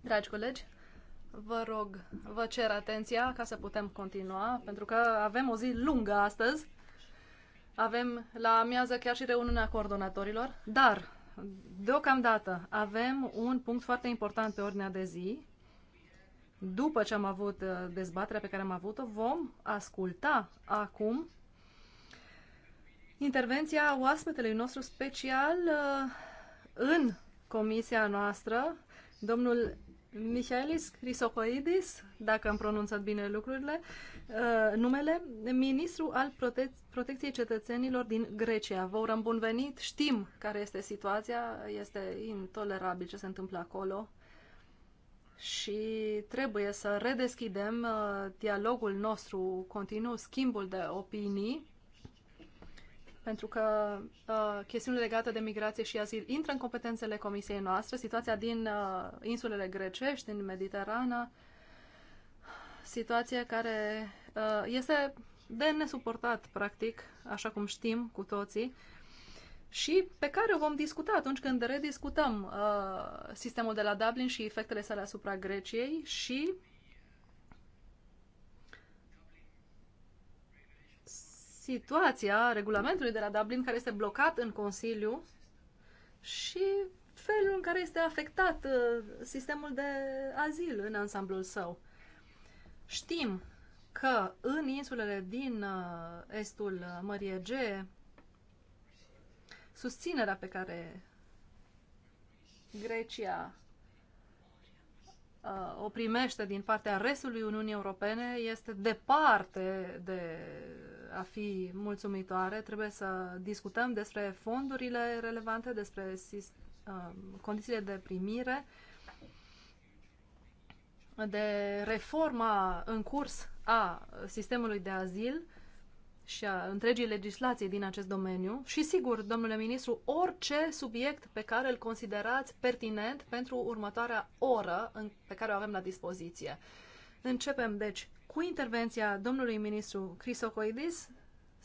Dragi colegi, vă rog, vă cer atenția ca să putem continua, pentru că avem o zi lungă astăzi. Avem la amiază chiar și reuniunea coordonatorilor, dar deocamdată avem un punct foarte important pe ordinea de zi. După ce am avut uh, dezbaterea pe care am avut-o, vom asculta acum intervenția oaspetelui nostru special uh, în comisia noastră, Domnul Michaelis Chrysopoidis, dacă am pronunțat bine lucrurile, uh, numele, ministru al prote- protecției cetățenilor din Grecia. Vă urăm bun venit, știm care este situația, este intolerabil ce se întâmplă acolo și trebuie să redeschidem uh, dialogul nostru continuu, schimbul de opinii pentru că uh, chestiunile legate de migrație și azil intră în competențele comisiei noastre, situația din uh, insulele grecești, din Mediterana, situație care uh, este de nesuportat, practic, așa cum știm cu toții, și pe care o vom discuta atunci când rediscutăm uh, sistemul de la Dublin și efectele sale asupra Greciei și situația regulamentului de la Dublin care este blocat în Consiliu și felul în care este afectat uh, sistemul de azil în ansamblul său. Știm că în insulele din uh, estul Mării Egee, susținerea pe care Grecia uh, o primește din partea restului Uniunii Europene este departe de a fi mulțumitoare, trebuie să discutăm despre fondurile relevante, despre um, condițiile de primire, de reforma în curs a sistemului de azil și a întregii legislații din acest domeniu și, sigur, domnule ministru, orice subiect pe care îl considerați pertinent pentru următoarea oră în, pe care o avem la dispoziție. Începem, deci, cu intervenția domnului ministru Crisocoidis,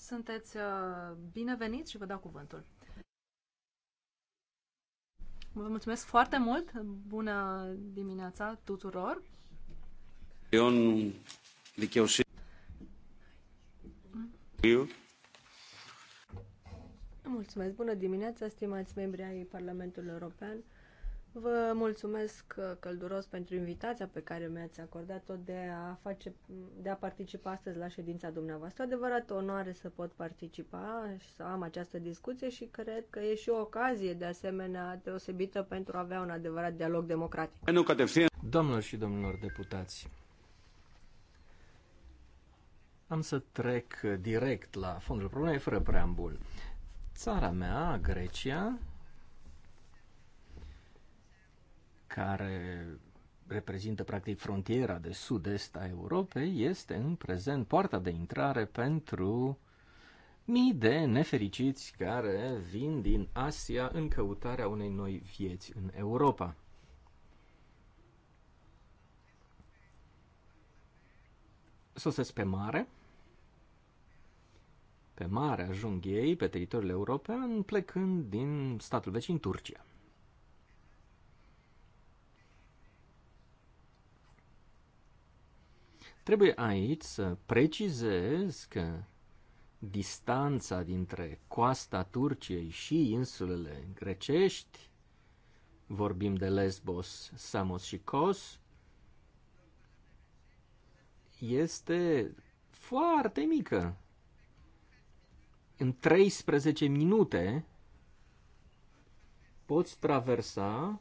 sunteți uh, bineveniți și vă dau cuvântul. Vă mulțumesc foarte mult. Bună dimineața tuturor. Ion în Eu. Mulțumesc. Bună dimineața, stimați membri ai Parlamentului European. Vă mulțumesc uh, călduros pentru invitația pe care mi-ați acordat-o de a, face, de a participa astăzi la ședința dumneavoastră. Adevărat onoare să pot participa și să am această discuție și cred că e și o ocazie de asemenea deosebită pentru a avea un adevărat dialog democratic. Domnilor și domnilor deputați, am să trec uh, direct la fondul problemei fără preambul. Țara mea, Grecia, care reprezintă practic frontiera de sud-est a Europei, este în prezent poarta de intrare pentru mii de nefericiți care vin din Asia în căutarea unei noi vieți în Europa. Sosesc pe mare, pe mare ajung ei pe teritoriul european plecând din statul vecin Turcia. Trebuie aici să precizez că distanța dintre coasta Turciei și insulele grecești, vorbim de Lesbos, Samos și Kos, este foarte mică. În 13 minute poți traversa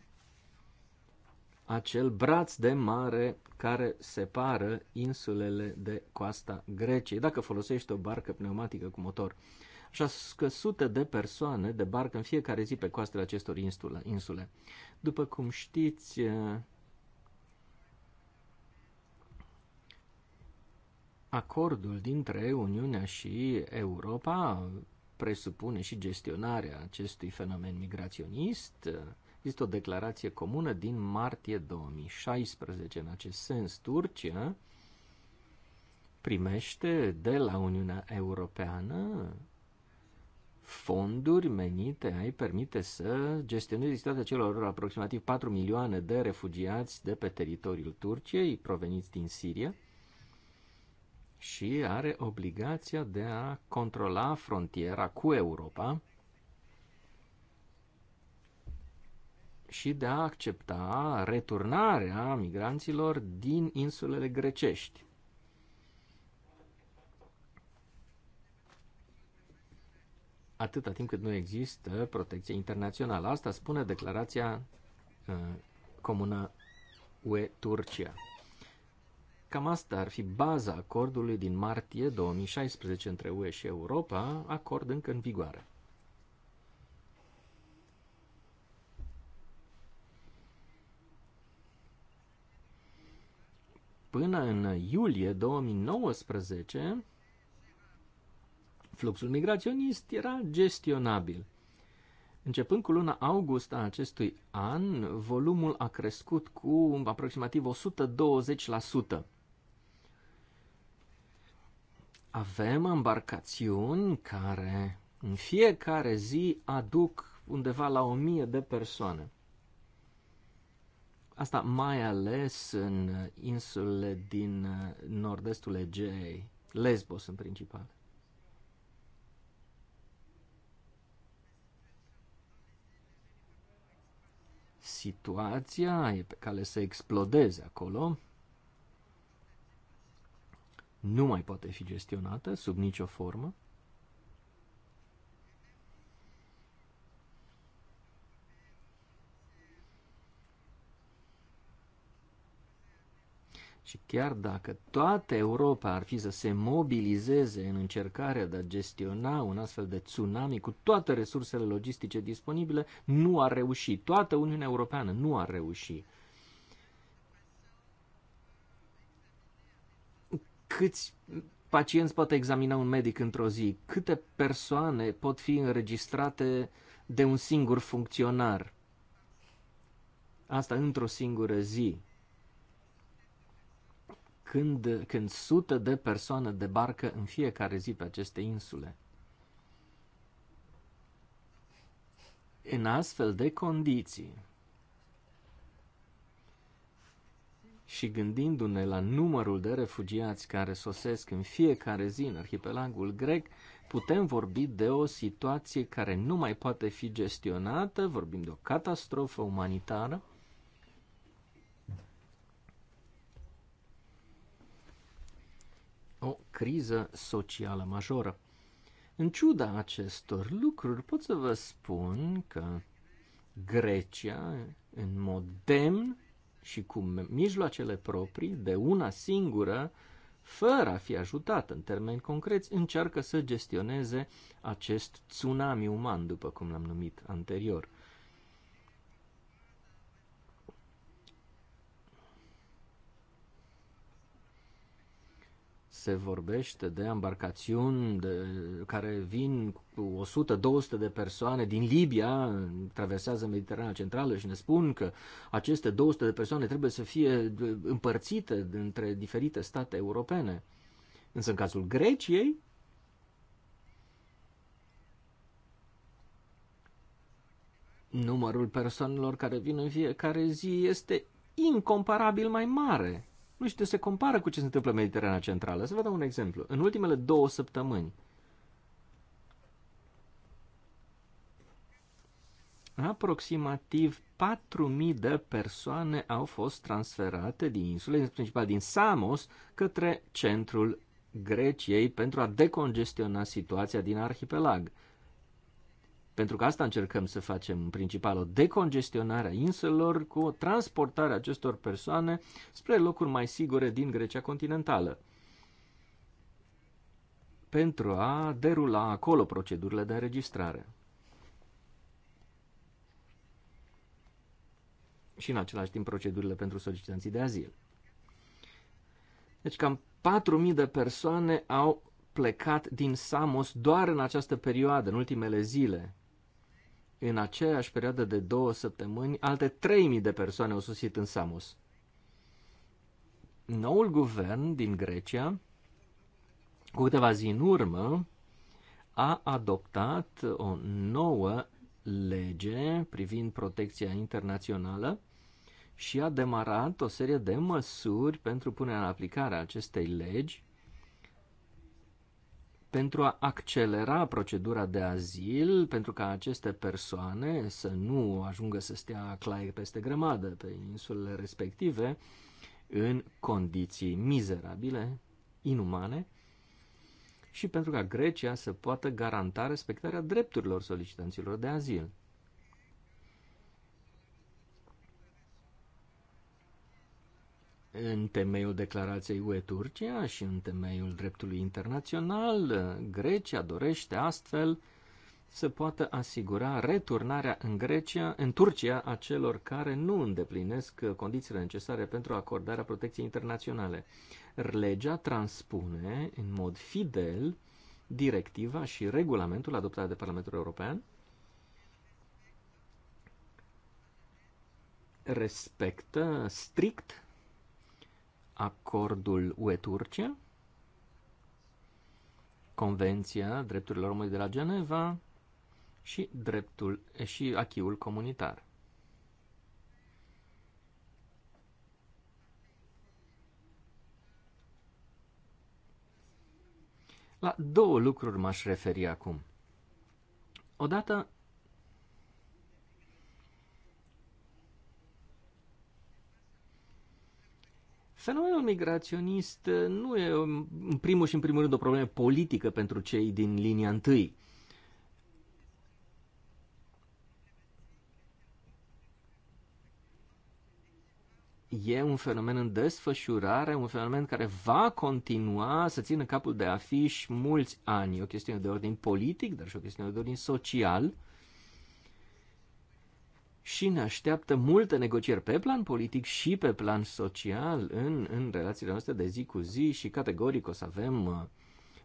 acel braț de mare care separă insulele de coasta Greciei, dacă folosești o barcă pneumatică cu motor. Așa că sute de persoane de barcă în fiecare zi pe coastele acestor insule. După cum știți, acordul dintre Uniunea și Europa presupune și gestionarea acestui fenomen migraționist, Există o declarație comună din martie 2016 în acest sens. Turcia primește de la Uniunea Europeană fonduri menite a-i permite să gestioneze situația celor aproximativ 4 milioane de refugiați de pe teritoriul Turciei proveniți din Siria și are obligația de a controla frontiera cu Europa și de a accepta returnarea migranților din insulele grecești. Atâta timp cât nu există protecție internațională. Asta spune declarația uh, comună UE-Turcia. Cam asta ar fi baza acordului din martie 2016 între UE și Europa, acord încă în vigoare. Până în iulie 2019, fluxul migraționist era gestionabil. Începând cu luna august a acestui an, volumul a crescut cu aproximativ 120%. Avem embarcațiuni care în fiecare zi aduc undeva la o mie de persoane. Asta mai ales în insulele din uh, nord-estul Egei, Lesbos în principal. Situația e pe cale să explodeze acolo. Nu mai poate fi gestionată sub nicio formă. Și chiar dacă toată Europa ar fi să se mobilizeze în încercarea de a gestiona un astfel de tsunami cu toate resursele logistice disponibile, nu ar reuși. Toată Uniunea Europeană nu ar reuși. Câți pacienți poate examina un medic într-o zi? Câte persoane pot fi înregistrate de un singur funcționar? Asta într-o singură zi când, când sute de persoane debarcă în fiecare zi pe aceste insule. În astfel de condiții și gândindu-ne la numărul de refugiați care sosesc în fiecare zi în arhipelagul grec, putem vorbi de o situație care nu mai poate fi gestionată, vorbim de o catastrofă umanitară, o criză socială majoră. În ciuda acestor lucruri, pot să vă spun că Grecia, în mod demn și cu mijloacele proprii, de una singură, fără a fi ajutată în termeni concreți, încearcă să gestioneze acest tsunami uman, după cum l-am numit anterior. se vorbește de embarcațiuni de, care vin cu 100-200 de persoane din Libia, traversează Mediterana Centrală și ne spun că aceste 200 de persoane trebuie să fie împărțite între diferite state europene. Însă în cazul Greciei, numărul persoanelor care vin în fiecare zi este incomparabil mai mare nu știu, se compară cu ce se întâmplă în Mediterana Centrală. Să vă dau un exemplu. În ultimele două săptămâni, aproximativ 4.000 de persoane au fost transferate din insule, în principal din Samos, către centrul Greciei pentru a decongestiona situația din arhipelag. Pentru că asta încercăm să facem în principal, o decongestionare a insulelor cu o transportare a acestor persoane spre locuri mai sigure din Grecia continentală. Pentru a derula acolo procedurile de înregistrare. Și în același timp procedurile pentru solicitanții de azil. Deci cam 4.000 de persoane au plecat din Samos doar în această perioadă, în ultimele zile. În aceeași perioadă de două săptămâni, alte 3.000 de persoane au sosit în Samos. Noul guvern din Grecia, cu câteva zi în urmă, a adoptat o nouă lege privind protecția internațională și a demarat o serie de măsuri pentru punerea în aplicare a acestei legi pentru a accelera procedura de azil, pentru ca aceste persoane să nu ajungă să stea claie peste grămadă pe insulele respective, în condiții mizerabile, inumane, și pentru ca Grecia să poată garanta respectarea drepturilor solicitanților de azil. în temeiul declarației UE-Turcia și în temeiul dreptului internațional, Grecia dorește astfel să poată asigura returnarea în Grecia, în Turcia, a celor care nu îndeplinesc condițiile necesare pentru acordarea protecției internaționale. Legea transpune în mod fidel directiva și regulamentul adoptat de Parlamentul European, respectă strict acordul UE-Turcia, Convenția Drepturilor Omului de la Geneva și dreptul și achiul comunitar. La două lucruri m-aș referi acum. Odată Fenomenul migraționist uh, nu e, um, în primul și în primul rând, o problemă politică pentru cei din linia întâi. E un fenomen în desfășurare, un fenomen care va continua să țină capul de afiș mulți ani. E o chestiune de ordin politic, dar și o chestiune de ordin social și ne așteaptă multe negocieri pe plan politic și pe plan social în, în relațiile noastre de zi cu zi și categoric o să avem uh,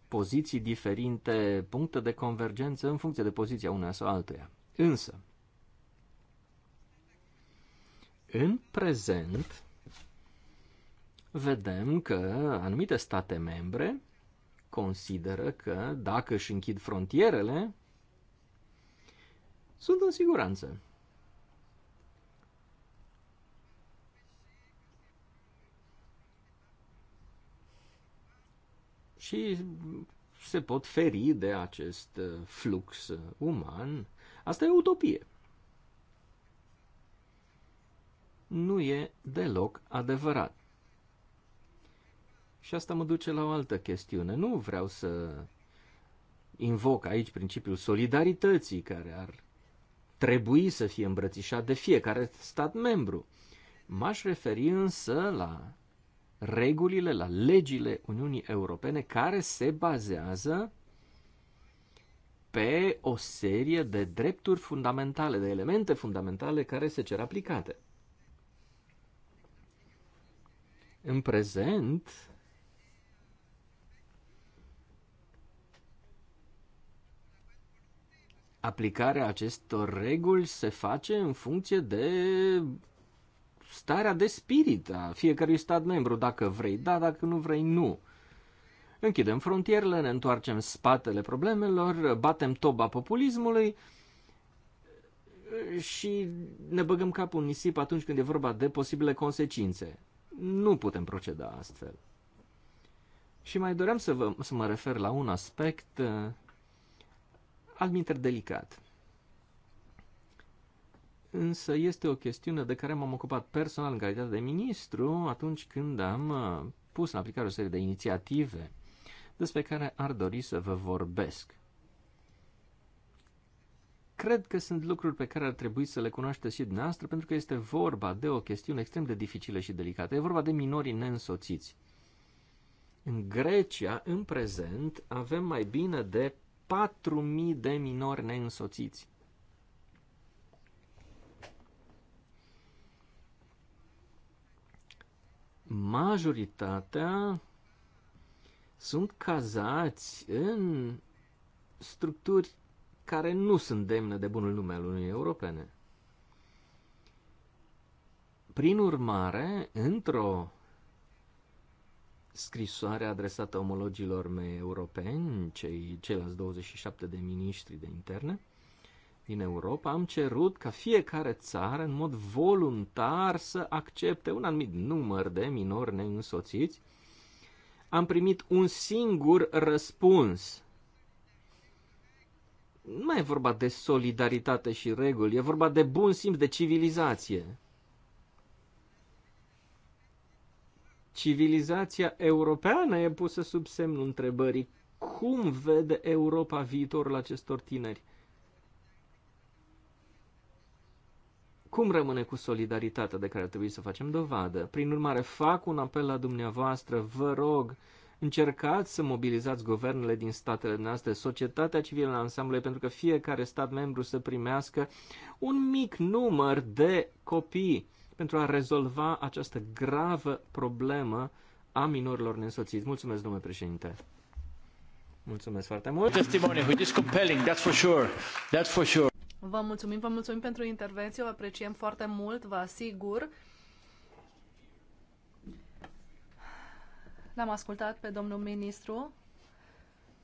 poziții diferite, puncte de convergență în funcție de poziția una sau altuia. Însă, în prezent, vedem că anumite state membre consideră că dacă își închid frontierele, sunt în siguranță și se pot feri de acest uh, flux uh, uman. Asta e utopie. Nu e deloc adevărat. Și asta mă duce la o altă chestiune. Nu vreau să invoc aici principiul solidarității care ar trebui să fie îmbrățișat de fiecare stat membru. M-aș referi însă la regulile, la legile Uniunii Europene care se bazează pe o serie de drepturi fundamentale, de elemente fundamentale care se cer aplicate. În prezent, aplicarea acestor reguli se face în funcție de starea de spirit a fiecărui stat membru, dacă vrei da, dacă nu vrei nu. Închidem frontierele, ne întoarcem spatele problemelor, batem toba populismului și ne băgăm capul în nisip atunci când e vorba de posibile consecințe. Nu putem proceda astfel. Și mai doream să, vă, să mă refer la un aspect uh, admiter delicat însă este o chestiune de care m-am ocupat personal în calitate de ministru atunci când am uh, pus în aplicare o serie de inițiative despre care ar dori să vă vorbesc. Cred că sunt lucruri pe care ar trebui să le cunoașteți și dumneavoastră, pentru că este vorba de o chestiune extrem de dificilă și delicată. E vorba de minorii neînsoțiți. În Grecia, în prezent, avem mai bine de 4.000 de minori neînsoțiți. majoritatea sunt cazați în structuri care nu sunt demne de bunul nume al Uniunii Europene. Prin urmare, într-o scrisoare adresată omologilor mei europeni, cei, ceilalți 27 de miniștri de interne, din Europa, am cerut ca fiecare țară, în mod voluntar, să accepte un anumit număr de minori neînsoțiți. Am primit un singur răspuns. Nu mai e vorba de solidaritate și reguli, e vorba de bun simț, de civilizație. Civilizația europeană e pusă sub semnul întrebării cum vede Europa viitorul acestor tineri Cum rămâne cu solidaritatea de care trebuie să facem dovadă? Prin urmare, fac un apel la dumneavoastră, vă rog, încercați să mobilizați guvernele din statele noastre, societatea civilă în ansamblu, pentru că fiecare stat membru să primească un mic număr de copii pentru a rezolva această gravă problemă a minorilor nesoțiți. Mulțumesc, domnule președinte. Mulțumesc foarte mult. Testimony, which is compelling, that's for sure. That's for sure. Vă mulțumim, vă mulțumim pentru intervenție, o apreciem foarte mult, vă asigur. L-am ascultat pe domnul ministru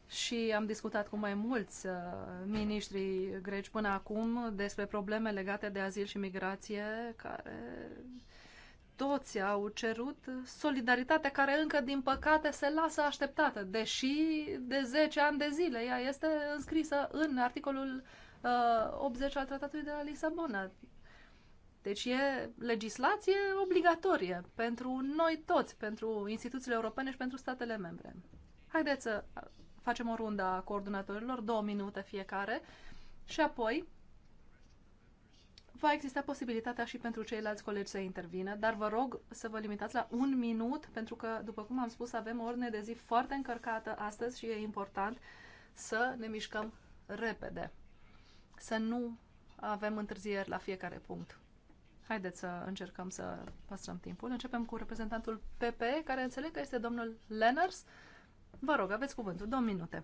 și am discutat cu mai mulți uh, miniștri greci până acum despre probleme legate de azil și migrație, care toți au cerut solidaritate care încă, din păcate, se lasă așteptată, deși de 10 ani de zile ea este înscrisă în articolul 80 uh, al tratatului de la Lisabona. Deci e legislație obligatorie pentru noi toți, pentru instituțiile europene și pentru statele membre. Haideți să facem o rundă a coordonatorilor, două minute fiecare, și apoi va exista posibilitatea și pentru ceilalți colegi să intervină, dar vă rog să vă limitați la un minut, pentru că, după cum am spus, avem o ordine de zi foarte încărcată astăzi și e important să ne mișcăm repede să nu avem întârzieri la fiecare punct. Haideți să încercăm să păstrăm timpul. Începem cu reprezentantul PP, care înțeleg că este domnul Lenners. Vă rog, aveți cuvântul. Două minute.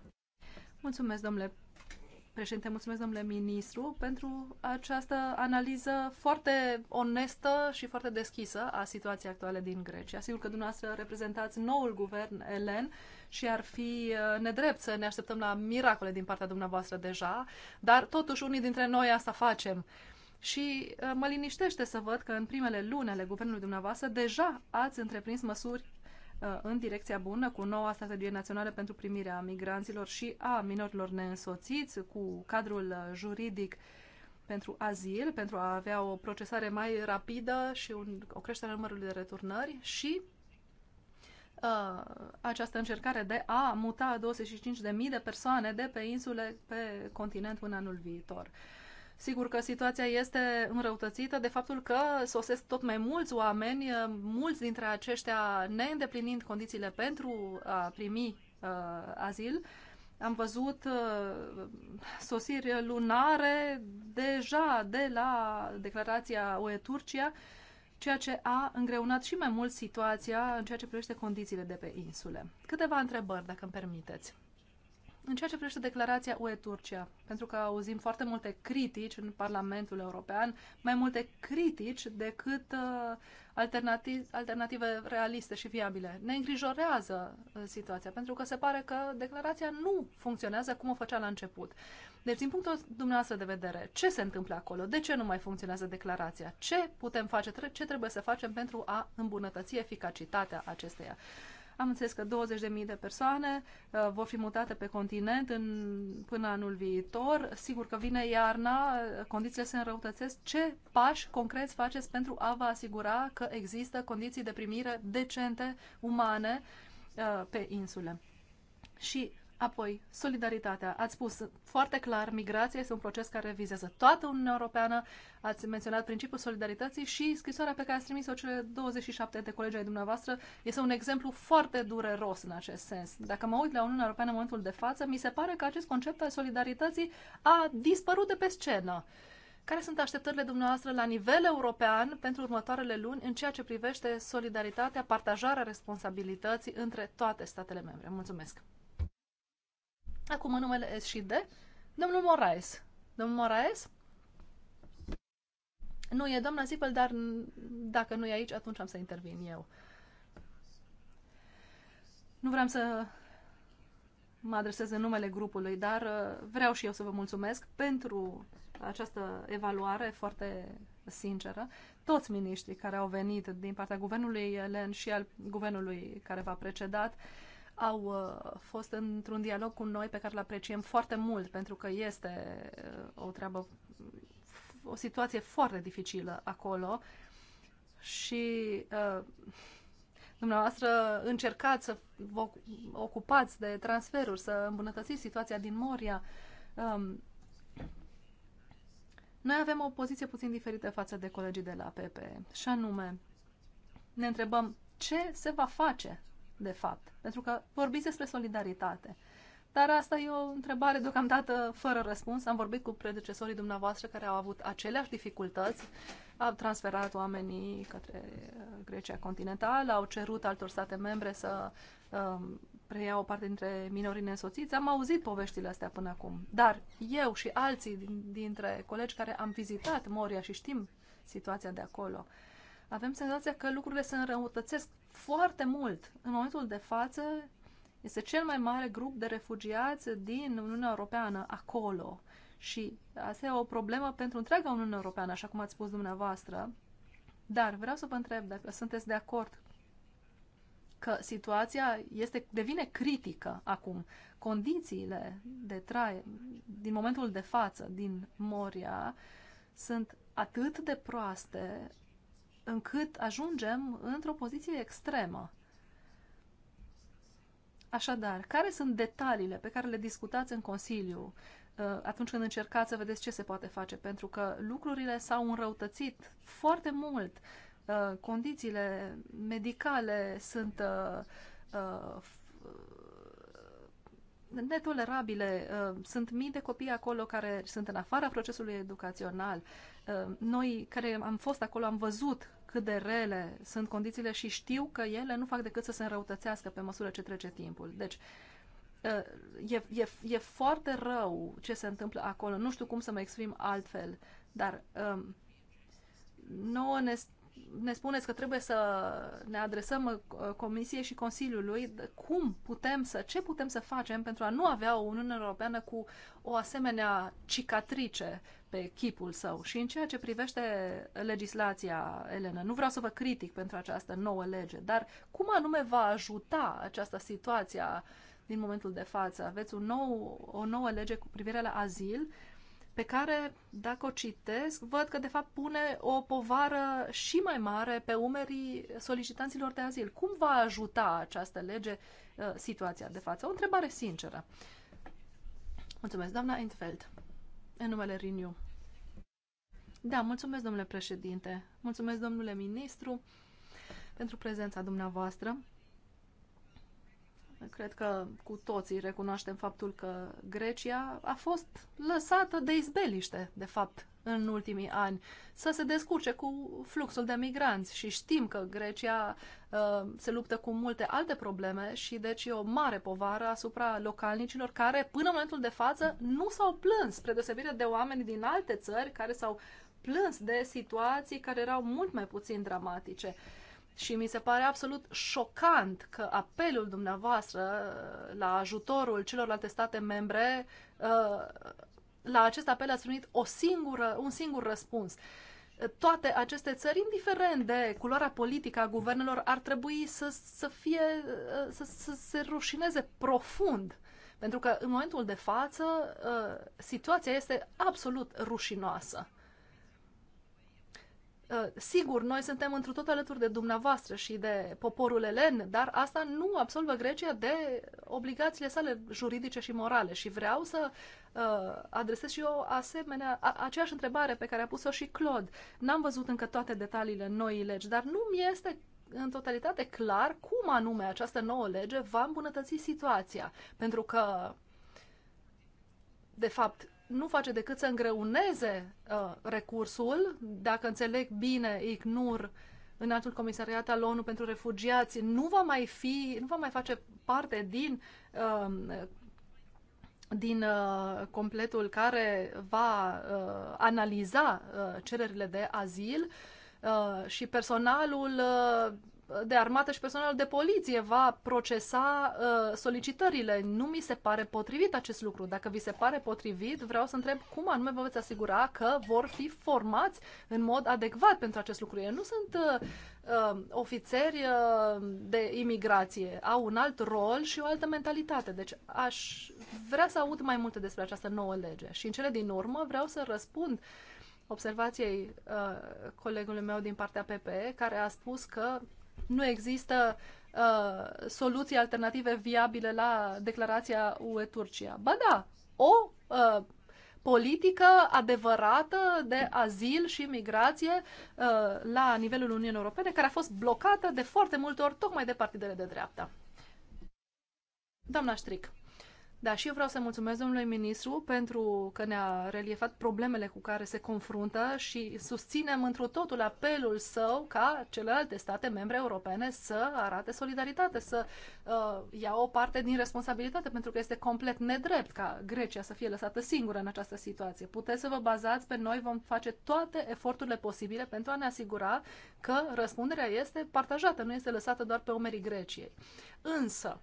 Mulțumesc, domnule președinte, mulțumesc, domnule ministru, pentru această analiză foarte onestă și foarte deschisă a situației actuale din Grecia. Sigur că dumneavoastră reprezentați noul guvern elen și ar fi uh, nedrept să ne așteptăm la miracole din partea dumneavoastră deja, dar totuși unii dintre noi asta facem. Și uh, mă liniștește să văd că în primele luni ale guvernului dumneavoastră deja ați întreprins măsuri Uh, în direcția bună cu noua strategie națională pentru primirea migranților și a minorilor neînsoțiți, cu cadrul uh, juridic pentru azil, pentru a avea o procesare mai rapidă și un, o creștere a numărului de returnări și uh, această încercare de a muta 25.000 de persoane de pe insule pe continent în anul viitor. Uh, Sigur că situația este înrăutățită de faptul că sosesc tot mai mulți oameni, eh, mulți dintre aceștia neîndeplinind condițiile pentru a primi uh, azil. Am văzut uh, sosiri lunare deja de la declarația UE Turcia, ceea ce a îngreunat și mai mult situația în ceea ce privește condițiile de pe insule. Câteva întrebări, dacă îmi permiteți. În ceea ce privește declarația UE-Turcia, pentru că auzim foarte multe critici în Parlamentul European, mai multe critici decât uh, alternative, alternative realiste și viabile. Ne îngrijorează uh, situația, pentru că se pare că declarația nu funcționează cum o făcea la început. Deci, din punctul dumneavoastră de vedere, ce se întâmplă acolo? De ce nu mai funcționează declarația? Ce putem face? Ce trebuie să facem pentru a îmbunătăți eficacitatea acesteia? Am înțeles că 20.000 de persoane uh, vor fi mutate pe continent în, până anul viitor. Sigur că vine iarna, condițiile se înrăutățesc. Ce pași concreți faceți pentru a vă asigura că există condiții de primire decente, umane uh, pe insule? Și Apoi, solidaritatea. Ați spus foarte clar, migrația este un proces care vizează toată Uniunea Europeană. Ați menționat principiul solidarității și scrisoarea pe care ați trimis-o cele 27 de colegi ai dumneavoastră este un exemplu foarte dureros în acest sens. Dacă mă uit la Uniunea Europeană în momentul de față, mi se pare că acest concept al solidarității a dispărut de pe scenă. Care sunt așteptările dumneavoastră la nivel european pentru următoarele luni în ceea ce privește solidaritatea, partajarea responsabilității între toate statele membre? Mulțumesc! Acum în numele S și D, domnul Moraes. Domnul Moraes? Nu e doamna Zipel, dar dacă nu e aici, atunci am să intervin eu. Nu vreau să mă adresez în numele grupului, dar uh, vreau și eu să vă mulțumesc pentru această evaluare foarte sinceră. Toți miniștrii care au venit din partea guvernului Elen și al guvernului care v-a precedat au uh, fost într-un dialog cu noi pe care îl apreciem foarte mult, pentru că este uh, o treabă, o situație foarte dificilă acolo și uh, dumneavoastră încercați să vă ocupați de transferuri, să îmbunătățiți situația din Moria. Um, noi avem o poziție puțin diferită față de colegii de la PP și anume ne întrebăm ce se va face de fapt. Pentru că vorbiți despre solidaritate. Dar asta e o întrebare deocamdată fără răspuns. Am vorbit cu predecesorii dumneavoastră care au avut aceleași dificultăți, au transferat oamenii către uh, Grecia continentală, au cerut altor state membre să um, preia o parte dintre minorii nesoțiți. Am auzit poveștile astea până acum. Dar eu și alții dintre colegi care am vizitat Moria și știm situația de acolo, uh, avem senzația că lucrurile se înrăutățesc foarte mult. În momentul de față, este cel mai mare grup de refugiați din Uniunea Europeană acolo. Și asta e o problemă pentru întreaga Uniune Europeană, așa cum ați spus dumneavoastră. Dar vreau să vă întreb dacă sunteți de acord că situația este, devine critică acum. Condițiile de trai din momentul de față, din Moria, sunt atât de proaste încât ajungem într-o poziție extremă. Așadar, care sunt detaliile pe care le discutați în Consiliu uh, atunci când încercați să vedeți ce se poate face? Pentru că lucrurile s-au înrăutățit foarte mult. Uh, condițiile medicale sunt uh, netolerabile. Sunt mii de copii acolo care sunt în afara procesului educațional. Noi care am fost acolo am văzut cât de rele sunt condițiile și știu că ele nu fac decât să se înrăutățească pe măsură ce trece timpul. Deci, ă, e, e, e foarte rău ce se întâmplă acolo. Nu știu cum să mă exprim altfel, dar um, nouă ne, ne spuneți că trebuie să ne adresăm ă, Comisiei și Consiliului cum putem să, ce putem să facem pentru a nu avea o Uniune Europeană cu o asemenea cicatrice pe chipul său. Și în ceea ce privește legislația, Elena, nu vreau să vă critic pentru această nouă lege, dar cum anume va ajuta această situație din momentul de față? Aveți un nou, o nouă lege cu privire la azil pe care, dacă o citesc, văd că, de fapt, pune o povară și mai mare pe umerii solicitanților de azil. Cum va ajuta această lege uh, situația de față? O întrebare sinceră. Mulțumesc, doamna Entfeld în numele Renew. Da, mulțumesc, domnule președinte. Mulțumesc, domnule ministru, pentru prezența dumneavoastră. Cred că cu toții recunoaștem faptul că Grecia a fost lăsată de izbeliște, de fapt, în ultimii ani, să se descurce cu fluxul de migranți și știm că Grecia uh, se luptă cu multe alte probleme și deci e o mare povară asupra localnicilor care până în momentul de față nu s-au plâns, spre deosebire de oameni din alte țări care s-au plâns de situații care erau mult mai puțin dramatice. Uh, și mi se pare absolut șocant că apelul dumneavoastră la ajutorul celorlalte state membre, uh, la acest apel ați primit o singură, un singur răspuns. Toate aceste țări, indiferent de culoarea politică a guvernelor, ar trebui să, să, fie, uh, să, să se rușineze profund. Pentru că, în momentul de față, uh, situația este absolut rușinoasă. Uh, sigur, noi suntem într tot alături de dumneavoastră și de poporul elen, dar asta nu absolvă Grecia de obligațiile sale juridice și morale. Și vreau să uh, adresez și eu asemenea, a, aceeași întrebare pe care a pus-o și Claude. N-am văzut încă toate detaliile noii legi, dar nu mi este în totalitate clar cum anume această nouă lege va îmbunătăți situația. Pentru că, de fapt, nu face decât să îngreuneze uh, recursul. Dacă înțeleg bine, ICNUR, altul Comisariat al ONU pentru Refugiați, nu va mai fi, nu va mai face parte din uh, din uh, completul care va uh, analiza uh, cererile de azil uh, și personalul uh, de armată și personal de poliție va procesa uh, solicitările. Nu mi se pare potrivit acest lucru. Dacă vi se pare potrivit, vreau să întreb cum anume vă veți asigura că vor fi formați în mod adecvat pentru acest lucru. Ei nu sunt uh, uh, ofițeri uh, de imigrație. Au un alt rol și o altă mentalitate. Deci aș vrea să aud mai multe despre această nouă lege. Și în cele din urmă vreau să răspund observației uh, colegului meu din partea PP, care a spus că nu există uh, soluții alternative viabile la declarația UE-Turcia. Ba da, o uh, politică adevărată de azil și migrație uh, la nivelul Uniunii Europene, care a fost blocată de foarte multe ori tocmai de partidele de dreapta. Doamna Stric. Da, și eu vreau să mulțumesc domnului ministru pentru că ne-a reliefat problemele cu care se confruntă și susținem întru totul apelul său ca celelalte state membre europene să arate solidaritate, să uh, ia o parte din responsabilitate, pentru că este complet nedrept ca Grecia să fie lăsată singură în această situație. Puteți să vă bazați pe noi, vom face toate eforturile posibile pentru a ne asigura că răspunderea este partajată, nu este lăsată doar pe umerii Greciei. Însă,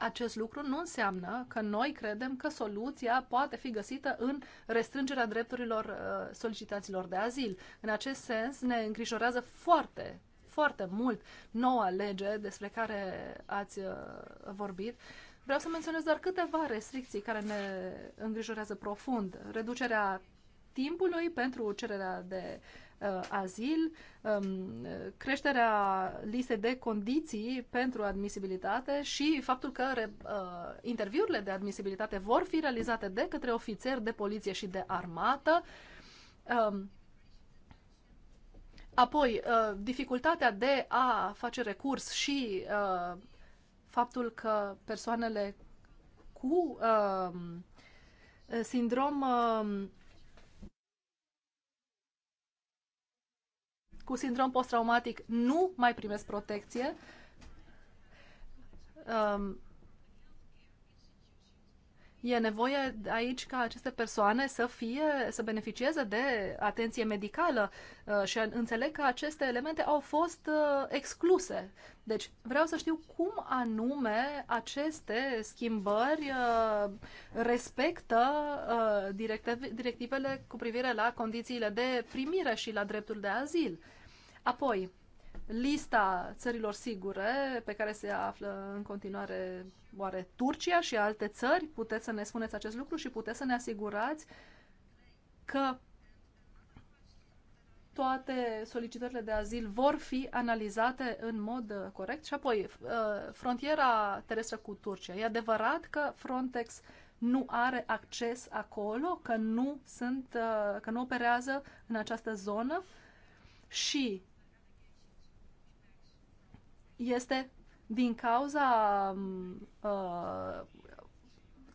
acest lucru nu înseamnă că noi credem că soluția poate fi găsită în restrângerea drepturilor uh, solicitaților de azil. În acest sens, ne îngrijorează foarte foarte mult noua lege despre care ați uh, vorbit. Vreau să menționez doar câteva restricții care ne îngrijorează profund. Reducerea timpului pentru cererea de Uh, azil, um, creșterea listei de condiții pentru admisibilitate și faptul că uh, interviurile de admisibilitate vor fi realizate de către ofițeri de poliție și de armată. Um, apoi, uh, dificultatea de a face recurs și faptul că persoanele cu um, sindrom cu sindrom post-traumatic nu mai primesc protecție. Um, E nevoie aici ca aceste persoane să fie, să beneficieze de atenție medicală uh, și înțeleg că aceste elemente au fost uh, excluse. Deci vreau să știu cum anume aceste schimbări uh, respectă directivele cu privire la condițiile de primire și la dreptul de azil. Apoi, lista țărilor sigure, pe care se află în continuare oare Turcia și alte țări, puteți să ne spuneți acest lucru și puteți să ne asigurați că toate solicitările de azil vor fi analizate în mod uh, corect. Și apoi, uh, frontiera terestră cu Turcia. E adevărat că Frontex nu are acces acolo, că nu, sunt, uh, că nu operează în această zonă și este din cauza mm, uh,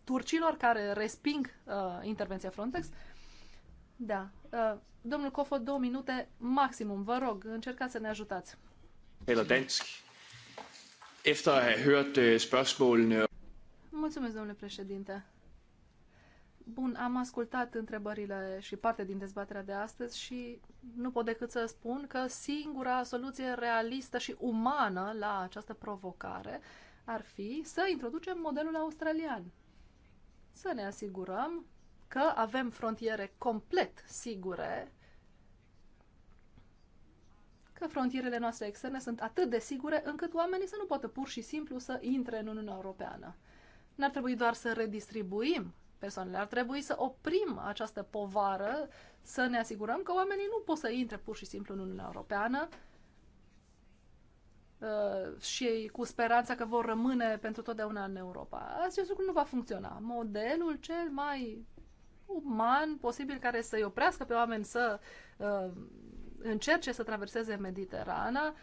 turcilor care resping uh, intervenția Frontex. Da. Uh, domnul Cofo, două minute maximum. Vă rog, încercați să ne ajutați. Eller Efter at have hørt uh, spørgsmålene... Mulțumesc, domnule președinte. Bun, am ascultat întrebările și parte din dezbaterea de astăzi și nu pot decât să spun că singura soluție realistă și umană la această provocare ar fi să introducem modelul australian. Să ne asigurăm că avem frontiere complet sigure, că frontierele noastre externe sunt atât de sigure încât oamenii să nu poată pur și simplu să intre în Uniunea Europeană. N-ar trebui doar să redistribuim persoanele. Ar trebui să oprim această povară, să ne asigurăm că oamenii nu pot să intre pur și simplu în Uniunea Europeană uh, și cu speranța că vor rămâne pentru totdeauna în Europa. Acest lucru nu va funcționa. Modelul cel mai uman posibil care să-i oprească pe oameni să uh, încerce să traverseze Mediterana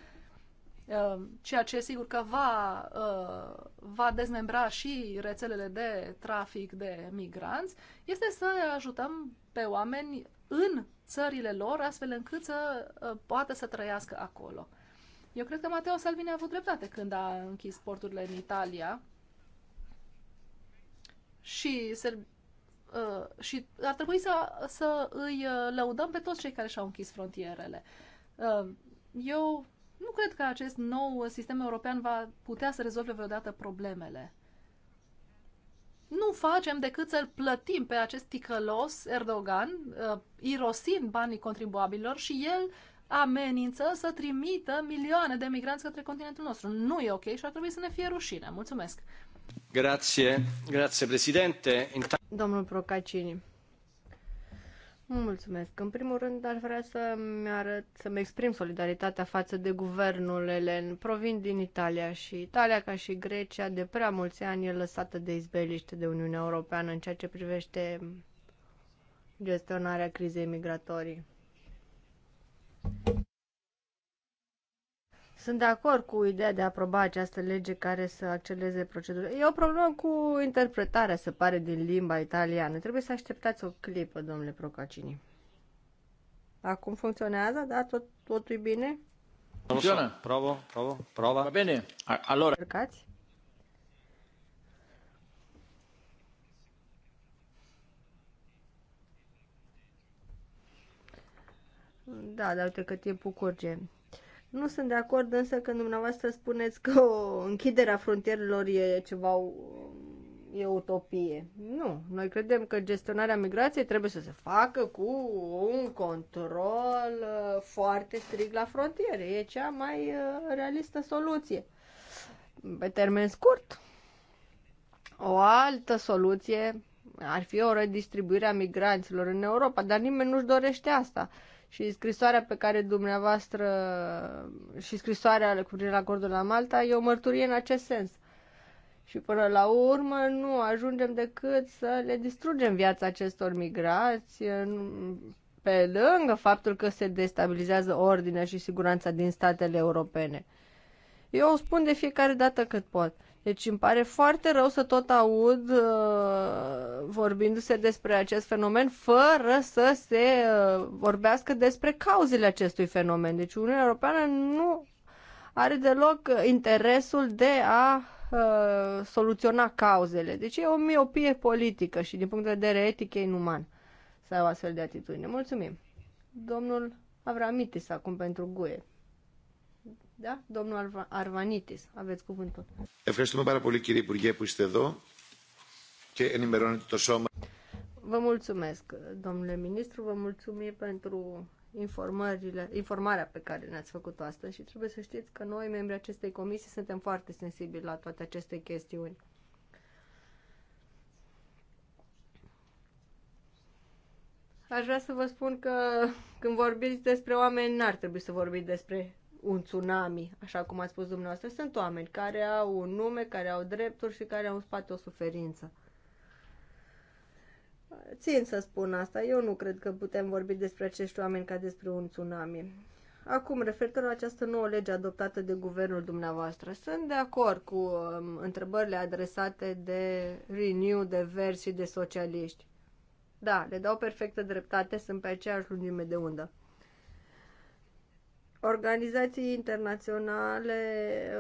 Um, ceea ce sigur că va, uh, va dezmembra și rețelele de trafic de migranți, este să ajutăm pe oameni în țările lor, astfel încât să uh, poată să trăiască acolo. Eu cred că Matteo Salvini a avut dreptate când a închis porturile în Italia și, se, uh, și ar trebui să, să îi lăudăm pe toți cei care și-au închis frontierele. eu nu cred că acest nou sistem european va putea să rezolve vreodată problemele. Nu facem decât să-l plătim pe acest ticălos Erdogan, uh, irosind banii contribuabililor și el amenință să trimită milioane de migranți către continentul nostru. Nu e ok și ar trebui să ne fie rușine. Mulțumesc! Grazie, grazie președinte. Domnul Procacini. Mulțumesc. În primul rând, ar vrea să-mi arăt, să-mi exprim solidaritatea față de guvernul elen. Provin din Italia și Italia, ca și Grecia, de prea mulți ani e lăsată de izbeliște de Uniunea Europeană în ceea ce privește gestionarea crizei migratorii. Sunt de acord cu ideea de a aproba această lege care să acceleze procedura. E o problemă cu interpretarea, se pare, din limba italiană. Trebuie să așteptați o clipă, domnule Procacini. Acum funcționează, da? Tot, totul e bine? Funcționează. Provo, provo, prova. Va bine. Alora. Încercați. Da, dar uite că timpul curge. Nu sunt de acord însă când dumneavoastră spuneți că o închiderea frontierelor e ceva e utopie. Nu, noi credem că gestionarea migrației trebuie să se facă cu un control uh, foarte strict la frontiere. E cea mai uh, realistă soluție. Pe termen scurt, o altă soluție ar fi o redistribuire a migranților în Europa, dar nimeni nu-și dorește asta. Uh, și scrisoarea pe care dumneavoastră și scrisoarea cu privire la acordul la Malta e o mărturie în acest sens. Și până la urmă nu ajungem decât să le distrugem viața acestor migrați, pe lângă faptul că se destabilizează ordinea și siguranța din statele europene. Eu o spun de fiecare dată cât pot. Deci îmi pare foarte rău să tot aud uh, vorbindu-se despre acest fenomen fără să se uh, vorbească despre cauzele acestui fenomen. Deci Uniunea Europeană nu are deloc uh, interesul de a uh, soluționa cauzele. Deci e o miopie politică și din punct de vedere etic e inuman să ai o astfel de atitudine. Mulțumim. Domnul Avramitis acum pentru Guet. Da? Domnul Arvanitis, aveți cuvântul. Ευχαριστούμε πάρα πολύ κύριε Υπουργέ που είστε εδώ και ενημερώνετε το σώμα. Vă mulțumesc, domnule ministru, vă mulțumim pentru informările, informarea pe care ne-ați făcut-o astăzi și trebuie să știți că noi, membrii acestei comisii, suntem foarte sensibili la toate aceste chestiuni. Aș vrea să vă spun că când vorbiți despre oameni, n-ar trebui să vorbiți despre un tsunami, așa cum ați spus dumneavoastră. Sunt oameni care au un nume, care au drepturi și care au în spate o suferință. Țin să spun asta, eu nu cred că putem vorbi despre acești oameni ca despre un tsunami. Acum, referitor la această nouă lege adoptată de guvernul dumneavoastră, sunt de acord cu um, întrebările adresate de Renew, de Verzi și de socialiști. Da, le dau perfectă dreptate, sunt pe aceeași lungime de undă. Organizații internaționale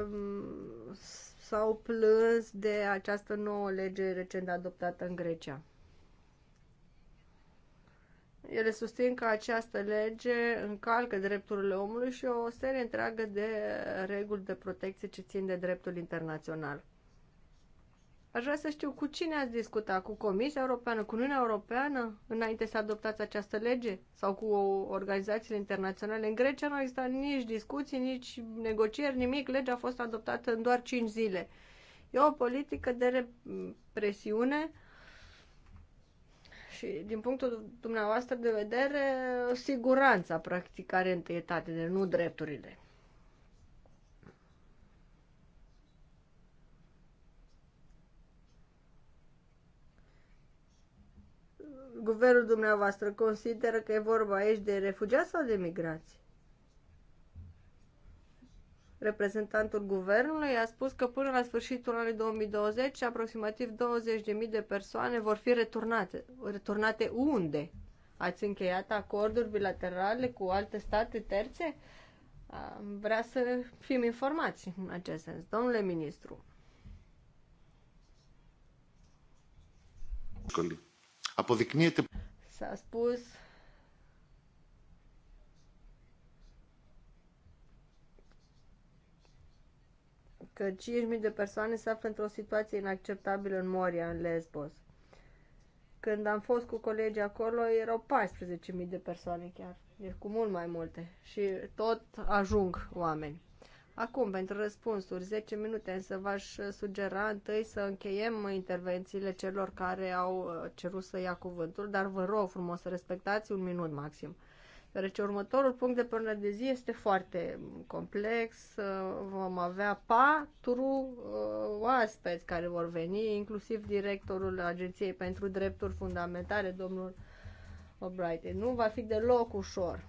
um, s-au plâns de această nouă lege recent adoptată în Grecia. Ele susțin că această lege încalcă drepturile omului și o serie întreagă de reguli de protecție ce țin de dreptul internațional. Aș vrea să știu cu cine ați discutat, cu Comisia Europeană, cu Uniunea Europeană, înainte să adoptați această lege sau cu organizațiile internaționale. În Grecia nu existat nici discuții, nici negocieri, nimic. Legea a fost adoptată în doar 5 zile. E o politică de represiune și din punctul dumneavoastră de vedere, siguranța practic are întâietate, de nu drepturile. guvernul dumneavoastră consideră că e vorba aici de refugiați sau de migrați? Reprezentantul guvernului a spus că până la sfârșitul anului 2020 aproximativ 20.000 de persoane vor fi returnate. Returnate unde? Ați încheiat acorduri bilaterale cu alte state terțe? Vrea să fim informați în acest sens. Domnule ministru. Când Αποδεικνύεται... S-a spus că 5.000 de persoane se află într-o situație inacceptabilă în Moria, în Lesbos. Când am fost cu colegii acolo, erau 14.000 de persoane chiar, deci cu mult mai multe. Și tot ajung oameni. Acum, pentru răspunsuri, 10 minute, însă v-aș sugera întâi să încheiem intervențiile celor care au uh, cerut să ia cuvântul, dar vă rog frumos să respectați un minut maxim. Deoarece următorul punct de până de zi este foarte complex. Uh, vom avea patru uh, oaspeți care vor veni, inclusiv directorul Agenției pentru Drepturi Fundamentale, domnul O'Brien. Nu va fi deloc ușor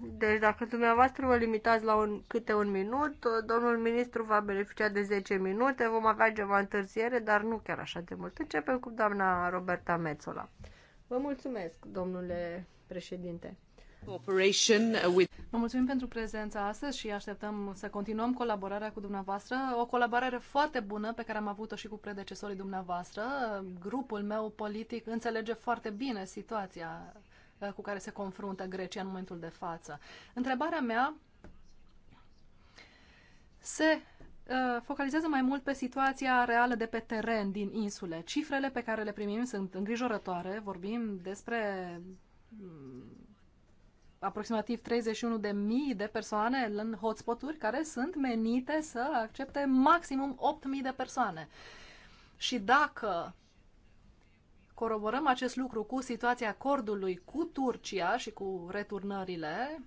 deci dacă dumneavoastră vă limitați la un, câte un minut, domnul ministru va beneficia de 10 minute, vom avea ceva întârziere, dar nu chiar așa de mult. Începem cu doamna Roberta Metzola. Vă mulțumesc, domnule președinte. With... Vă mulțumim pentru prezența astăzi și așteptăm să continuăm colaborarea cu dumneavoastră. O colaborare foarte bună pe care am avut-o și cu predecesorii dumneavoastră. Grupul meu politic înțelege foarte bine situația Eh, cu care se confruntă Grecia în momentul de față. Întrebarea mea se eh, focalizează mai mult pe situația reală de pe teren din insule. Cifrele pe care le primim sunt îngrijorătoare. Vorbim despre mm, aproximativ 31 de mii de persoane în hotspoturi care sunt menite să accepte maximum 8 mii de persoane. Și dacă coroborăm acest lucru cu situația acordului cu Turcia și cu returnările,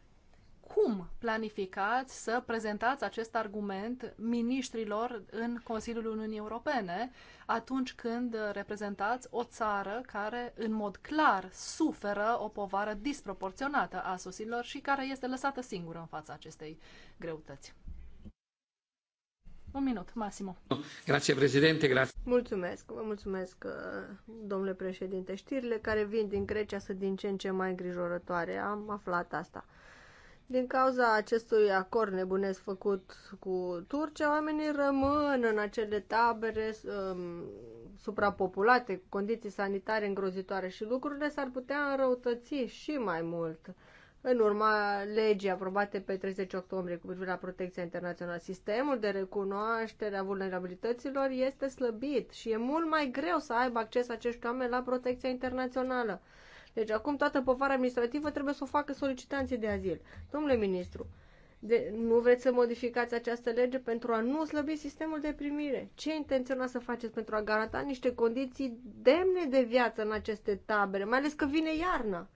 cum planificați să prezentați acest argument ministrilor în Consiliul Uniunii Europene atunci când reprezentați o țară care în mod clar suferă o povară disproporționată a sosilor și care este lăsată singură în fața acestei greutăți? Un minut, Massimo. Grazie, președinte. Grazie. Mulțumesc, vă mulțumesc, uh, domnule președinte. Știrile care vin din Grecia sunt din ce în ce mai îngrijorătoare. Am aflat asta. Din cauza acestui acord nebunesc făcut cu Turcia, oamenii rămân în acele tabere um, suprapopulate, cu condiții sanitare îngrozitoare și lucrurile s-ar putea înrăutăți și mai mult în urma legii aprobate pe 30 octombrie cu privire la protecția internațională. Sistemul de recunoaștere a vulnerabilităților este slăbit și e mult mai greu să aibă acces acești oameni la protecția internațională. Deci acum toată povara administrativă trebuie să o facă solicitanții de azil. Domnule ministru, de, nu vreți să modificați această lege pentru a nu slăbi sistemul de primire? Ce intenționați să faceți pentru a garanta niște condiții demne de viață în aceste tabere, mai ales că vine iarna?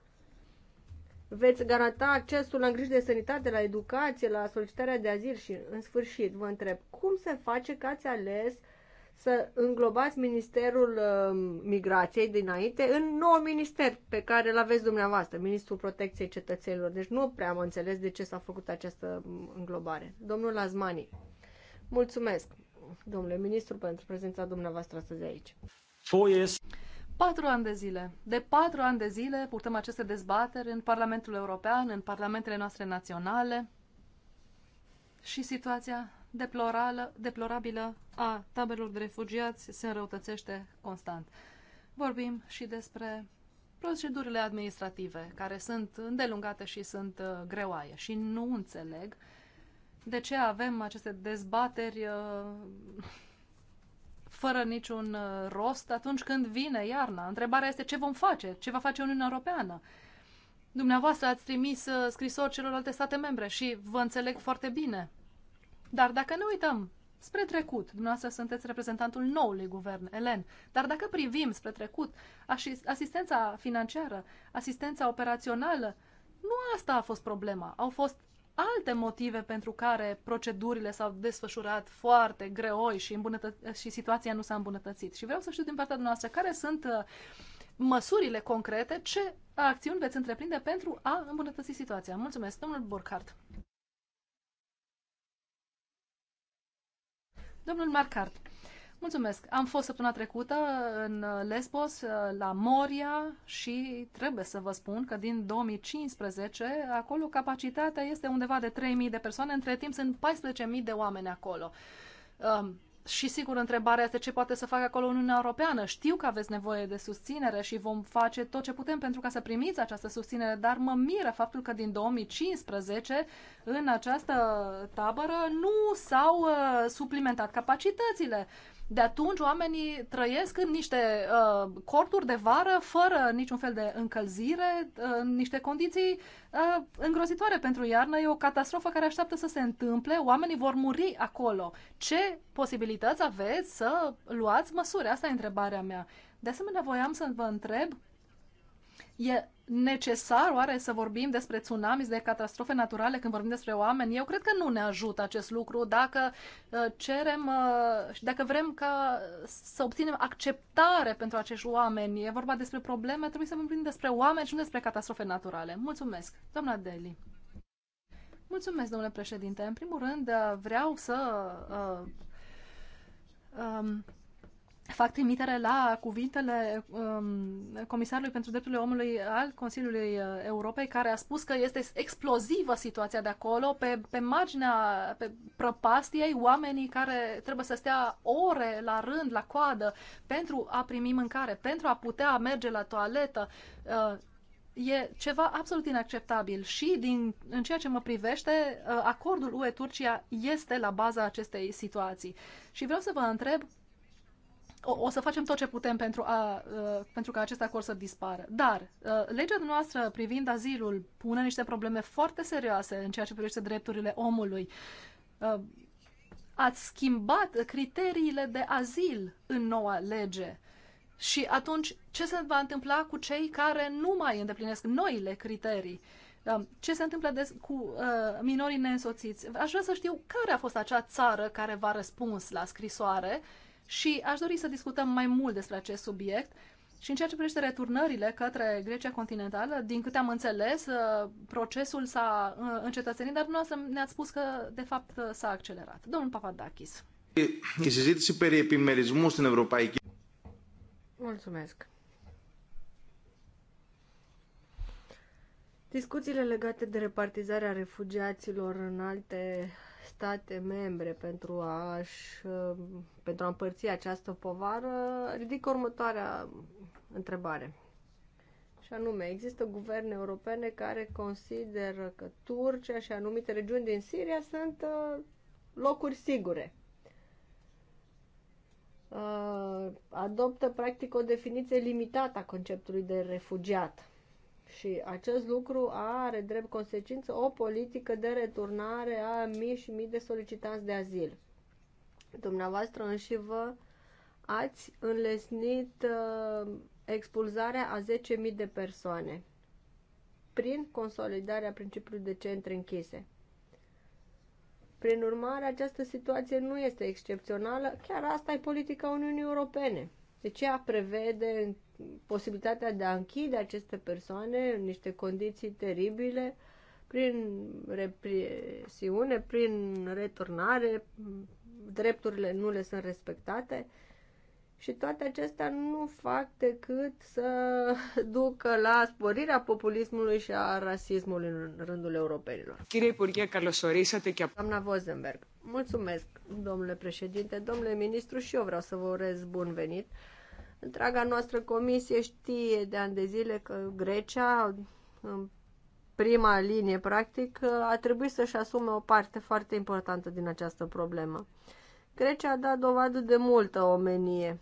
veți garanta accesul la îngriji de sănătate, la educație, la solicitarea de azil și, în sfârșit, vă întreb, cum se face că ați ales să înglobați Ministerul um, Migrației dinainte în nou minister pe care îl aveți dumneavoastră, Ministrul Protecției Cetățenilor. Deci nu prea am înțeles de ce s-a făcut această um, înglobare. Domnul Lazmani, mulțumesc, domnule ministru, pentru prezența dumneavoastră astăzi aici patru ani de zile. De patru ani de zile purtăm aceste dezbateri în Parlamentul European, în parlamentele noastre naționale și situația deplorală, deplorabilă a taberelor de refugiați se înrăutățește constant. Vorbim și despre procedurile administrative, care sunt îndelungate și sunt uh, greoaie și nu înțeleg de ce avem aceste dezbateri uh, fără niciun uh, rost atunci când vine iarna. Întrebarea este ce vom face, ce va face Uniunea Europeană. Dumneavoastră ați trimis uh, scrisori celorlalte state membre și vă înțeleg foarte bine. Dar dacă ne uităm spre trecut, dumneavoastră sunteți reprezentantul noului guvern, Elen, dar dacă privim spre trecut, asistența financiară, asistența operațională, nu asta a fost problema. Au fost alte motive pentru care procedurile s-au desfășurat foarte greoi și, îmbunătă- și situația nu s-a îmbunătățit. Și vreau să știu din partea noastră care sunt uh, măsurile concrete, ce acțiuni veți întreprinde pentru a îmbunătăți situația. Mulțumesc, domnul Borcard. Domnul Marcart, Mulțumesc. Am fost săptămâna trecută în uh, Lesbos, uh, la Moria și trebuie să vă spun că din 2015 acolo capacitatea este undeva de 3.000 de persoane, între timp sunt 14.000 de oameni acolo. Um, și sigur, întrebarea este ce poate să facă acolo Uniunea Europeană. Știu că aveți nevoie de susținere și vom face tot ce putem pentru ca să primiți această susținere, dar mă miră faptul că din 2015 în această tabără nu s-au uh, suplimentat capacitățile. Uh, de atunci oamenii trăiesc în niște uh, corturi de vară, fără niciun fel de încălzire, în uh, niște condiții uh, îngrozitoare pentru iarnă. E o catastrofă care așteaptă să se întâmple. Oamenii vor muri acolo. Ce posibilități aveți să luați măsuri? Asta e întrebarea mea. De asemenea, voiam să vă întreb, e necesar oare să vorbim despre tsunami, de catastrofe naturale când vorbim despre oameni? Eu cred că nu ne ajută acest lucru dacă uh, cerem uh, și dacă vrem ca să obținem acceptare pentru acești oameni. E vorba despre probleme, trebuie să vorbim despre oameni și nu despre catastrofe naturale. Mulțumesc, doamna Deli. Mulțumesc, domnule președinte. În primul rând, uh, vreau să uh, um, fac trimitere la cuvintele um, Comisarului pentru Drepturile Omului al Consiliului uh, Europei, care a spus că este explozivă situația de acolo, pe, pe marginea, pe prăpastiei, oamenii care trebuie să stea ore la rând, la coadă, pentru a primi mâncare, pentru a putea merge la toaletă. Uh, e ceva absolut inacceptabil și din, în ceea ce mă privește, uh, acordul UE-Turcia este la baza acestei situații. Și vreau să vă întreb o, o să facem tot ce putem pentru, a, uh, pentru ca acest acord să dispară. Dar uh, legea noastră privind azilul pune niște probleme foarte serioase în ceea ce privește drepturile omului. Uh, ați schimbat criteriile de azil în noua lege. Și atunci, ce se va întâmpla cu cei care nu mai îndeplinesc noile criterii? Uh, ce se întâmplă de, cu uh, minorii neînsoțiți? Aș vrea să știu care a fost acea țară care v-a răspuns la scrisoare uh, și aș dori să discutăm mai mult despre acest subiect. Și în ceea ce privește returnările către Grecia continentală, din câte am înțeles, uh, procesul s-a uh, încetățenit, dar dumneavoastră ne-ați spus că, de fapt, uh, s-a accelerat. Domnul Papadakis. Mulțumesc. Discuțiile legate de repartizarea refugiaților în alte state membre pentru a, pentru a împărți această povară, ridic următoarea întrebare. Și anume, există guverne europene care consideră că Turcia și anumite regiuni din Siria sunt uh, locuri sigure. Uh, adoptă practic o definiție limitată a conceptului de refugiat și acest lucru are drept consecință o politică de returnare a mii și mii de solicitanți de azil. Dumneavoastră înși vă ați înlesnit uh, expulzarea a 10.000 de persoane prin consolidarea principiului de centre închise. Prin urmare, această situație nu este excepțională, chiar asta e politica Uniunii Europene. Deci ea prevede posibilitatea de a închide aceste persoane în niște condiții teribile prin represiune, prin returnare, drepturile nu le sunt respectate și toate acestea nu fac decât să ducă la sporirea populismului și a rasismului în rândul europenilor. Doamna Vozenberg, mulțumesc, domnule președinte, domnule ministru, și eu vreau să vă urez bun venit. Întreaga noastră comisie știe de ani de zile că Grecia, în prima linie, practic, a trebuit să-și asume o parte foarte importantă din această problemă. Grecia a dat dovadă de multă omenie,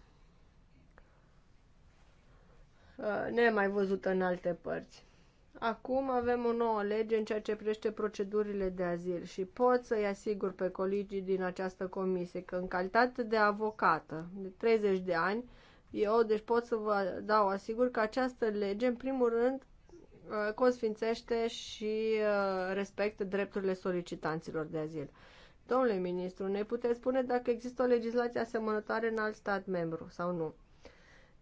uh, nemai văzută în alte părți. Acum avem o nouă lege în ceea ce privește procedurile de azil și pot să-i asigur pe colegii din această comisie că în calitate de avocată de 30 de ani eu, deci pot să vă dau asigur că această lege, în primul rând, uh, consfințește și uh, respectă drepturile solicitanților de azil. Domnule ministru, ne puteți spune dacă există o legislație asemănătoare în alt stat membru sau nu?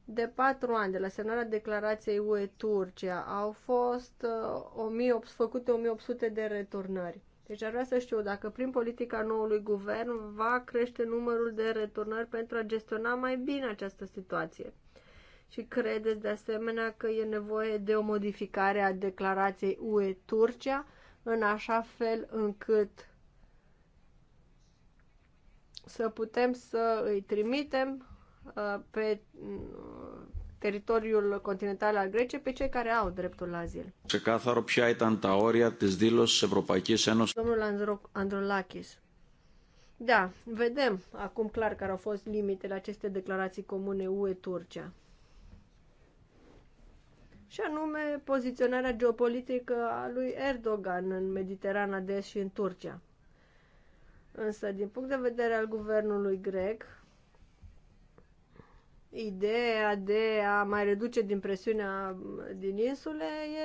De patru ani de la semnarea declarației UE Turcia au fost 1800, uh, făcute 1800 de returnări. Deci ar vrea să știu dacă prin politica noului guvern va crește numărul de returnări pentru a gestiona mai bine această situație. Și credeți de asemenea că e nevoie de o modificare a declarației UE-Turcia în așa fel încât să putem să îi trimitem uh, pe teritoriul continental al Greciei pe cei care au dreptul la azil. Ξεκάθαρο ποια ήταν τα oria tis dilos Ευρωπαϊκής enos. Domnul Andro Androlakis. Da, vedem acum clar care au fost limitele acestei declarații comune UE-Turcia. Și anume poziționarea geopolitică a lui Erdogan în Mediterana de Est și în Turcia. Însă, din punct de vedere al guvernului grec, ideea de a mai reduce din presiunea din insule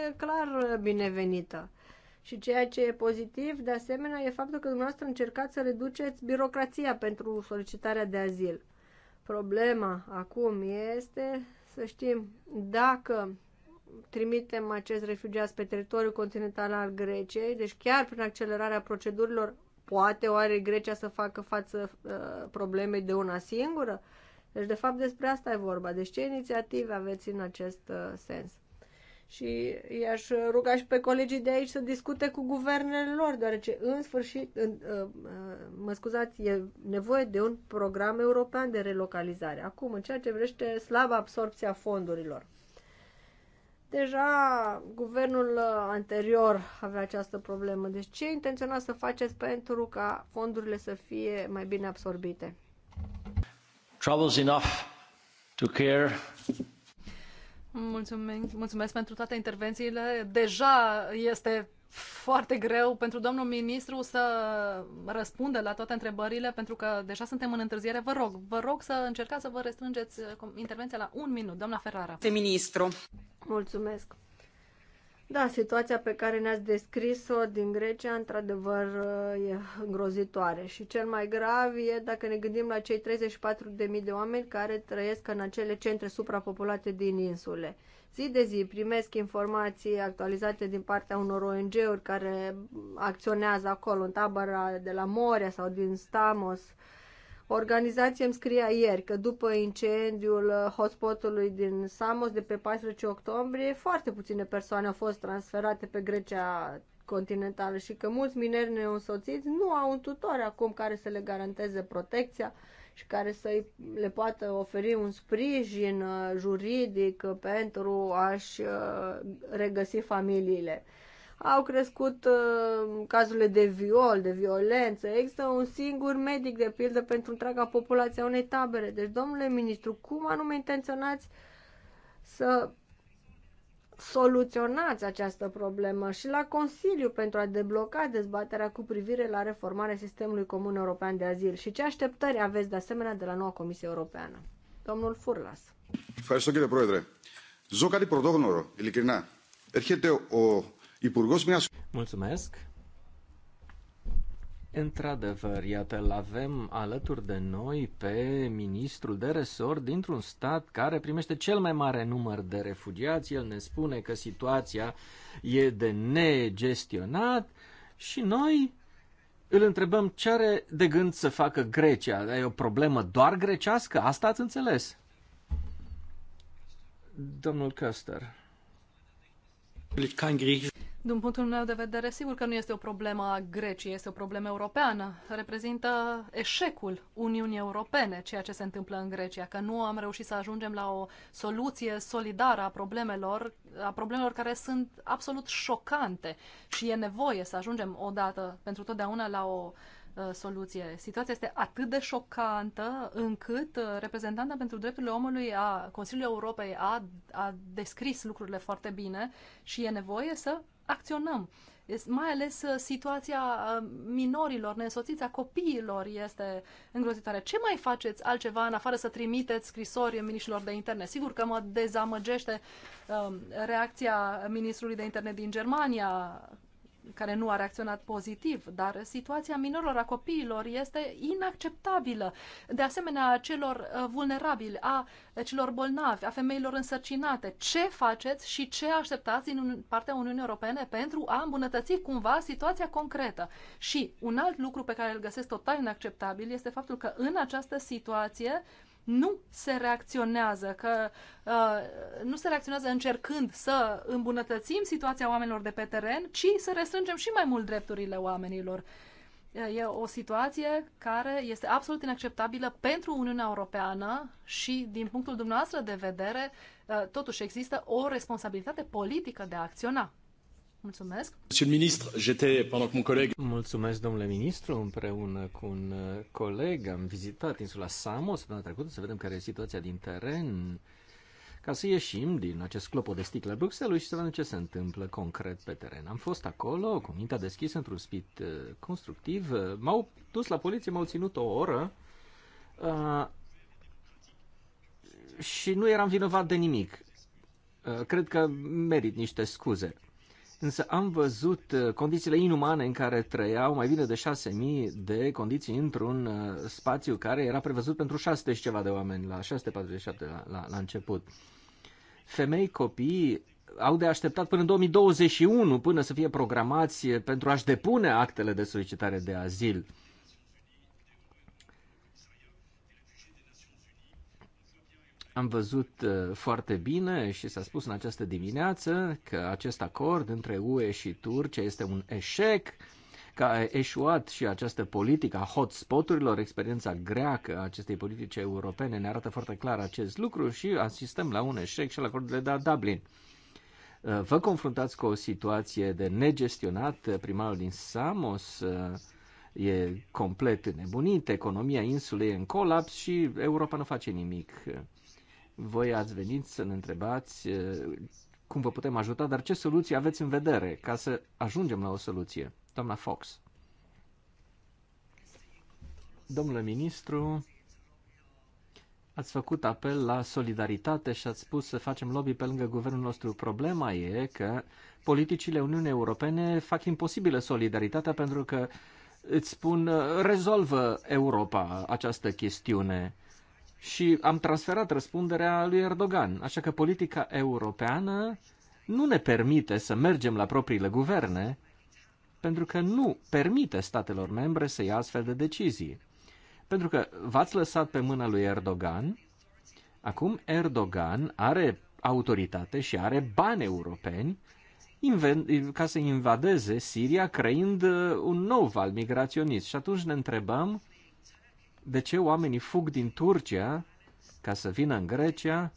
e clar binevenită. Și ceea ce e pozitiv, de asemenea, e faptul că dumneavoastră încercați să reduceți birocrația pentru solicitarea de azil. Problema acum este să știm dacă trimitem acest refugiat pe teritoriul continental al Greciei, deci chiar prin accelerarea procedurilor, poate oare Grecia să facă față uh, problemei de una singură? Uh, deci, de fapt, despre asta e vorba. Deci, ce inițiative aveți în acest uh, sens? Și i-aș ruga și pe colegii de aici să discute cu guvernele lor, deoarece, în sfârșit, în, uh, uh mă scuzați, e nevoie de un program european de relocalizare. Acum, în ceea ce vrește slabă absorpția fondurilor. Deja guvernul uh, anterior avea această problemă. Deci ce intenționați să faceți pentru ca fondurile să fie mai bine absorbite? troubles enough to care. Mulțumesc, mulțumesc pentru toate intervențiile. Deja este foarte greu pentru domnul ministru să răspundă la toate întrebările, pentru că deja suntem în întârziere. Vă rog, vă rog să încercați să vă restrângeți uh, intervenția la un minut. Doamna Ferrara. Ministru. Mulțumesc. Da, situația pe care ne-ați descris-o din Grecia, într-adevăr, e îngrozitoare. Și cel mai grav e dacă ne gândim la cei 34.000 de oameni care trăiesc în acele centre suprapopulate din insule. Zi de zi primesc informații actualizate din partea unor ONG-uri care acționează acolo, în tabăra de la Moria sau din Stamos, Organizația îmi scria ieri că după incendiul uh, hotspotului din Samos de pe 14 octombrie, foarte puține persoane au fost transferate pe Grecia continentală și că mulți mineri neînsoțiți nu au un tutor acum care să le garanteze protecția și care să le poată oferi un sprijin uh, juridic uh, pentru a-și regăsi familiile au crescut uh, cazurile de viol, de violență. Există un singur medic, de pildă, pentru întreaga populație a unei tabere. Deci, domnule ministru, cum anume intenționați să soluționați această problemă și la Consiliu pentru a debloca dezbaterea cu privire la reformarea sistemului comun european de azil și ce așteptări aveți de asemenea de la noua Comisie Europeană. Domnul Furlas. Ευχαριστώ κύριε de Ζω κάτι πρωτόγνωρο, ειλικρινά. Erhete o Mulțumesc. Într-adevăr, iată, îl avem alături de noi pe ministrul de resort dintr-un stat care primește cel mai mare număr de refugiați. El ne spune că situația e de negestionat și noi îl întrebăm ce are de gând să facă Grecia. E o problemă doar grecească? Asta ați înțeles? Domnul Köster. Din punctul meu de vedere, sigur că nu este o problemă a Greciei, este o problemă europeană. Reprezintă eșecul Uniunii Europene ceea ce se întâmplă în Grecia, că nu am reușit să ajungem la o soluție solidară a problemelor, a problemelor care sunt absolut șocante și e nevoie să ajungem odată pentru totdeauna la o uh, soluție. Situația este atât de șocantă încât uh, reprezentanta pentru drepturile omului a Consiliului Europei a, a descris lucrurile foarte bine și e nevoie să acționăm. Mai ales uh, situația uh, minorilor, nesoțiți, a copiilor este îngrozitoare. Ce mai faceți altceva în afară să trimiteți scrisori ministrilor de interne? Sigur că mă dezamăgește um, reacția ministrului de interne din Germania care nu a reacționat pozitiv, dar situația minorilor, a copiilor este inacceptabilă. De asemenea, a celor uh, vulnerabili, a celor bolnavi, a femeilor însărcinate. Ce faceți și ce așteptați din partea Uniunii Europene pentru a îmbunătăți cumva situația concretă? Și un alt lucru pe care îl găsesc total inacceptabil este faptul că în această situație uh, nu se reacționează, că uh, nu se reacționează încercând să îmbunătățim situația oamenilor de pe teren, ci să restrângem și mai mult drepturile oamenilor. Uh, e o situație care este absolut inacceptabilă pentru Uniunea Europeană și, din punctul dumneavoastră de vedere, uh, totuși există o responsabilitate politică de a acționa. Mulțumesc. Monsieur ministru, j'étais pendant que mon Mulțumesc, domnule ministru, împreună cu un uh, coleg am vizitat insula Samos săptămâna trecută să vedem care e situația din teren ca să ieșim din acest clopot de sticlă Bruxelles și să vedem ce se întâmplă concret pe teren. Am fost acolo cu mintea deschisă într-un spit uh, constructiv, uh, m-au dus la poliție, m-au ținut o oră uh, și nu eram vinovat de nimic. Uh, cred că merit niște scuze. Însă am văzut uh, condițiile inumane în care trăiau mai bine de 6.000 de condiții într-un uh, spațiu care era prevăzut pentru 600 și ceva de oameni, la 647 la, la, la început. Femei, copii au de așteptat până în 2021 până să fie programați pentru a-și depune actele de solicitare de azil. Am văzut uh, foarte bine și s-a spus în această dimineață că acest acord între UE și Turcia este un eșec, că a eșuat și această politică a hotspoturilor, experiența greacă a acestei politici europene ne arată foarte clar acest lucru și asistăm la un eșec și la acordurile de la Dublin. Uh, vă confruntați cu o situație de negestionat, uh, primarul din Samos e complet nebunit, economia insulei e în colaps și Europa nu face nimic. Voi ați venit să ne întrebați cum vă putem ajuta, dar ce soluții aveți în vedere ca să ajungem la o soluție? Doamna Fox. Domnule ministru, ați făcut apel la solidaritate și ați spus să facem lobby pe lângă guvernul nostru. Problema e că politicile Uniunii Europene fac imposibilă solidaritatea pentru că îți spun, rezolvă Europa această chestiune și am transferat răspunderea lui Erdogan. Așa că politica europeană nu ne permite să mergem la propriile guverne, pentru că nu permite statelor membre să ia astfel de decizii. Pentru că v-ați lăsat pe mâna lui Erdogan, acum Erdogan are autoritate și are bani europeni ca să invadeze Siria, creând uh, un nou val migraționist. Și atunci ne întrebăm de ce oamenii fug din Turcia ca să vină în Grecia,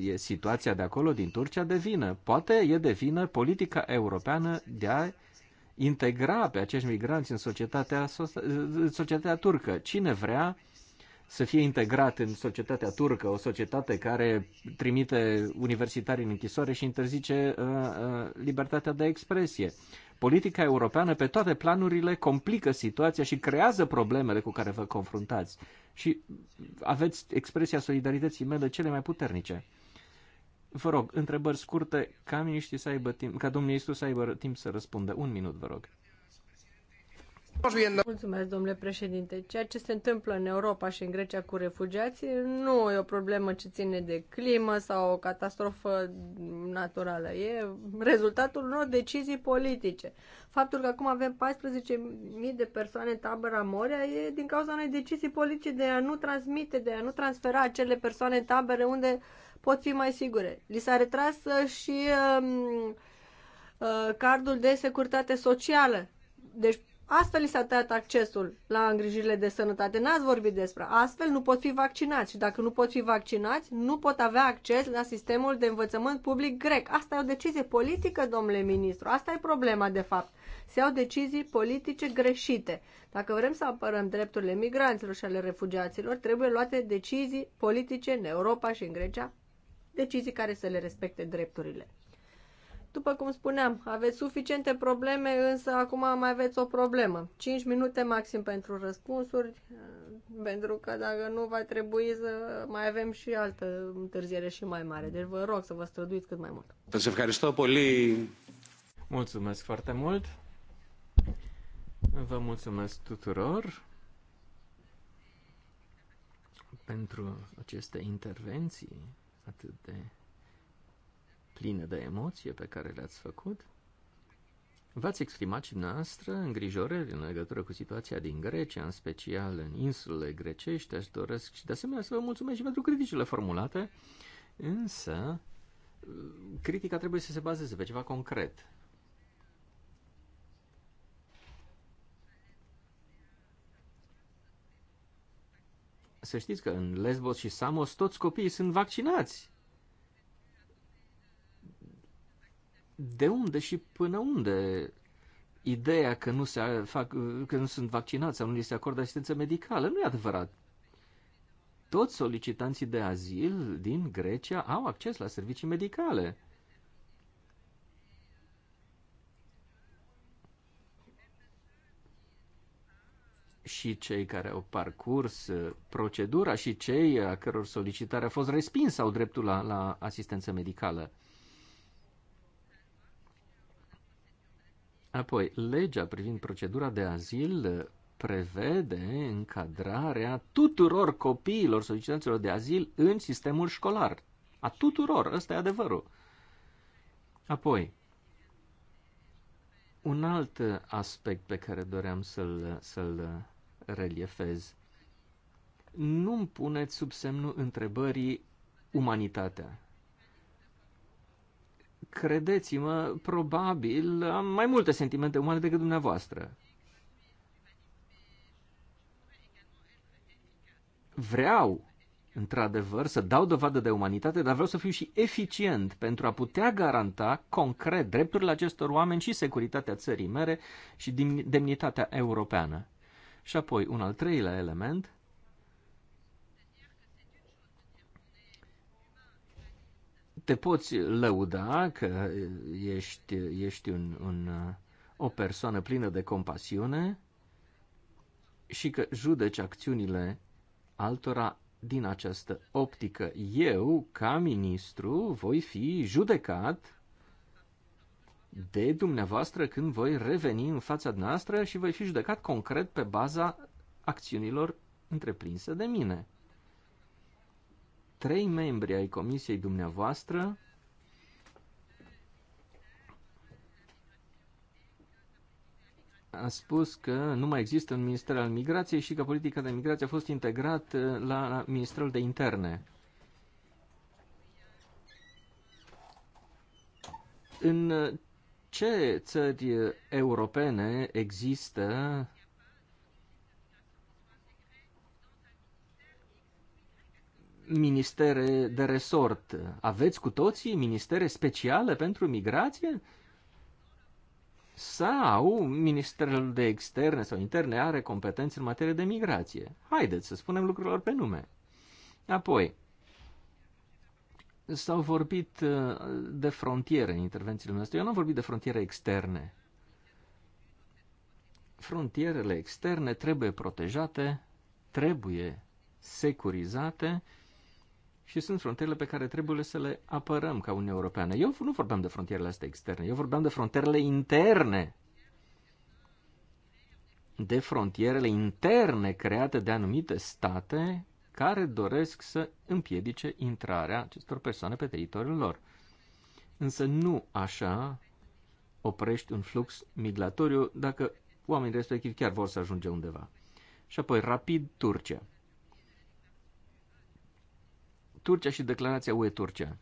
e situația de acolo, din Turcia, de vină. Poate e de vină politica europeană de a integra pe acești migranți în societatea, în societatea turcă. Cine vrea să fie integrat în societatea turcă, o societate care trimite universitari în închisoare și interzice uh, uh, libertatea de expresie. Uh, Politica europeană pe toate planurile complică situația și creează problemele cu care vă confruntați. Și aveți expresia solidarității mele cele mai puternice. Vă rog, întrebări scurte, ca, să aibă timp, ca domnul ministru să aibă timp să răspundă. Un minut, vă rog. Mulțumesc, domnule președinte. Ceea ce se întâmplă în Europa și în Grecia cu refugiații nu e o problemă ce ține de climă sau o catastrofă naturală. E rezultatul unor decizii politice. Faptul că acum avem 14.000 de persoane în tabăra Moria e din cauza unei decizii politice de a nu transmite, de a nu transfera acele persoane în tabere unde pot fi mai sigure. Li s-a retras uh, și um, uh, cardul de securitate socială. Deci Astfel li s-a tăiat accesul la îngrijirile de sănătate. N-ați vorbit despre. Astfel nu pot fi vaccinați și dacă nu pot fi vaccinați, nu pot avea acces la sistemul de învățământ public grec. Asta e o decizie politică, domnule ministru. Asta e problema, de fapt. Se iau decizii politice greșite. Dacă vrem să apărăm drepturile migranților și ale refugiaților, trebuie luate decizii politice în Europa și în Grecia, decizii care să le respecte drepturile. După cum spuneam, aveți suficiente probleme, însă acum mai aveți o problemă. 5 minute maxim pentru răspunsuri, eh, pentru că dacă nu va trebui să mai avem și altă întârziere și mai mare. Deci vă rog să vă străduiți cât mai mult. Mulțumesc foarte mult! Vă mulțumesc tuturor pentru aceste intervenții atât de pline de emoție pe care le-ați făcut. V-ați exprimat și dumneavoastră îngrijorări în legătură cu situația din Grecia, în special în insulele grecești. Aș doresc și de asemenea să vă mulțumesc și pentru criticile formulate, însă critica trebuie să se bazeze pe ceva concret. Să știți că în Lesbos și Samos toți copiii sunt vaccinați. de unde și până unde ideea că nu, se fac, că nu sunt vaccinați sau nu li se acordă asistență medicală. Nu e adevărat. Toți solicitanții de azil din Grecia au acces la servicii medicale. și cei care au parcurs uh, procedura și cei uh, a căror solicitare a fost respinsă au dreptul la, la asistență medicală. Apoi, legea privind procedura de azil uh, prevede încadrarea tuturor copiilor solicitanților de azil în sistemul școlar. A tuturor, ăsta e adevărul. Apoi, un alt uh, aspect pe care doream să-l, uh, să-l reliefez. Nu-mi puneți sub semnul întrebării umanitatea credeți-mă, probabil am mai multe sentimente umane decât dumneavoastră. Vreau, într-adevăr, să dau dovadă de umanitate, dar vreau să fiu și eficient pentru a putea garanta concret drepturile acestor oameni și securitatea țării mere și demnitatea europeană. Și apoi, un al treilea element, te poți lăuda că ești, ești un, un, o persoană plină de compasiune și că judeci acțiunile altora din această optică. Eu, ca ministru, voi fi judecat de dumneavoastră când voi reveni în fața noastră și voi fi judecat concret pe baza acțiunilor întreprinse de mine trei membri ai comisiei dumneavoastră a spus că nu mai există un minister al migrației și că politica de migrație a fost integrat la Ministerul de Interne. În ce țări europene există ministere de resort. Aveți cu toții ministere speciale pentru migrație? Sau Ministerul de Externe sau Interne are competențe în materie de migrație? Haideți să spunem lucrurilor pe nume. Apoi, s-au vorbit uh, de frontiere în intervențiile noastre. Eu nu am vorbit de frontiere externe. Frontierele externe trebuie protejate, trebuie securizate și sunt frontierele pe care trebuie să le apărăm ca Uniunea Europeană. Eu nu vorbeam de frontierele astea externe, eu vorbeam de frontierele interne. De frontierele interne create de anumite state care doresc să împiedice intrarea acestor persoane pe teritoriul lor. Însă nu așa oprești un flux migratoriu dacă oamenii respectivi chiar vor să ajunge undeva. Și apoi, rapid, Turcia. Turcia și declarația UE-Turcia.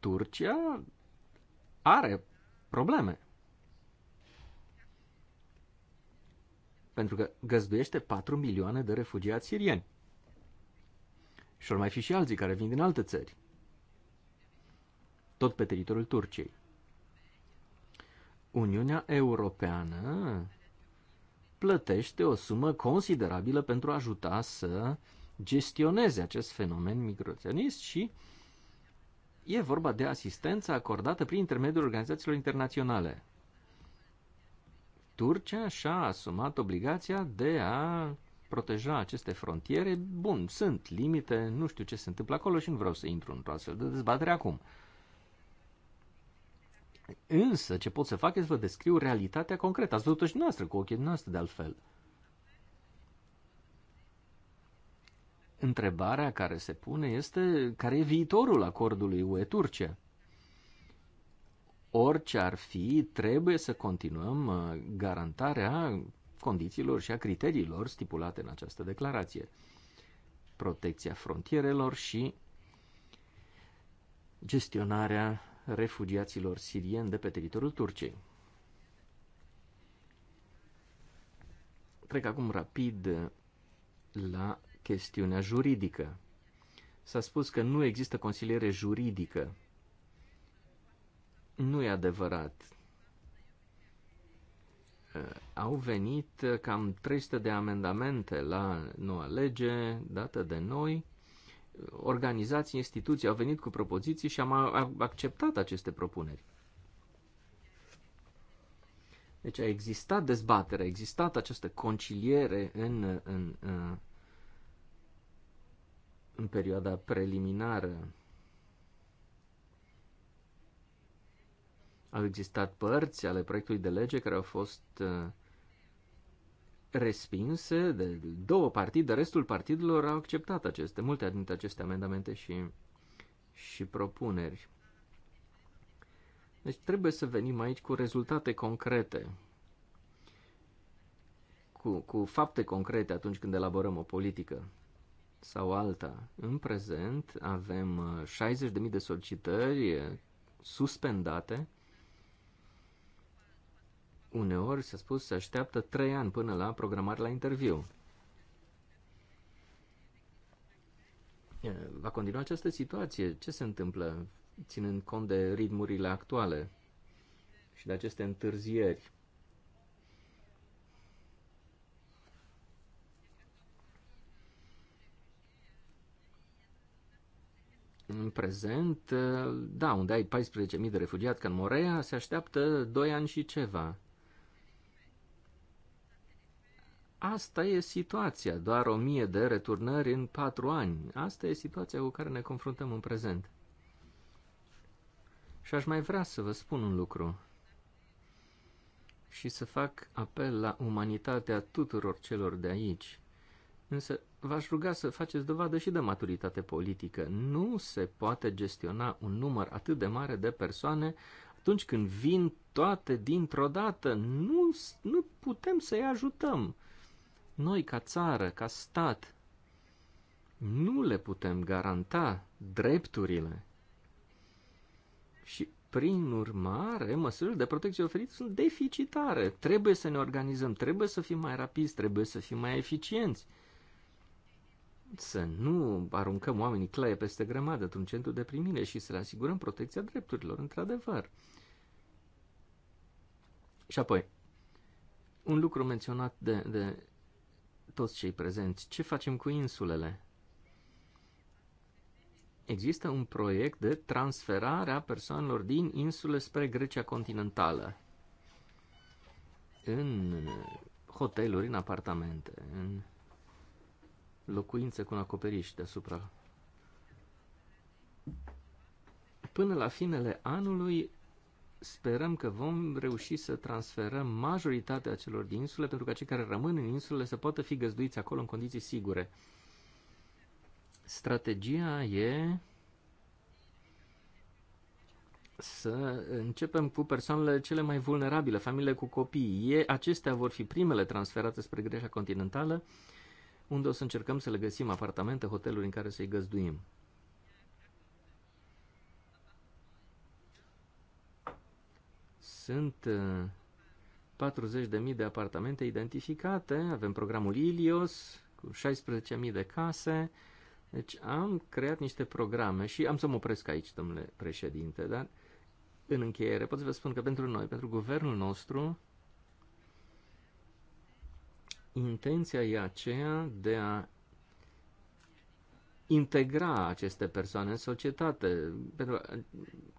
Turcia are probleme. Pentru că găzduiește 4 milioane de refugiați sirieni. Și vor mai fi și alții care vin din alte țări. Tot pe teritoriul Turciei. Uniunea Europeană plătește o sumă considerabilă pentru a ajuta să gestioneze acest fenomen migraționist și e vorba de asistență acordată prin intermediul organizațiilor internaționale. Turcia și-a asumat obligația de a proteja aceste frontiere. Bun, sunt limite, nu știu ce se întâmplă acolo și nu vreau să intru într-o astfel de dezbatere acum. Însă, ce pot să fac este să vă descriu realitatea concretă. Ați văzut-o și noastră, cu ochii noastre, de altfel. Întrebarea care se pune este care e viitorul acordului UE-Turcia? Orice ar fi, trebuie să continuăm uh, garantarea condițiilor și a criteriilor stipulate în această declarație. Protecția frontierelor și gestionarea refugiaților sirieni de pe teritoriul Turciei. Trec acum rapid la chestiunea juridică. S-a spus că nu există consiliere juridică. Nu e adevărat. Uh, au venit cam 300 de amendamente la noua lege dată de noi organizații, instituții au venit cu propoziții și am acceptat aceste propuneri. Deci a existat dezbatere, a existat această conciliere în, în, în, în perioada preliminară. Au existat părți ale proiectului de lege care au fost uh, respinse de două partide, restul partidelor au acceptat aceste, multe dintre aceste amendamente și, și propuneri. Deci trebuie să venim aici cu rezultate concrete, cu, cu fapte concrete atunci când elaborăm o politică sau alta. În prezent avem 60.000 uh, de solicitări uh, suspendate Uneori, s-a spus, se așteaptă trei ani până la programare la interviu. Va continua această situație? Ce se întâmplă, ținând cont de ritmurile actuale și de aceste întârzieri? în prezent, da, unde ai 14.000 de refugiați ca în Morea, se așteaptă 2 ani și ceva. Asta e situația, doar o mie de returnări în patru ani. Asta e situația cu care ne confruntăm în prezent. Și aș mai vrea să vă spun un lucru și să fac apel la umanitatea tuturor celor de aici. Însă v-aș ruga să faceți dovadă și de maturitate politică. Nu se poate gestiona un număr atât de mare de persoane atunci când vin toate dintr-o dată. Nu, nu putem să-i ajutăm. Noi, ca țară, ca stat, nu le putem garanta drepturile. Și, prin urmare, măsurile de protecție oferite sunt deficitare. Trebuie să ne organizăm, trebuie să fim mai rapizi, trebuie să fim mai eficienți. Să nu aruncăm oamenii claie peste grămadă într-un centru de primire și să le asigurăm protecția drepturilor, într-adevăr. Și apoi, un lucru menționat de, de toți cei prezenți. Ce facem cu insulele? Există un proiect de transferare a persoanelor din insule spre Grecia continentală. În hoteluri, în apartamente, în locuințe cu un acoperiș deasupra. Până la finele anului, sperăm că vom reuși să transferăm majoritatea celor din insule pentru ca cei care rămân în insule să poată fi găzduiți acolo în condiții sigure. Strategia e să începem cu persoanele cele mai vulnerabile, familiile cu copii. E, acestea vor fi primele transferate spre Grecia continentală, unde o să încercăm să le găsim apartamente, hoteluri în care să-i găzduim. Sunt 40.000 uh, de apartamente identificate, avem programul Ilios cu 16.000 de case, deci am creat niște programe și am să mă opresc aici, domnule președinte, dar în încheiere pot să vă spun că pentru noi, pentru guvernul nostru, intenția e aceea de a integra aceste persoane în societate, pentru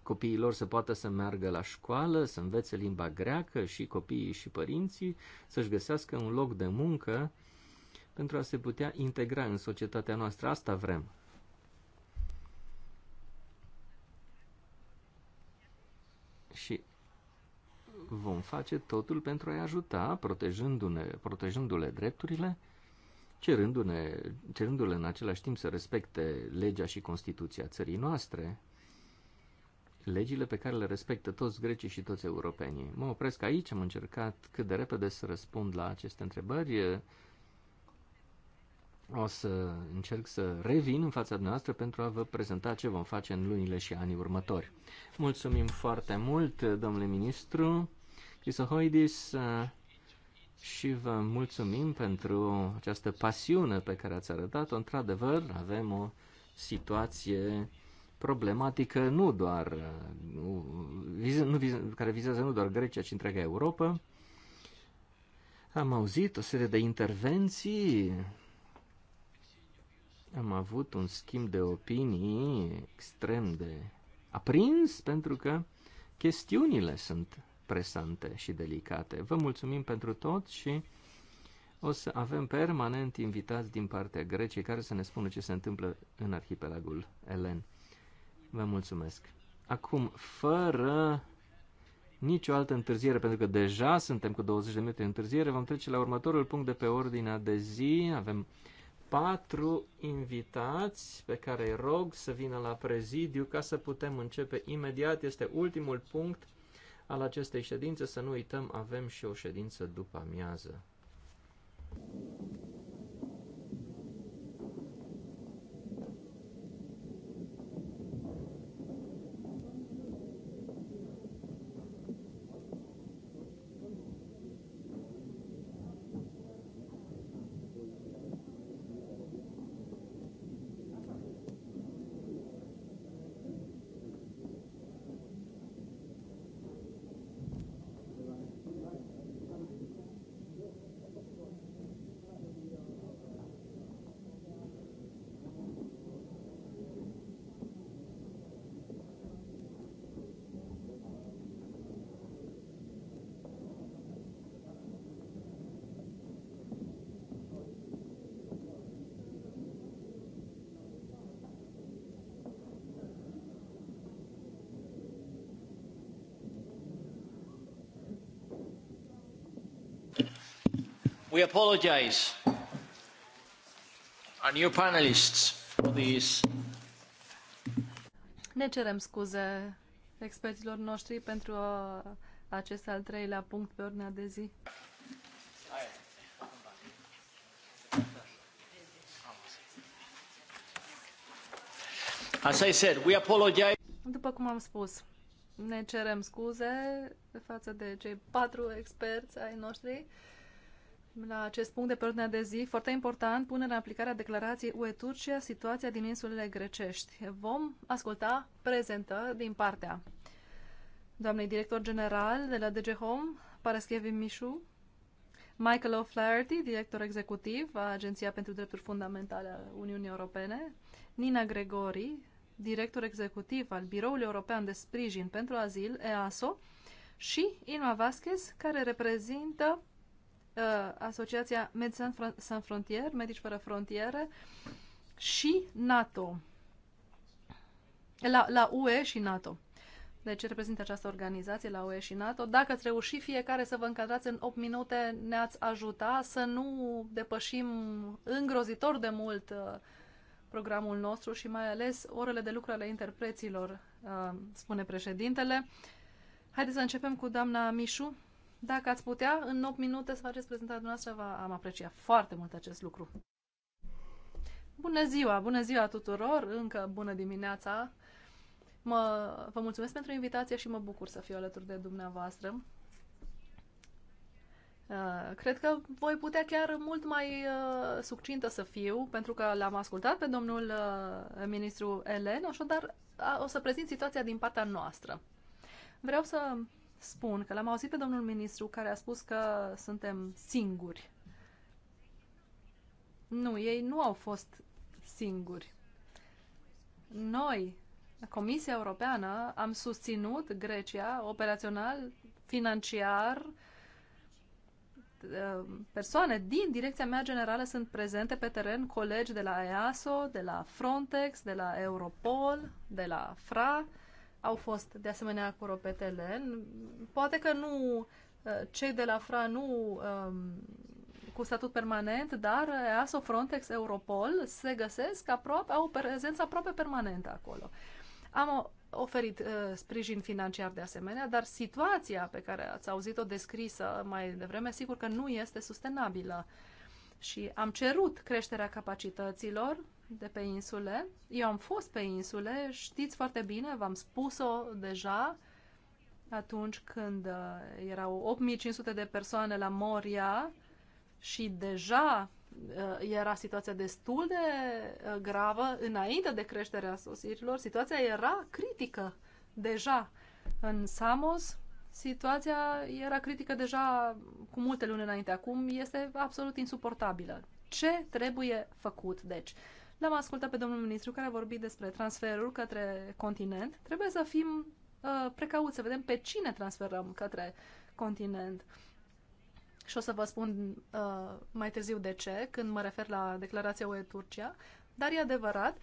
copiilor să poată să meargă la școală, să învețe limba greacă și copiii și părinții, să-și găsească un loc de muncă pentru a se putea integra în societatea noastră. Asta vrem. Și vom face totul pentru a-i ajuta, protejându-le, protejându-le drepturile, cerându-ne, cerându-le în același timp să respecte legea și Constituția țării noastre, legile pe care le respectă toți grecii și toți europenii. Mă opresc aici, am încercat cât de repede să răspund la aceste întrebări. O să încerc să revin în fața noastră pentru a vă prezenta ce vom face în lunile și anii următori. Mulțumim foarte mult, domnule ministru Crisohoidis și vă mulțumim pentru această pasiune pe care ați arătat-o. Într-adevăr, avem o situație problematică nu doar nu, nu, care vizează nu doar Grecia, ci întreaga Europa. Am auzit o serie de intervenții, am avut un schimb de opinii extrem de aprins pentru că chestiunile sunt presante și delicate. Vă mulțumim pentru tot și o să avem permanent invitați din partea Greciei care să ne spună ce se întâmplă în arhipelagul Elen. Vă mulțumesc. Acum, fără nicio altă întârziere, pentru că deja suntem cu 20 de minute întârziere, vom trece la următorul punct de pe ordinea de zi. Avem patru invitați pe care îi rog să vină la prezidiu ca să putem începe imediat. Este ultimul punct al acestei ședințe. Să nu uităm, avem și o ședință după amiază. We apologize our new panelists for these. Ne cerem scuze experților noștri pentru uh, acest al treilea punct pe ordinea de zi. As I said, we apologize. După cum am spus, ne cerem scuze față de cei patru experți ai noștri la acest punct de pe ordinea de zi, foarte important, punerea în aplicare a declarației UE-Turcia, situația din insulele grecești. Vom asculta prezentă din partea doamnei director general de la DG Home, Paraschevi Mișu, Michael O'Flaherty, director executiv a Agenția pentru Drepturi Fundamentale a Uniunii Europene, Nina Gregori, director executiv al Biroului European de Sprijin pentru Azil, EASO, și Inma Vasquez, care reprezintă Uh, Asociația Medicine Sans Frontier, Medici Fără Frontiere, și NATO. La, la UE și NATO. Deci reprezintă această organizație la UE și NATO. Dacă ați reușit fiecare să vă încadrați în 8 minute, ne-ați ajuta să nu depășim îngrozitor de mult uh, programul nostru și mai ales orele de lucru ale interpreților, uh, spune președintele. Haideți să începem cu doamna Mișu. Dacă ați putea, în 8 minute să faceți prezentarea dumneavoastră, am apreciat foarte mult acest lucru. Bună ziua! Bună ziua tuturor! Încă bună dimineața! Mă, vă mulțumesc pentru invitație și mă bucur să fiu alături de dumneavoastră. Uh, cred că voi putea chiar mult mai uh, succintă să fiu, pentru că l-am ascultat pe domnul uh, ministru Elen, așadar o să prezint situația din partea noastră. Vreau să spun că l-am auzit pe domnul ministru care a spus că suntem singuri. Nu, ei nu au fost singuri. Noi, Comisia Europeană, am susținut Grecia operațional, financiar, persoane din direcția mea generală sunt prezente pe teren, colegi de la EASO, de la Frontex, de la Europol, de la FRA, au fost de asemenea acolo pe teren. Poate că nu uh, cei de la FRA nu um, cu statut permanent, dar EASO, Frontex, Europol se găsesc aproape, au o prezență aproape permanentă acolo. Am oferit uh, sprijin financiar de asemenea, dar situația pe care ați auzit-o descrisă mai devreme, sigur că nu este sustenabilă. Și am cerut creșterea capacităților de pe insule. Eu am fost pe insule, știți foarte bine, v-am spus-o deja atunci când uh, erau 8500 de persoane la Moria și deja uh, era situația destul de uh, gravă înainte de creșterea sosirilor. Situația era critică deja. În Samos situația era critică deja cu multe luni înainte. Acum este absolut insuportabilă. Ce trebuie făcut, deci? Uh, L-am ascultat pe domnul ministru care a vorbit despre transferul către continent. Trebuie să fim uh, precauți, să vedem pe cine transferăm către continent. Și o să vă spun uh, mai târziu de ce, când mă refer la declarația UE Turcia. Dar e adevărat,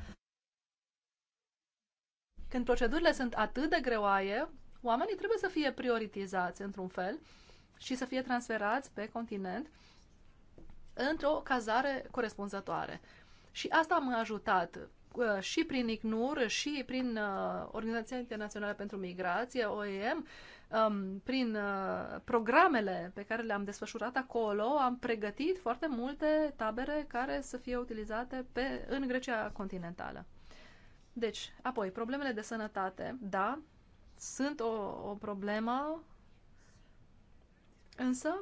când procedurile sunt atât de greoaie, oamenii trebuie să fie prioritizați într-un fel și să fie transferați pe continent într-o cazare corespunzătoare. Și asta m-a ajutat uh, și prin ICNUR, și prin uh, Organizația Internațională pentru Migrație, OEM, um, prin uh, programele pe care le-am desfășurat acolo, am pregătit foarte multe tabere care să fie utilizate pe, în Grecia continentală. Deci, apoi, problemele de sănătate, da, sunt o, o problemă, însă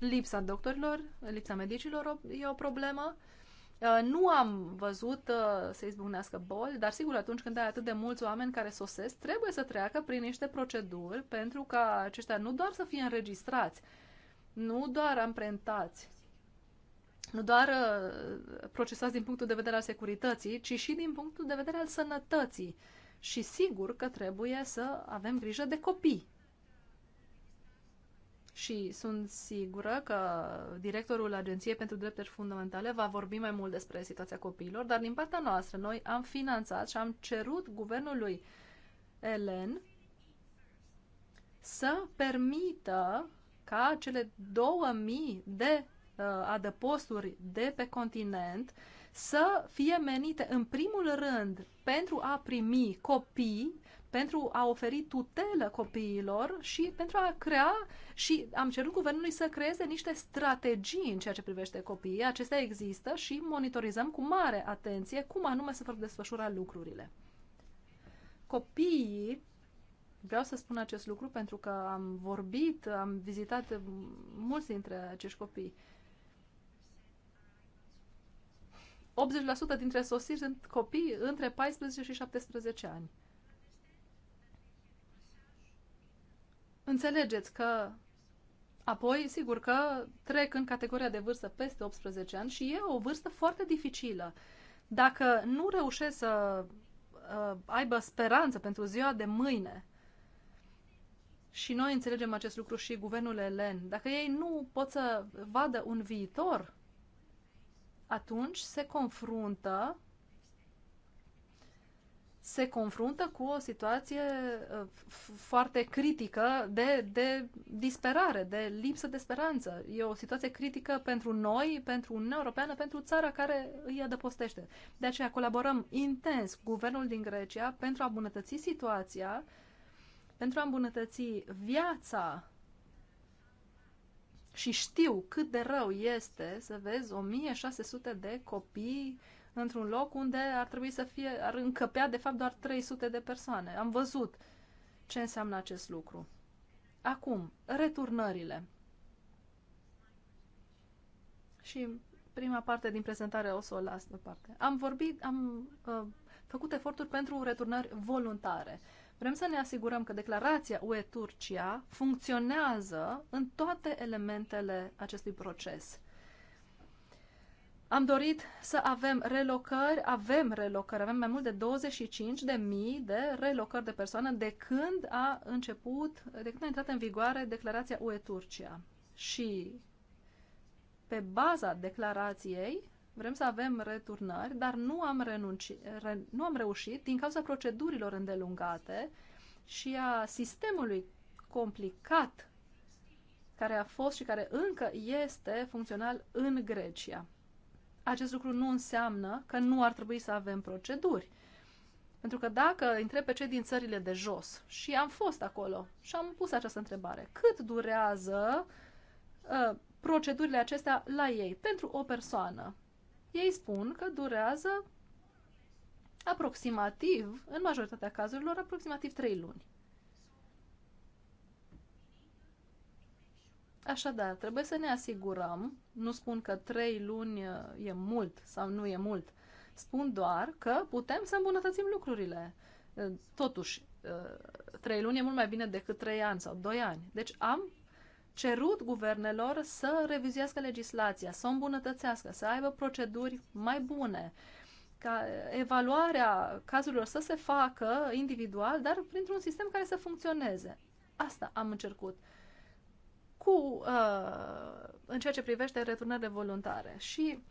lipsa doctorilor, lipsa medicilor e o problemă. Uh, nu am văzut uh, să izbucnească boli, dar sigur atunci când ai atât de mulți oameni care sosesc, trebuie să treacă prin niște proceduri pentru ca aceștia nu doar să fie înregistrați, nu doar amprentați, nu doar uh, procesați din punctul de vedere al securității, ci și din punctul de vedere al sănătății. Și sigur că trebuie să avem grijă de copii și sunt sigură că directorul Agenției pentru Drepturi Fundamentale va vorbi mai mult despre situația copiilor, dar din partea noastră noi am finanțat și am cerut guvernului Elen să permită ca cele 2000 de uh, adăposturi de pe continent să fie menite în primul rând pentru a primi copii pentru a oferi tutelă copiilor și pentru a crea și am cerut guvernului să creeze niște strategii în ceea ce privește copiii. Acestea există și monitorizăm cu mare atenție cum anume se vor desfășura lucrurile. Copiii Vreau să spun acest lucru pentru că am vorbit, am vizitat mulți dintre acești copii. 80% dintre sosiri sunt copii între 14 și 17 ani. Înțelegeți că apoi, sigur că trec în categoria de vârstă peste 18 ani și e o vârstă foarte dificilă. Dacă nu reușesc să uh, aibă speranță pentru ziua de mâine, și noi înțelegem acest lucru și guvernul elen, dacă ei nu pot să vadă un viitor, atunci se confruntă se confruntă cu o situație uh, foarte critică de, de disperare, de lipsă de speranță. E o situație critică pentru noi, pentru Uniunea Europeană, pentru țara care îi adăpostește. De aceea colaborăm intens cu guvernul din Grecia pentru a îmbunătăți situația, pentru a îmbunătăți viața și știu cât de rău este să vezi 1600 de copii uh, într-un loc unde ar trebui să fie, ar încăpea de fapt doar 300 de persoane. Am văzut ce înseamnă acest lucru. Acum, returnările. Și prima parte din prezentare o să o las deoparte. Am vorbit, am uh, făcut eforturi pentru returnări voluntare. Vrem să ne asigurăm că declarația UE-Turcia funcționează în toate elementele acestui proces. Am dorit să avem relocări, avem relocări, avem mai mult de 25 de mii de relocări de persoane de când a început, de când a intrat în vigoare declarația UE Turcia. Și pe baza declarației vrem să avem returnări, dar nu am, renunci, re, nu am reușit din cauza procedurilor îndelungate și a sistemului complicat care a fost și care încă este funcțional în Grecia acest lucru nu înseamnă că nu ar trebui să avem proceduri. Pentru că dacă întreb pe cei din țările de jos și am fost acolo și am pus această întrebare, cât durează uh, procedurile acestea la ei pentru o persoană? Ei spun că durează aproximativ, în majoritatea cazurilor, aproximativ 3 luni. Așadar, trebuie să ne asigurăm, nu spun că trei luni uh, e mult sau nu e mult, spun doar că putem să îmbunătățim lucrurile. Uh, totuși, uh, trei luni e mult mai bine decât trei ani sau doi ani. Deci am cerut guvernelor să revizuiască legislația, să o îmbunătățească, să aibă proceduri mai bune, ca evaluarea cazurilor să se facă individual, dar printr-un sistem care să funcționeze. Asta am încercut cu, uh, în ceea ce privește returnările voluntare. Și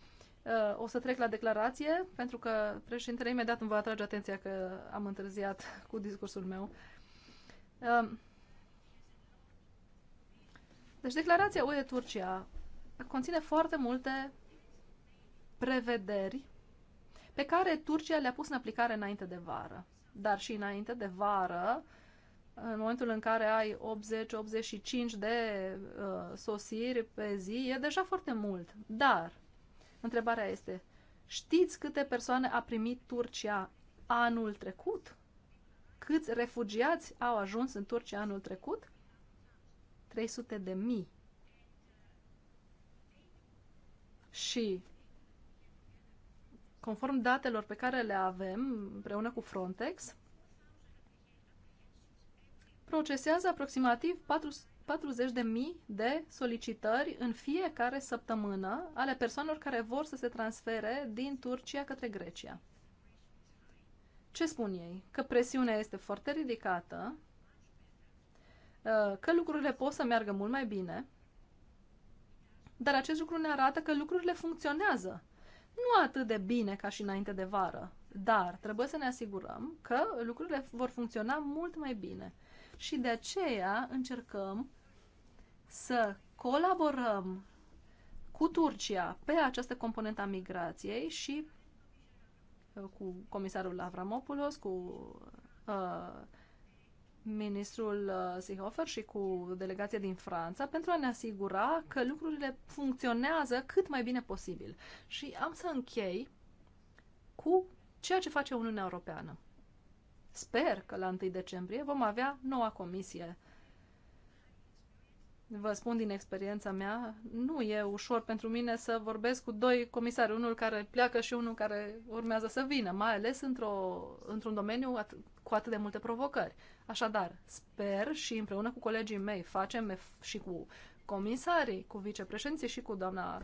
uh, o să trec la declarație, pentru că președintele imediat îmi va atrage atenția că am întârziat cu discursul meu. Uh, deci declarația UE-Turcia conține foarte multe prevederi pe care Turcia le-a pus în aplicare înainte de vară. Dar și înainte de vară, uh, în momentul în care ai 80-85 de uh, sosiri pe zi, e deja foarte mult. Dar, întrebarea este, știți câte persoane a primit Turcia anul trecut? Câți refugiați au ajuns în Turcia anul trecut? 300 de mii. Și, conform datelor pe care le avem împreună cu Frontex, procesează aproximativ 40.000 de solicitări în fiecare săptămână ale persoanelor care vor să se transfere din Turcia către Grecia. Ce spun ei? Că presiunea este foarte ridicată, uh, că lucrurile pot să meargă mult mai bine, dar acest lucru ne arată că lucrurile funcționează. Nu atât de bine ca și înainte de vară, dar trebuie să ne asigurăm că lucrurile vor funcționa mult mai bine și de aceea încercăm să colaborăm cu Turcia pe această componentă a migrației și uh, cu comisarul Avramopoulos, cu uh, ministrul uh, Seehofer și cu delegația din Franța pentru a ne asigura că lucrurile funcționează cât mai bine posibil. Și am să închei cu ceea ce face Uniunea Europeană. Sper că la 1 decembrie vom avea noua comisie. Vă spun din experiența mea, nu e ușor pentru mine să vorbesc cu doi comisari, unul care pleacă și unul care urmează să vină, mai ales într-o, într-un domeniu at- cu atât de multe provocări. Așadar, sper și împreună cu colegii mei facem și cu comisarii, cu vicepreședinții și cu doamna uh,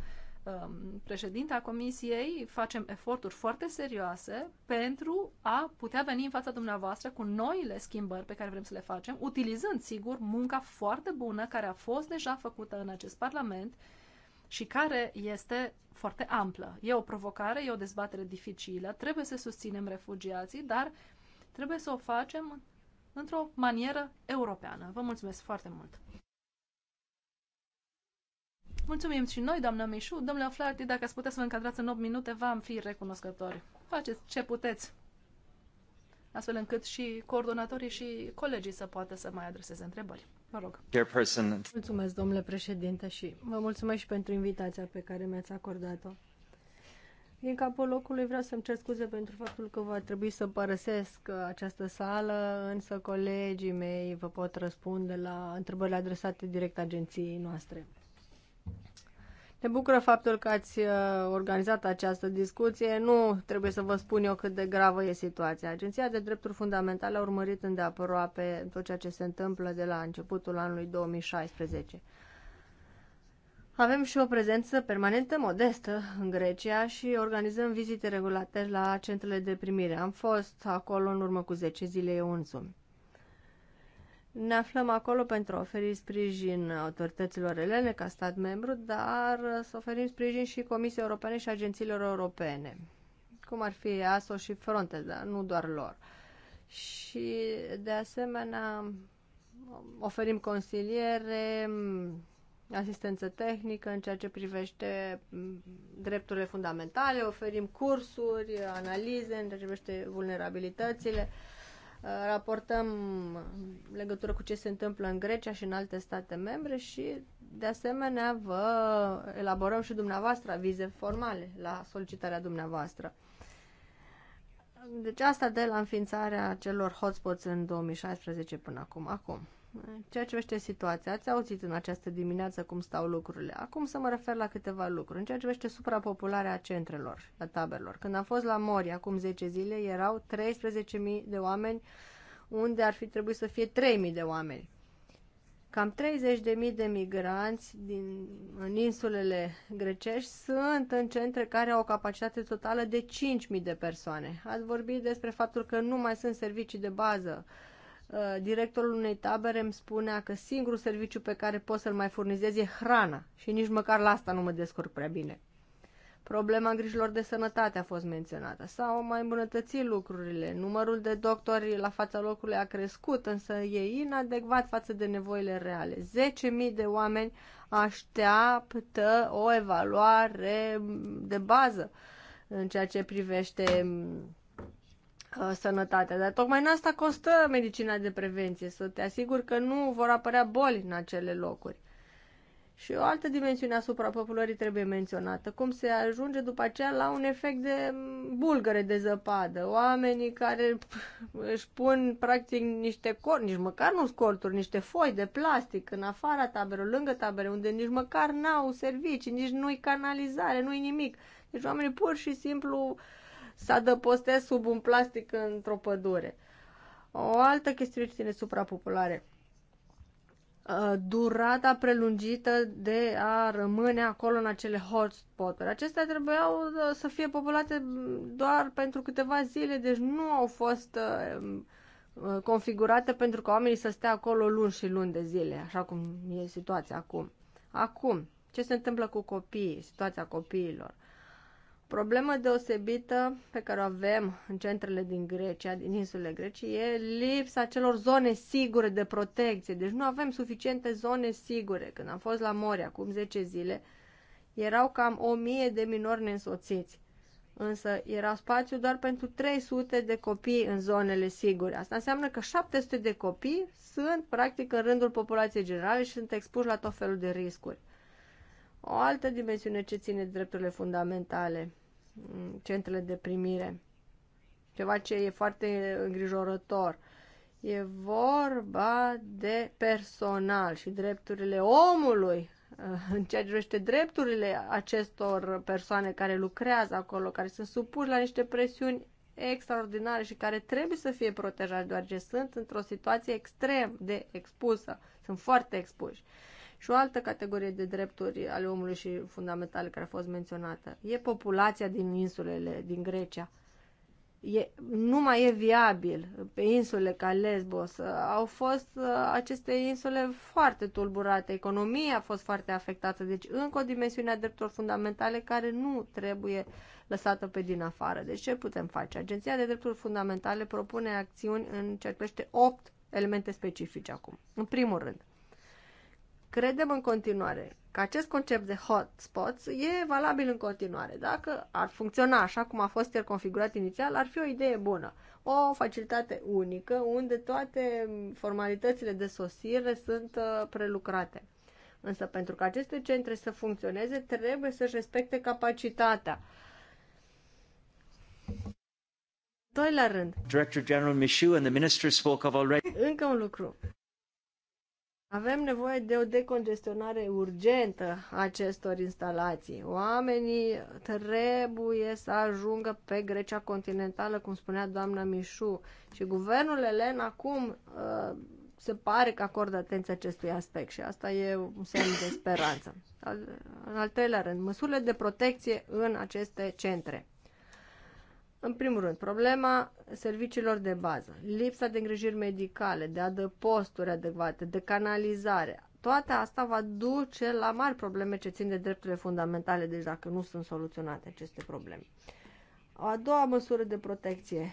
Um, președinta a comisiei, facem eforturi foarte serioase pentru a putea veni în fața dumneavoastră cu noile schimbări pe care vrem să le facem, utilizând, sigur, munca foarte bună care a fost deja făcută în acest Parlament și care este foarte amplă. E o provocare, e o dezbatere dificilă, trebuie să susținem refugiații, dar trebuie să o facem într-o manieră europeană. Vă mulțumesc foarte mult! Mulțumim și noi, doamna Mișu. Domnule Oflarti, dacă ați putea să vă încadrați în 8 minute, v-am fi recunoscători. Faceți ce puteți, astfel încât și coordonatorii și colegii să poată să mai adreseze întrebări. Vă rog. Mulțumesc, domnule președinte, și vă mulțumesc și pentru invitația pe care mi-ați acordat-o. Din capul locului vreau să-mi cer scuze pentru faptul că va trebui să părăsesc această sală, însă colegii mei vă pot răspunde la întrebările adresate direct agenției noastre. Ne bucură faptul că ați uh, organizat această discuție. Nu trebuie să vă spun eu cât de gravă e situația. Agenția de Drepturi Fundamentale a urmărit îndeaproape tot ceea ce se întâmplă de la începutul anului 2016. Avem și o prezență permanentă, modestă, în Grecia și organizăm vizite regulate la centrele de primire. Am fost acolo în urmă cu 10 zile eu însumi. Ne aflăm acolo pentru a oferi sprijin autorităților elene ca stat membru, dar să oferim sprijin și Comisiei Europene și agențiilor europene, cum ar fi ASO și Frontex, dar nu doar lor. Și, de asemenea, oferim consiliere, asistență tehnică în ceea ce privește mm, drepturile fundamentale, oferim cursuri, analize în ceea ce privește vulnerabilitățile, raportăm legătură cu ce se întâmplă în Grecia și în alte state membre și, de asemenea, vă elaborăm și dumneavoastră avize formale la solicitarea dumneavoastră. Deci asta de la înființarea celor hotspots în 2016 până acum. Acum, ceea ce vește situația, ați auzit în această dimineață cum stau lucrurile. Acum să mă refer la câteva lucruri. În ceea ce vește suprapopularea centrelor, a taberelor. Când am fost la Mori acum 10 zile, erau 13.000 de oameni unde ar fi trebuit să fie 3.000 de oameni. Cam 30.000 de migranți din, în insulele grecești sunt în centre care au o capacitate totală de 5.000 de persoane. Ați vorbit despre faptul că nu mai sunt servicii de bază uh, Uh, directorul unei tabere îmi spunea că singurul serviciu pe care pot să-l mai furnizez e hrana și nici măcar la asta nu mă descurc prea bine. Problema grijilor de sănătate a fost menționată. S-au mai îmbunătățit lucrurile. Numărul de doctori la fața locului a crescut, însă e inadecvat față de nevoile reale. 10.000 de oameni așteaptă o evaluare de bază în ceea ce privește uh, sănătatea. Dar tocmai în asta costă medicina de prevenție, să te asiguri că nu vor apărea boli în acele locuri. Și o altă dimensiune asupra populării trebuie menționată, cum se ajunge după aceea la un efect de bulgăre de zăpadă. Oamenii care își pun practic niște cor, nici măcar nu scorturi, niște foi de plastic în afara taberei, lângă tabere, unde nici măcar n-au servicii, nici nu-i canalizare, nu-i nimic. Deci oamenii pur și simplu uh, să adăpostesc sub un plastic într-o pădure. O altă chestiune ce ține suprapopulare. Uh, durata prelungită de a rămâne acolo în acele hotspot-uri. Acestea trebuiau uh, să fie populate doar pentru câteva zile, deci nu au fost uh, configurate pentru ca oamenii să stea acolo luni și luni de zile, așa cum e situația acum. Acum, ce se întâmplă cu copiii, situația copiilor? problemă deosebită pe care o avem în centrele din Grecia, din insulele Greciei, e lipsa celor zone sigure de protecție. Deci nu avem suficiente zone sigure. Când am fost la Mori acum 10 zile, erau cam 1000 de minori neînsoțiți. Însă era spațiu doar pentru 300 de copii în zonele sigure. Asta înseamnă că 700 de copii sunt practic în rândul populației generale și sunt expuși la tot felul de riscuri. O altă dimensiune ce ține drepturile fundamentale centrele de primire. Ceva ce e foarte îngrijorător. E vorba de personal și drepturile omului în ceea ce privește drepturile acestor persoane care lucrează acolo, care sunt supuși la niște presiuni extraordinare și care trebuie să fie protejați, deoarece sunt într-o situație extrem de expusă, sunt foarte expuși și o altă categorie de drepturi ale omului și fundamentale care a fost menționată. E populația din insulele, din Grecia. E, nu mai e viabil pe insule ca Lesbos. Uh, au fost uh, aceste insule foarte tulburate, economia a fost foarte afectată, deci încă o dimensiune a drepturilor fundamentale care nu trebuie lăsată pe din afară. Deci ce putem face? Agenția de Drepturi Fundamentale propune acțiuni în ce privește 8 elemente specifice acum. În primul rând, Credem în continuare că acest concept de hotspots e valabil în continuare. Dacă ar funcționa așa cum a fost el configurat inițial, ar fi o idee bună. O facilitate unică unde toate formalitățile de sosire sunt uh, prelucrate. Însă pentru că aceste centre să funcționeze, trebuie să-și respecte capacitatea. Doilea rând. Director General Michu and the Minister spoke of already. Încă un lucru. Avem nevoie de o decongestionare urgentă a acestor instalații. Oamenii trebuie să ajungă pe Grecia continentală, cum spunea doamna Mișu. Și guvernul elen acum uh, se pare că acordă atenție acestui aspect și asta e un semn de speranță. Al, în al treilea rând, măsurile de protecție în aceste centre. În primul rând, problema serviciilor de bază, lipsa de îngrijiri medicale, de adăposturi adecvate, de canalizare. Toate asta va duce la mari probleme ce țin de drepturile fundamentale, deci dacă nu sunt soluționate aceste probleme. a doua măsură de protecție,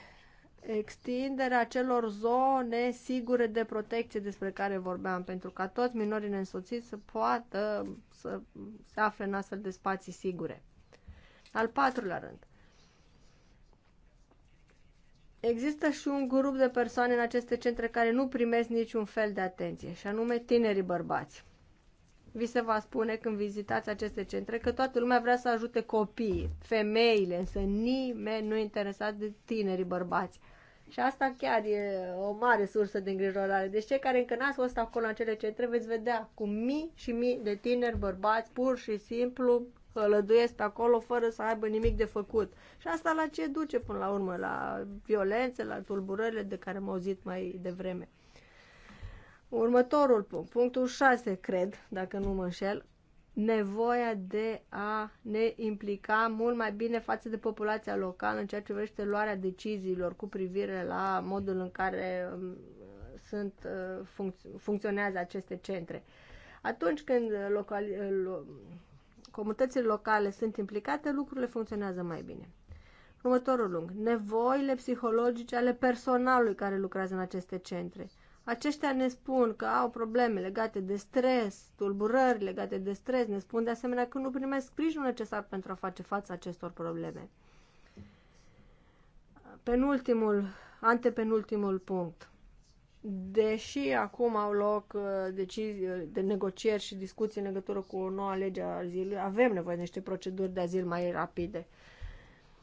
extinderea celor zone sigure de protecție despre care vorbeam, pentru ca toți minorii neînsoțiți să poată să se afle în astfel de spații sigure. Al patrulea rând, Există și un grup de persoane în aceste centre care nu primesc niciun fel de atenție, și anume tinerii bărbați. Vi se va spune când vizitați aceste centre că toată lumea vrea să ajute copiii, femeile, însă nimeni nu e interesat de tinerii bărbați. Și asta chiar e o mare sursă de îngrijorare. Deci cei care încă n-ați fost acolo în acele centre veți vedea cu mii și mii de tineri bărbați pur și simplu hălăduiesc acolo fără să aibă nimic de făcut. Și asta la ce duce până la urmă? La violențe, la tulburările de care am auzit mai devreme. Următorul punct, punctul 6, cred, dacă nu mă înșel, nevoia de a ne implica mult mai bine față de populația locală în ceea ce vrește luarea deciziilor cu privire la modul în care um, sunt, uh, funcționează aceste centre. Atunci când locali- comunitățile locale sunt implicate, lucrurile funcționează mai bine. Următorul lung. Nevoile psihologice ale personalului care lucrează în aceste centre. Aceștia ne spun că au probleme legate de stres, tulburări legate de stres, ne spun de asemenea că nu primesc sprijinul necesar pentru a face față acestor probleme. Penultimul, antepenultimul punct. Deși acum au loc uh, decizii uh, de negocieri și discuții în legătură cu o nouă lege a azilului, avem nevoie de niște proceduri de azil mai rapide.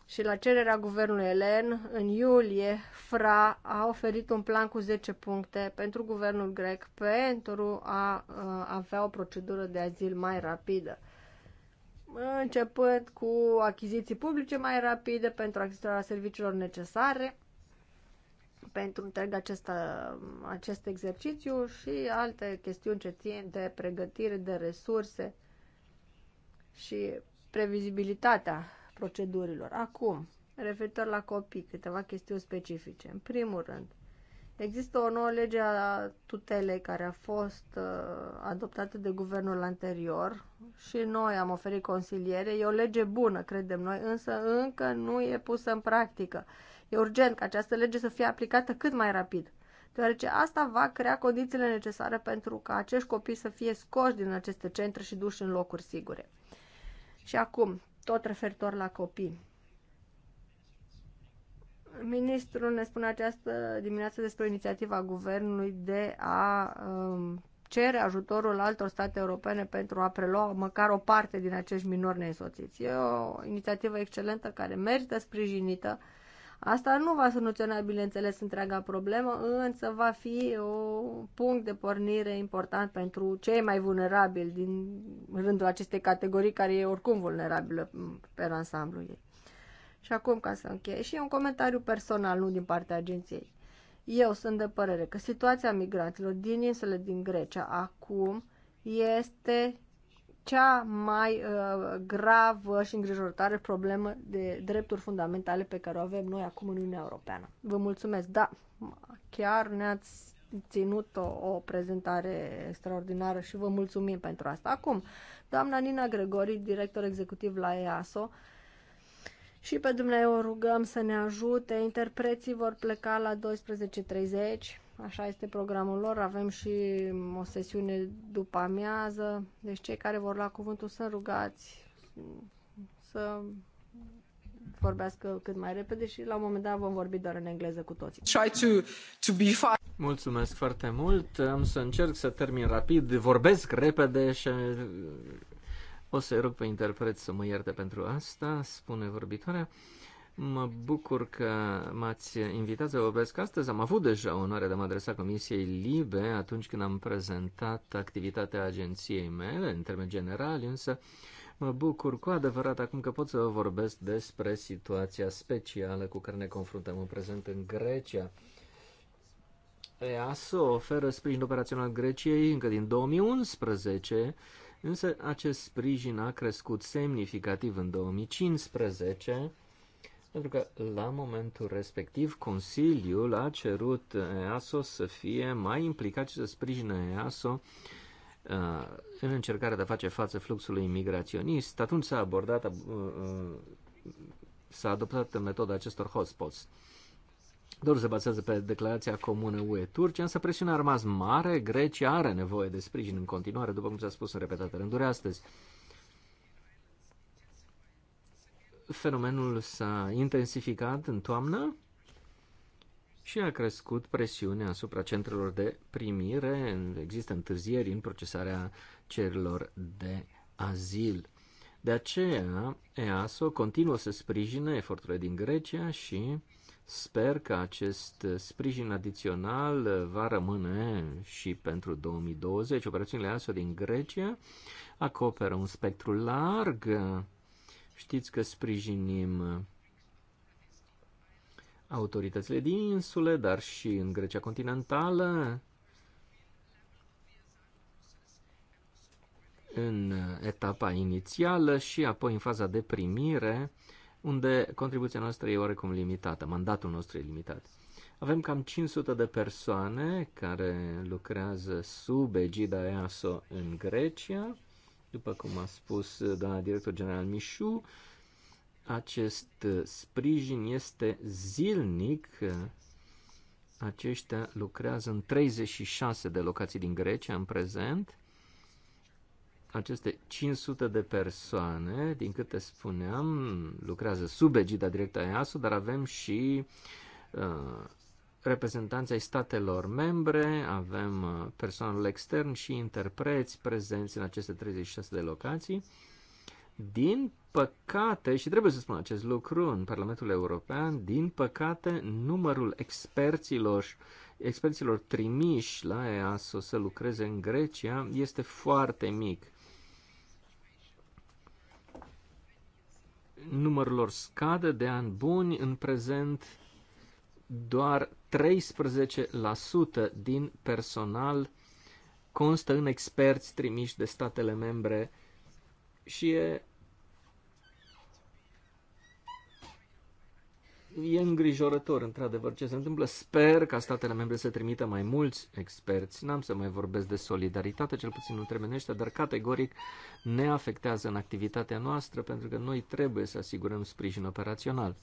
Și la cererea guvernului Elen, în iulie, FRA a oferit un plan cu 10 puncte pentru guvernul grec pentru a uh, avea o procedură de azil mai rapidă începând cu achiziții publice mai rapide pentru achiziționarea serviciilor necesare pentru întreg acest, acest exercițiu și alte chestiuni ce țin de pregătire, de resurse și previzibilitatea procedurilor. Acum, referitor la copii, câteva chestiuni specifice. În primul rând, există o nouă lege a tutelei care a fost uh, adoptată de guvernul anterior și noi am oferit consiliere. E o lege bună, credem noi, însă încă nu e pusă în practică. E urgent ca această lege să fie aplicată cât mai rapid, deoarece asta va crea condițiile necesare pentru ca acești copii să fie scoși din aceste centre și duși în locuri sigure. Și acum, tot referitor la copii. Ministrul ne spune această dimineață despre inițiativa guvernului de a um, cere ajutorul altor state europene pentru a prelua măcar o parte din acești minori neînsoțiți. E o inițiativă excelentă care merită sprijinită Asta nu va soluționa, bineînțeles, întreaga problemă, însă va fi un punct de pornire important pentru cei mai vulnerabili din rândul acestei categorii, care e oricum vulnerabilă pe ansamblu ei. Și acum, ca să încheie, și un comentariu personal, nu din partea agenției. Eu sunt de părere că situația migranților din insulele din Grecia acum este cea mai uh, gravă și îngrijorătoare problemă de drepturi fundamentale pe care o avem noi acum în Uniunea Europeană. Vă mulțumesc, da, chiar ne-ați ținut o, o prezentare extraordinară și vă mulțumim pentru asta. Acum, doamna Nina Gregori, director executiv la EASO, și pe dumneavoastră rugăm să ne ajute. Interpreții vor pleca la 12.30 Așa este programul lor. Avem și o sesiune după amiază. Deci cei care vor lua cuvântul sunt rugați să vorbească cât mai repede și la un moment dat vom vorbi doar în engleză cu toții. Try to, to be Mulțumesc foarte mult. Am să încerc să termin rapid. Vorbesc repede și uh, o să rog pe interpret să mă ierte pentru asta, spune vorbitoarea. Mă bucur că m-ați invitat să vorbesc astăzi. Am avut deja onoarea de a mă adresa Comisiei Libe atunci când am prezentat activitatea agenției mele, în termeni generali, însă mă bucur cu adevărat acum că pot să vă vorbesc despre situația specială cu care ne confruntăm în prezent în Grecia. EASO oferă sprijin operațional Greciei încă din 2011, însă acest sprijin a crescut semnificativ în 2015 pentru că la momentul respectiv Consiliul a cerut EASO să fie mai implicat și să sprijină EASO uh, în încercarea de a face față fluxului imigraționist. Atunci s-a abordat, uh, uh, s-a adoptat metoda acestor hotspots. Doar se bazează pe declarația comună UE-Turcia, însă presiunea a rămas mare, Grecia are nevoie de sprijin în continuare, după cum s-a spus în repetate rânduri astăzi. fenomenul s-a intensificat în toamnă și a crescut presiunea asupra centrelor de primire. Există întârzieri în procesarea cererilor de azil. De aceea, EASO continuă să sprijine eforturile din Grecia și sper că acest sprijin adițional va rămâne și pentru 2020. Operațiunile EASO din Grecia acoperă un spectru larg Știți că sprijinim uh, autoritățile din insule, dar și în Grecia continentală, în uh, etapa inițială și apoi în faza de primire, unde contribuția noastră e oarecum limitată, mandatul nostru e limitat. Avem cam 500 de persoane care lucrează sub egida EASO în Grecia după cum a spus uh, doamna director general Mișu, acest uh, sprijin este zilnic. Uh, aceștia lucrează în 36 de locații din Grecia în prezent. Aceste 500 de persoane, din câte spuneam, lucrează sub egida directă a EASU, dar avem și uh, reprezentanți ai statelor membre, avem uh, personal extern și interpreți prezenți în aceste 36 de locații. Din păcate, și trebuie să spun acest lucru în Parlamentul European, din păcate numărul experților, experților trimiși la EASO să lucreze în Grecia este foarte mic. Numărul lor scade de ani buni, în prezent doar 13% din personal constă în experți trimiși de statele membre și e e îngrijorător, într-adevăr, ce se întâmplă. Sper ca statele membre să trimită mai mulți experți. N-am să mai vorbesc de solidaritate, cel puțin nu termenul ăștia, dar categoric ne afectează în activitatea noastră pentru că noi trebuie să asigurăm sprijin operațional.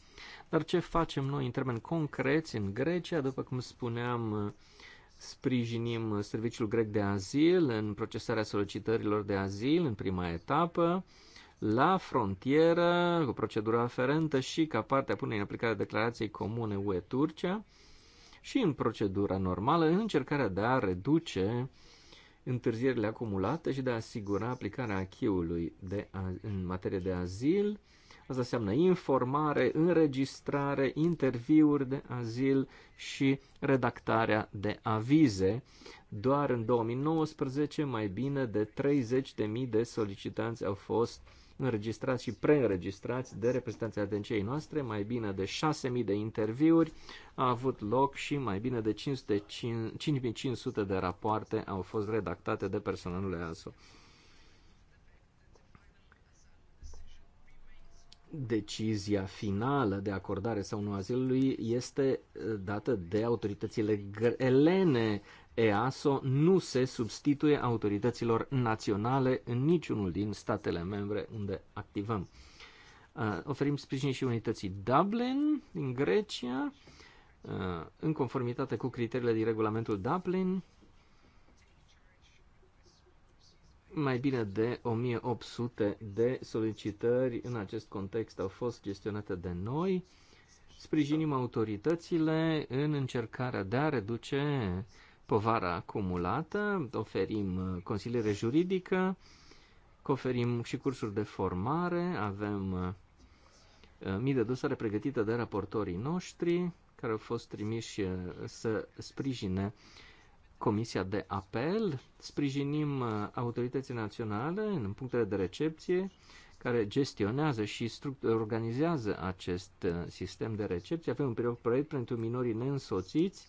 Dar ce facem noi în termeni concreți în Grecia, după cum spuneam, sprijinim serviciul grec de azil în procesarea solicitărilor de azil în prima etapă, la frontieră, cu procedura aferentă și ca parte a punerii în aplicare declarației comune UE-Turcia și în procedura normală, în încercarea de a reduce întârzierile acumulate și de a asigura aplicarea achiului de, în materie de azil. Asta înseamnă informare, înregistrare, interviuri de azil și redactarea de avize. Doar în 2019 mai bine de 30.000 de solicitanți au fost înregistrați și preînregistrați de reprezentanții atenției noastre, mai bine de 6.000 de interviuri a avut loc și mai bine de 5500 de rapoarte au fost redactate de personalul EASO. Decizia finală de acordare sau nu azilului este uh, dată de autoritățile elene, EASO nu se substituie autorităților naționale în niciunul din statele membre unde activăm. Uh, oferim sprijin și unității Dublin din Grecia, uh, în conformitate cu criteriile din regulamentul Dublin, mai bine de 1800 de solicitări în acest context au fost gestionate de noi. Sprijinim autoritățile în încercarea de a reduce uh, povara acumulată, oferim uh, consiliere juridică, oferim și cursuri de formare, avem uh, uh, mii de dosare pregătite de raportorii noștri care au fost trimiși să sprijine Comisia de Apel, sprijinim autoritățile naționale în punctele de recepție care gestionează și organizează acest sistem de recepție. Avem un proiect pentru minorii neînsoțiți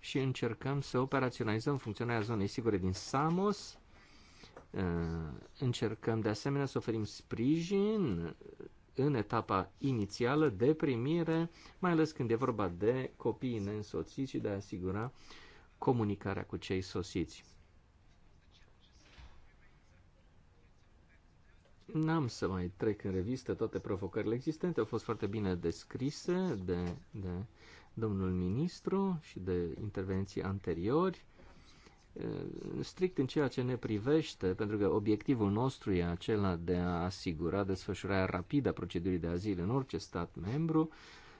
și încercăm să operaționalizăm funcționarea zonei sigure din Samos. Uh, încercăm de asemenea să oferim sprijin în etapa inițială de primire, mai ales când e vorba de copiii neînsoțiți și de a asigura comunicarea cu cei sosiți. N-am să mai trec în revistă toate provocările existente, au fost foarte bine descrise de, de domnul ministru și de intervenții anteriori, strict în ceea ce ne privește, pentru că obiectivul nostru e acela de a asigura desfășurarea rapidă a procedurii de azil în orice stat membru,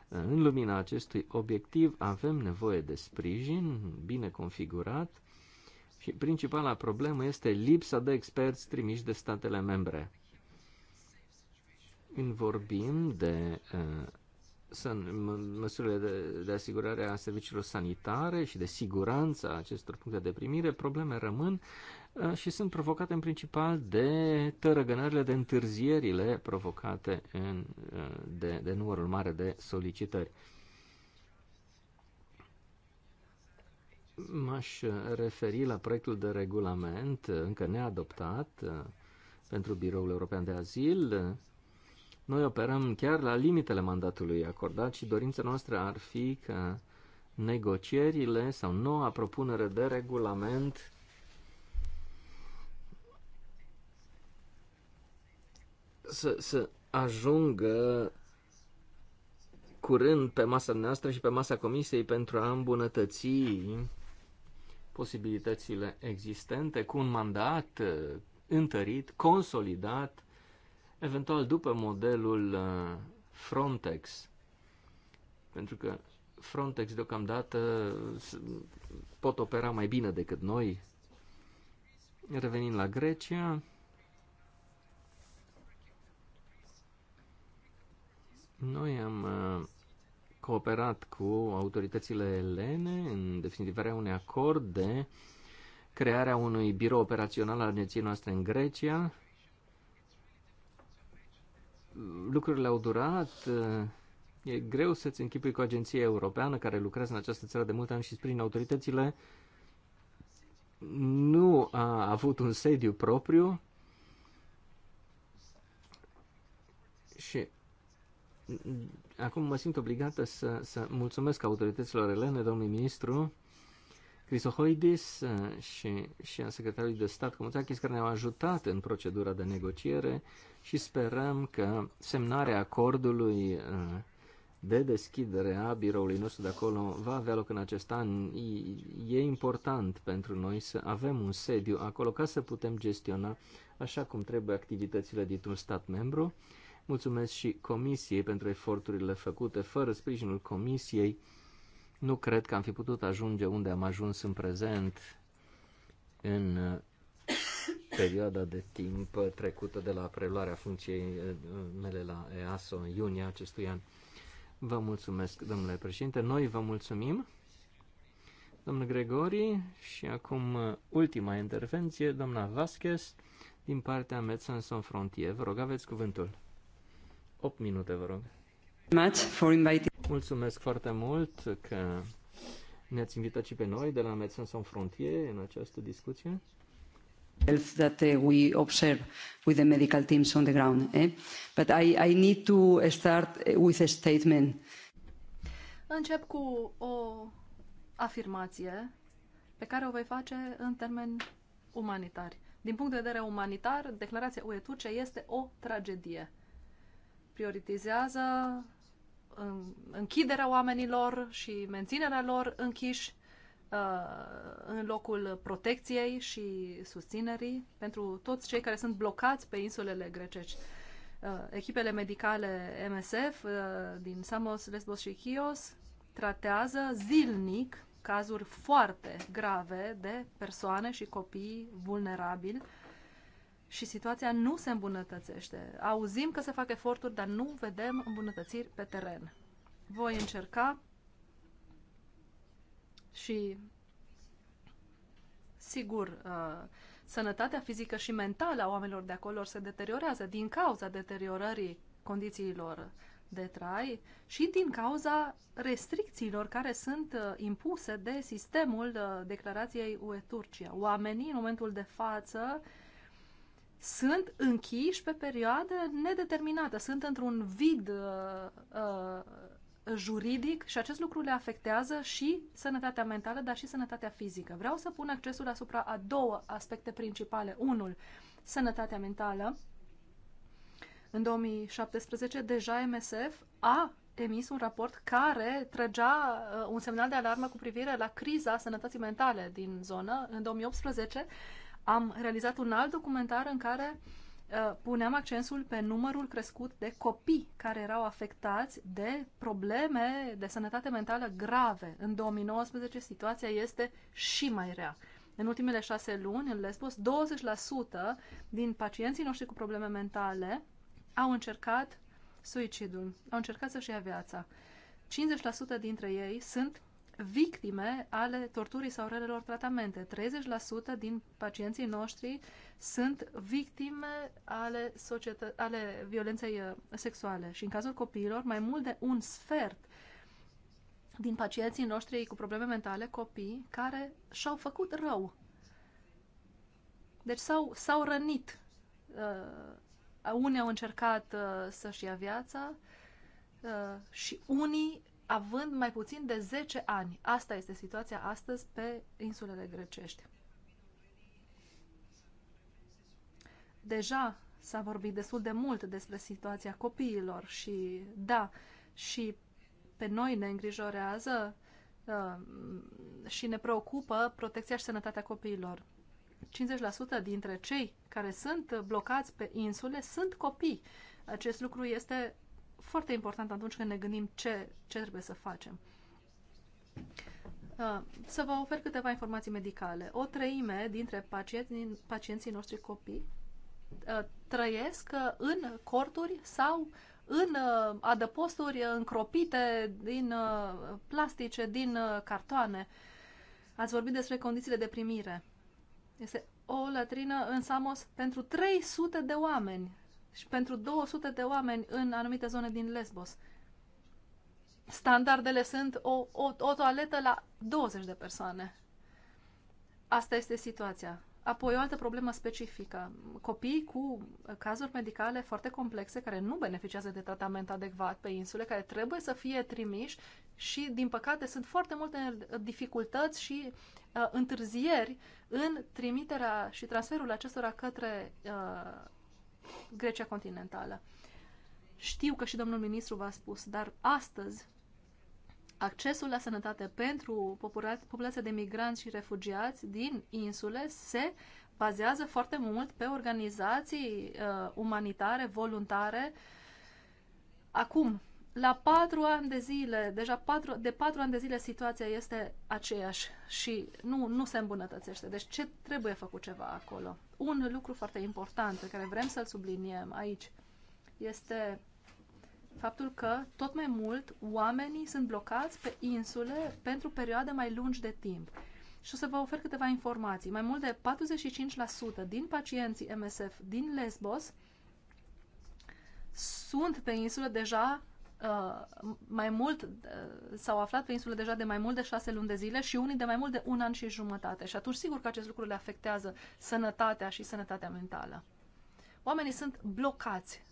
în lumina acestui obiectiv avem nevoie de sprijin bine configurat și principala problemă este lipsa de experți trimiși de statele membre. Când vorbim de uh, sunt măsurile de, de asigurare a serviciilor sanitare și de siguranță a acestor puncte de primire, probleme rămân și sunt provocate în principal de tărăgânările, de întârzierile provocate în, de, de numărul mare de solicitări. M-aș referi la proiectul de regulament încă neadoptat pentru Biroul European de Azil, noi operăm chiar la limitele mandatului acordat și dorința noastră ar fi ca negocierile sau noua propunere de regulament să, să ajungă curând pe masa noastră și pe masa comisiei pentru a îmbunătăți posibilitățile existente cu un mandat uh, întărit, consolidat, eventual după modelul uh, Frontex, pentru că Frontex deocamdată pot opera mai bine decât noi. Revenind la Grecia, noi am uh, cooperat cu autoritățile elene în definitivarea unui acord de crearea unui birou operațional al agenției noastre în Grecia, lucrurile au durat. E greu să-ți închipui cu o agenție europeană care lucrează în această țară de mult ani și sprijină autoritățile. Nu a avut un sediu propriu și acum mă simt obligată să, să mulțumesc autorităților elene, domnului ministru, Crisohoidis uh, și, și a secretarului de stat Comuțachis, care ne-au ajutat în procedura de negociere și sperăm că semnarea acordului uh, de deschidere a biroului nostru de acolo va avea loc în acest an. E important pentru noi să avem un sediu acolo ca să putem gestiona așa cum trebuie activitățile dintr-un stat membru. Mulțumesc și Comisiei pentru eforturile făcute. Fără sprijinul Comisiei, nu cred că am fi putut ajunge unde am ajuns în prezent în uh, perioada de timp trecută de la preluarea funcției uh, mele la EASO în iunie acestui an. Vă mulțumesc, domnule președinte. Noi vă mulțumim, domnul Gregori, și acum uh, ultima intervenție, doamna Vasquez, din partea Medecins Sans Frontier. Vă rog, aveți cuvântul. 8 minute, vă rog. Much for inviting Mulțumesc foarte mult că ne-ați invitat și pe noi de la Médecins Sans frontier în această discuție. Health that uh, we observe with the medical teams on the ground. Eh? But I, I need to uh, start uh, with a statement. Încep cu o afirmație pe care o voi face în termeni umanitari. Din punct de vedere umanitar, declarația UE Turcia este o tragedie. Prioritizează închiderea oamenilor și menținerea lor închiși uh, în locul protecției și susținerii pentru toți cei care sunt blocați pe insulele grecești. Uh, echipele medicale MSF uh, din Samos, Lesbos și Chios tratează zilnic cazuri foarte grave de persoane și copii vulnerabili și situația nu se îmbunătățește. Auzim că se fac eforturi, dar nu vedem îmbunătățiri pe teren. Voi încerca și, sigur, uh, sănătatea fizică și mentală a oamenilor de acolo se deteriorează din cauza deteriorării condițiilor de trai și din cauza restricțiilor care sunt uh, impuse de sistemul uh, declarației UE-Turcia. Oamenii, în momentul de față, uh, sunt închiși pe perioadă nedeterminată, sunt într-un vid uh, uh, juridic și acest lucru le afectează și sănătatea mentală, dar și sănătatea fizică. Vreau să pun accesul asupra a două aspecte principale. Unul, sănătatea mentală. În 2017, deja MSF a emis un raport care trăgea uh, un semnal de alarmă cu privire la criza sănătății mentale din zonă. În 2018, am realizat un alt documentar în care uh, puneam accentul pe numărul crescut de copii care erau afectați de probleme de sănătate mentală grave. În 2019 situația este și mai rea. În ultimele șase luni, în Lesbos, 20% din pacienții noștri cu probleme mentale au încercat suicidul, au încercat să-și ia viața. 50% dintre ei sunt victime ale torturii sau relelor tratamente. 30% din pacienții noștri sunt victime ale, societă- ale violenței uh, sexuale și în cazul copiilor mai mult de un sfert din pacienții noștri cu probleme mentale, copii, care și-au făcut rău. Deci s-au, s-au rănit. Uh, unii au încercat uh, să-și ia viața uh, și unii având mai puțin de 10 ani. Asta este situația astăzi pe insulele grecești. Deja s-a vorbit destul de mult despre situația copiilor și, da, și pe noi ne îngrijorează uh, și ne preocupă protecția și sănătatea copiilor. 50% dintre cei care sunt blocați pe insule sunt copii. Acest lucru este foarte important atunci când ne gândim ce, ce trebuie să facem. Uh, să vă ofer câteva informații medicale. O treime dintre pacienții, pacienții noștri copii uh, trăiesc în corturi sau în uh, adăposturi încropite din plastice, din cartoane. Ați vorbit despre condițiile de primire. Este o latrină în Samos pentru 300 de oameni și pentru 200 de oameni în anumite zone din Lesbos. Standardele sunt o, o, o toaletă la 20 de persoane. Asta este situația. Apoi o altă problemă specifică. Copii cu cazuri medicale foarte complexe care nu beneficiază de tratament adecvat pe insule, care trebuie să fie trimiși și, din păcate, sunt foarte multe dificultăți și uh, întârzieri în trimiterea și transferul acestora către uh, Grecia continentală. Știu că și domnul ministru v-a spus, dar astăzi accesul la sănătate pentru populația de migranți și refugiați din insule se bazează foarte mult pe organizații uh, umanitare, voluntare. Acum, la patru ani de zile, deja patru, de patru ani de zile situația este aceeași și nu, nu se îmbunătățește. Deci ce trebuie făcut ceva acolo? Un lucru foarte important pe care vrem să-l subliniem aici este faptul că tot mai mult oamenii sunt blocați pe insule pentru perioade mai lungi de timp. Și o să vă ofer câteva informații. Mai mult de 45% din pacienții MSF din Lesbos sunt pe insulă deja Uh, mai mult, uh, s-au aflat pe insulă deja de mai mult de șase luni de zile și unii de mai mult de un an și jumătate. Și atunci sigur că acest lucru le afectează sănătatea și sănătatea mentală. Oamenii sunt blocați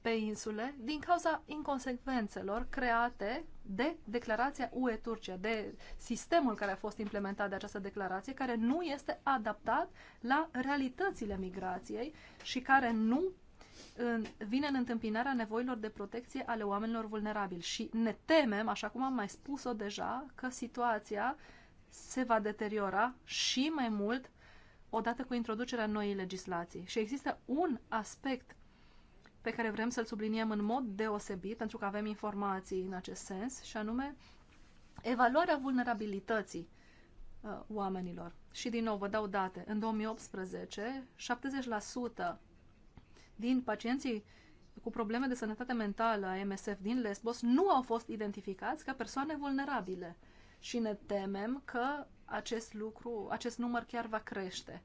pe insule din cauza inconsecvențelor create de declarația UE-Turcia, de sistemul care a fost implementat de această declarație, care nu este adaptat la realitățile migrației și care nu în, vine în întâmpinarea nevoilor de protecție ale oamenilor vulnerabili și ne temem, așa cum am mai spus-o deja, că situația se va deteriora și mai mult odată cu introducerea noii legislații. Și există un aspect pe care vrem să-l subliniem în mod deosebit, pentru că avem informații în acest sens, și anume evaluarea vulnerabilității uh, oamenilor. Și din nou vă dau date. În 2018, 70% din pacienții cu probleme de sănătate mentală a MSF din Lesbos nu au fost identificați ca persoane vulnerabile și ne temem că acest lucru, acest număr chiar va crește.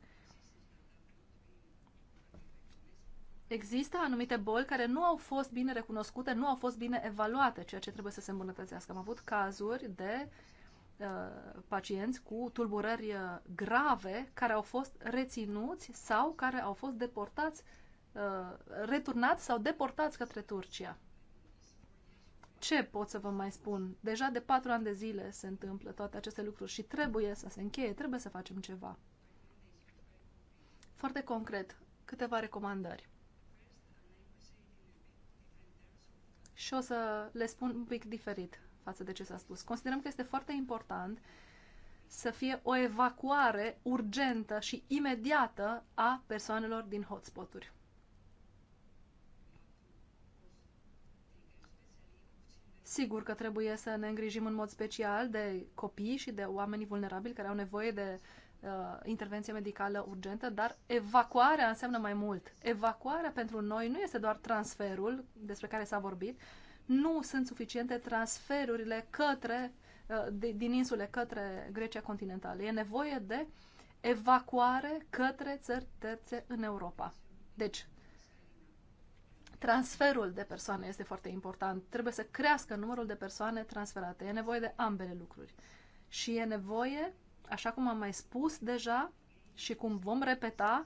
Există anumite boli care nu au fost bine recunoscute, nu au fost bine evaluate, ceea ce trebuie să se îmbunătățească. Am avut cazuri de uh, pacienți cu tulburări uh, grave care au fost reținuți sau care au fost deportați Uh, returnați sau deportați către Turcia. Ce pot să vă mai spun? Deja de patru ani de zile se întâmplă toate aceste lucruri și trebuie să se încheie, trebuie să facem ceva. Foarte concret, câteva recomandări. Și o să le spun un pic diferit față de ce s-a spus. Considerăm că este foarte important să fie o evacuare urgentă și imediată a persoanelor din hotspoturi. Sigur că trebuie să ne îngrijim în mod special de copii și de oamenii vulnerabili care au nevoie de uh, intervenție medicală urgentă, dar evacuarea înseamnă mai mult. Evacuarea pentru noi nu este doar transferul despre care s-a vorbit, nu sunt suficiente transferurile către, uh, de, din insule către Grecia continentală. E nevoie de evacuare către țări terțe în Europa. Deci, transferul de persoane este foarte important. Trebuie să crească numărul de persoane transferate. E nevoie de ambele lucruri. Și e nevoie, așa cum am mai spus deja și cum vom repeta,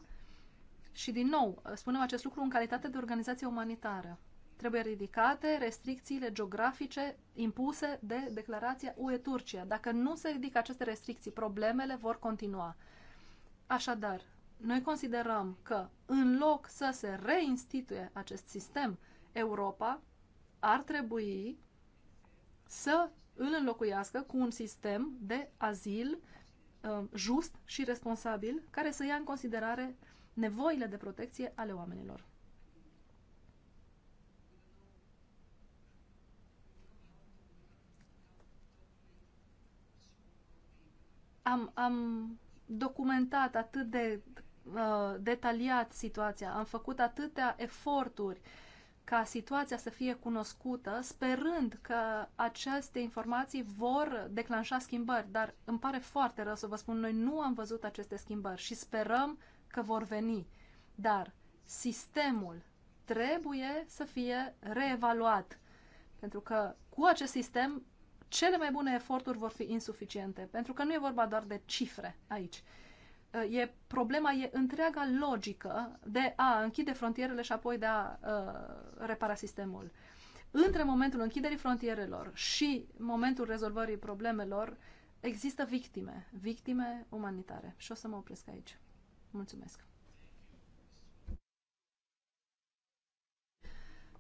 și din nou, spunem acest lucru în calitate de organizație umanitară. Trebuie ridicate restricțiile geografice impuse de declarația UE-Turcia. Dacă nu se ridică aceste restricții, problemele vor continua. Așadar, noi considerăm că, în loc să se reinstituie acest sistem, Europa ar trebui să îl înlocuiască cu un sistem de azil um, just și responsabil care să ia în considerare nevoile de protecție ale oamenilor. Am, am documentat atât de Uh, detaliat situația, am făcut atâtea eforturi ca situația să fie cunoscută, sperând că aceste informații vor declanșa schimbări, dar îmi pare foarte rău să vă spun, noi nu am văzut aceste schimbări și sperăm că vor veni. Dar sistemul trebuie să fie reevaluat, pentru că cu acest sistem cele mai bune eforturi vor fi insuficiente, pentru că nu e vorba doar de cifre aici e, problema e întreaga logică de a închide frontierele și apoi de a uh, repara sistemul. Între momentul închiderii frontierelor și momentul rezolvării problemelor există victime, victime umanitare. Și o să mă opresc aici. Mulțumesc!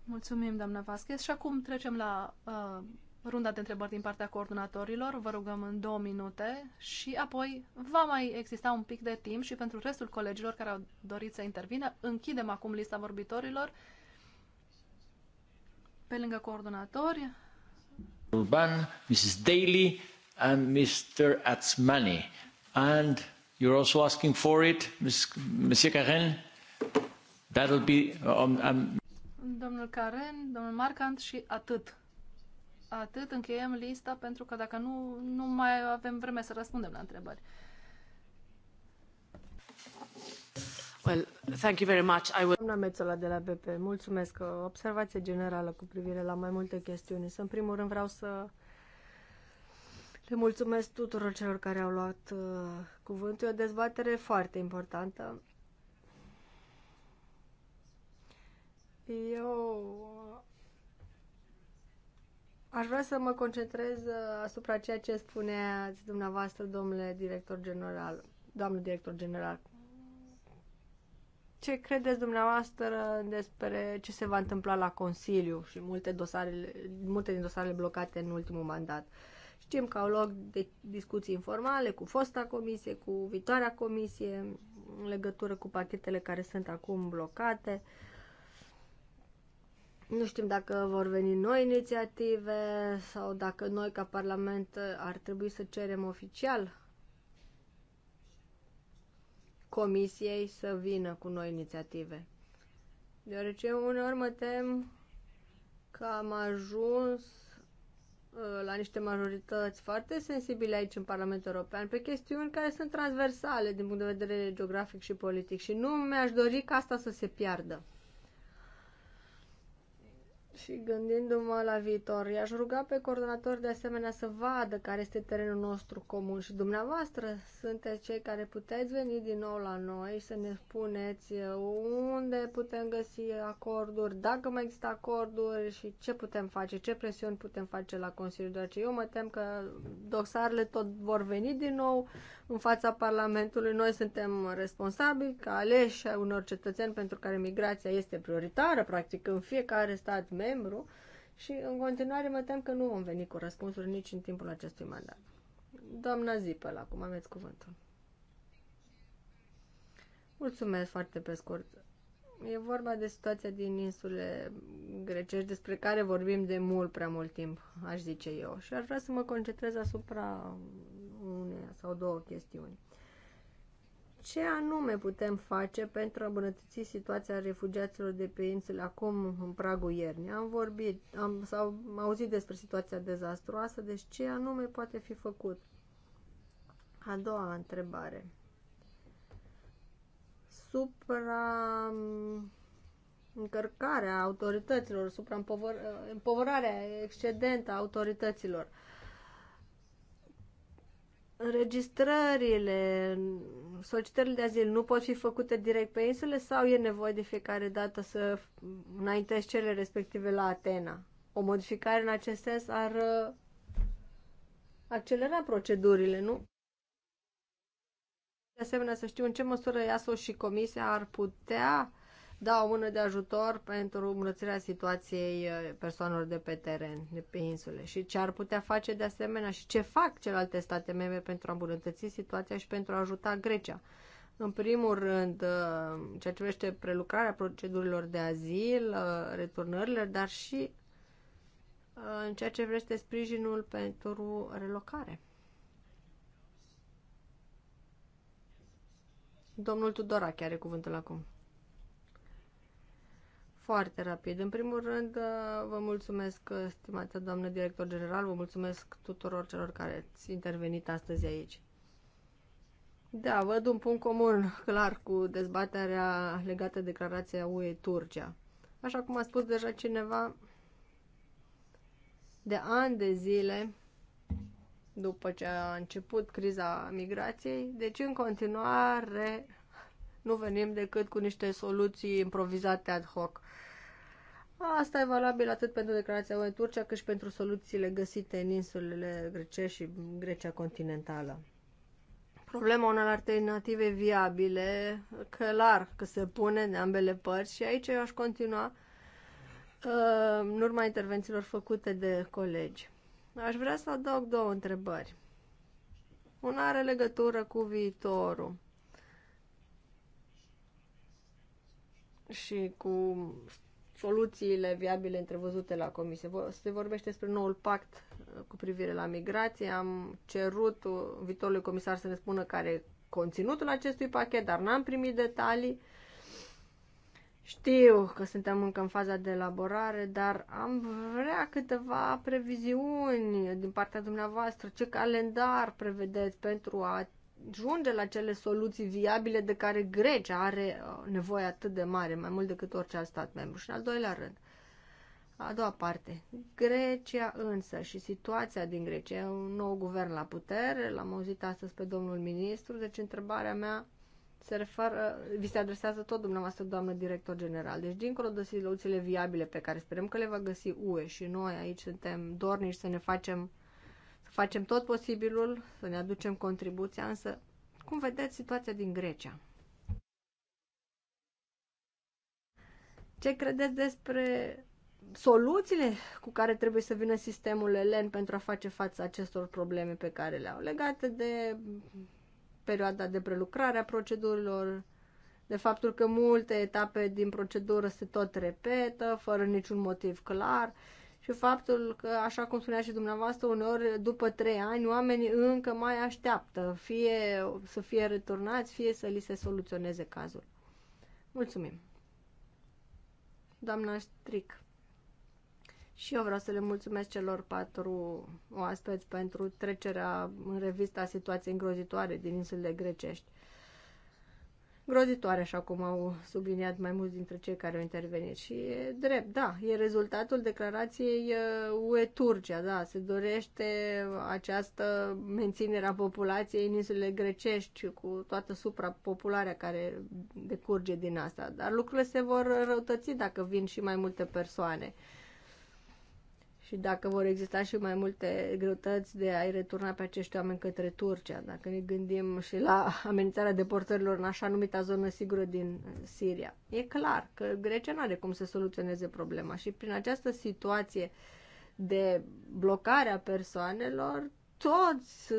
Mulțumim, doamna Vasquez. Și acum trecem la uh, runda de întrebări din partea coordonatorilor, vă rugăm în două minute și apoi va mai exista un pic de timp și pentru restul colegilor care au dorit să intervină. Închidem acum lista vorbitorilor pe lângă coordonatori. Urban, Mrs. Daly and Mr. Atzmani. And you're also asking for it, Mr. Karen? That'll be... Um, um... Domnul Karen, domnul Marcant și atât atât, încheiem lista pentru că dacă nu, nu mai avem vreme să răspundem la întrebări. Well, thank you very much. I will... Doamna Mețola de la BP, mulțumesc. O observație generală cu privire la mai multe chestiuni. Să, în primul rând, vreau să le mulțumesc tuturor celor care au luat uh, cuvântul. E o dezbatere foarte importantă. Eu Aș vrea să mă concentrez uh, asupra ceea ce spuneați dumneavoastră, domnule director general, doamnă director general. Ce credeți dumneavoastră despre ce se va întâmpla la Consiliu și multe, dosarele, multe din dosarele blocate în ultimul mandat? Știm că au loc de discuții informale cu fosta comisie, cu viitoarea comisie, în legătură cu pachetele care sunt acum blocate. Uh, nu știm dacă vor veni noi inițiative sau dacă noi ca Parlament ar trebui să cerem oficial Comisiei să vină cu noi inițiative. Deoarece uneori mă tem că am ajuns uh, la niște majorități foarte sensibile aici în Parlamentul European pe chestiuni care sunt transversale din punct de vedere geografic și politic și nu mi-aș dori ca asta să se piardă și gândindu-mă la viitor, i-aș ruga pe coordonator de asemenea să vadă care este terenul nostru comun și dumneavoastră sunteți cei care puteți veni din nou la noi și să ne spuneți uh, unde putem găsi acorduri, dacă mai există acorduri și ce putem face, ce presiuni putem face la Consiliu, deoarece eu mă tem că dosarele tot vor veni din nou în fața Parlamentului. Noi suntem responsabili ca aleși unor cetățeni pentru care migrația este prioritară, practic în fiecare stat membru membru și în continuare mă tem că nu vom veni cu răspunsuri nici în timpul acestui mandat. Doamna Zipăl, acum aveți cuvântul. Mulțumesc foarte pe scurt. E vorba de situația din insule grecești, despre care vorbim de mult prea mult timp, aș zice eu. Și ar vrea să mă concentrez asupra unei sau două chestiuni ce anume putem face pentru a îmbunătăți situația refugiaților de pe insule acum în pragul iernii? Am vorbit, am, sau am auzit despre situația dezastruoasă, deci ce anume poate fi făcut? A doua întrebare. Supra um, încărcarea autorităților, supra împovărarea excedentă a autorităților. Uh, înregistrările, solicitările de azil nu pot fi făcute direct pe insule sau e nevoie de fiecare dată să înaintezi cele respective la Atena? O modificare în acest sens ar uh, accelera procedurile, nu? De asemenea, să știu în ce măsură IASO și Comisia ar putea da o mână de ajutor pentru îmbunătățirea situației uh, persoanelor de pe teren, de pe insule și ce ar putea face de asemenea și ce fac celelalte state membre pentru a îmbunătăți situația și pentru a ajuta Grecia. În primul rând, uh, ceea ce privește prelucrarea procedurilor de azil, uh, returnările, dar și în ceea ce privește sprijinul pentru relocare. Domnul Tudorache are cuvântul acum. Foarte rapid. În primul rând, uh, vă mulțumesc, uh, stimată doamnă director general, vă mulțumesc tuturor celor care ați intervenit astăzi aici. Da, văd un punct comun clar cu dezbaterea legată de declarația UE-Turcia. Așa cum a spus deja cineva, de ani de zile, după ce a început criza migrației, deci în continuare nu venim decât cu niște soluții improvizate ad hoc. Asta e valabil atât pentru declarația UE Turcia, cât și pentru soluțiile găsite în insulele grecești și Grecia continentală. Problema unor alternative viabile, clar că se pune de ambele părți și aici eu aș continua uh, în urma intervențiilor făcute de colegi. Aș vrea să adaug două întrebări. Una are legătură cu viitorul și cu soluțiile viabile întrevăzute la comisie. Se vorbește despre noul pact uh, cu privire la migrație. Am cerut uh, viitorului comisar să ne spună care e conținutul acestui pachet, dar n-am primit detalii. Știu că suntem încă în faza de elaborare, dar am vrea câteva previziuni din partea dumneavoastră. Ce calendar prevedeți pentru a ajunge la cele soluții viabile de care Grecia are uh, nevoie atât de mare, mai mult decât orice alt stat membru. Și în al doilea rând, a doua parte, Grecia însă și situația din Grecia, e un nou guvern la putere, l-am auzit astăzi pe domnul ministru, deci întrebarea mea se referă, vi se adresează tot dumneavoastră, doamnă director general. Deci, dincolo de soluțiile viabile pe care sperăm că le va găsi UE și noi aici suntem dornici să ne facem Facem tot posibilul să ne aducem contribuția, însă, cum vedeți, situația din Grecia. Ce credeți despre soluțiile cu care trebuie să vină sistemul elen pentru a face față acestor probleme pe care le au legate de perioada de prelucrare a procedurilor, de faptul că multe etape din procedură se tot repetă, fără niciun motiv clar, uh, și faptul că, așa cum spunea și dumneavoastră, uneori după trei ani oamenii încă mai așteaptă fie să fie returnați, fie să li se soluționeze cazul. Mulțumim! Doamna Stric, și eu vreau să le mulțumesc celor patru oaspeți pentru trecerea în revista situației îngrozitoare din insulele grecești grozitoare, așa cum au subliniat mai mulți dintre cei care au intervenit. Și e drept, da, e rezultatul declarației uh, UE Turcia, da, se dorește această menținere a populației în insulele grecești cu toată suprapopularea care decurge din asta. Dar lucrurile se vor răutăți dacă vin și mai multe persoane. Uh, și dacă vor exista și mai multe greutăți de a-i returna pe acești oameni către Turcia, dacă ne gândim și la amenințarea deportărilor în așa numita zonă sigură din Siria. E clar că Grecia nu are cum să soluționeze problema și prin această situație de blocare a persoanelor, toți,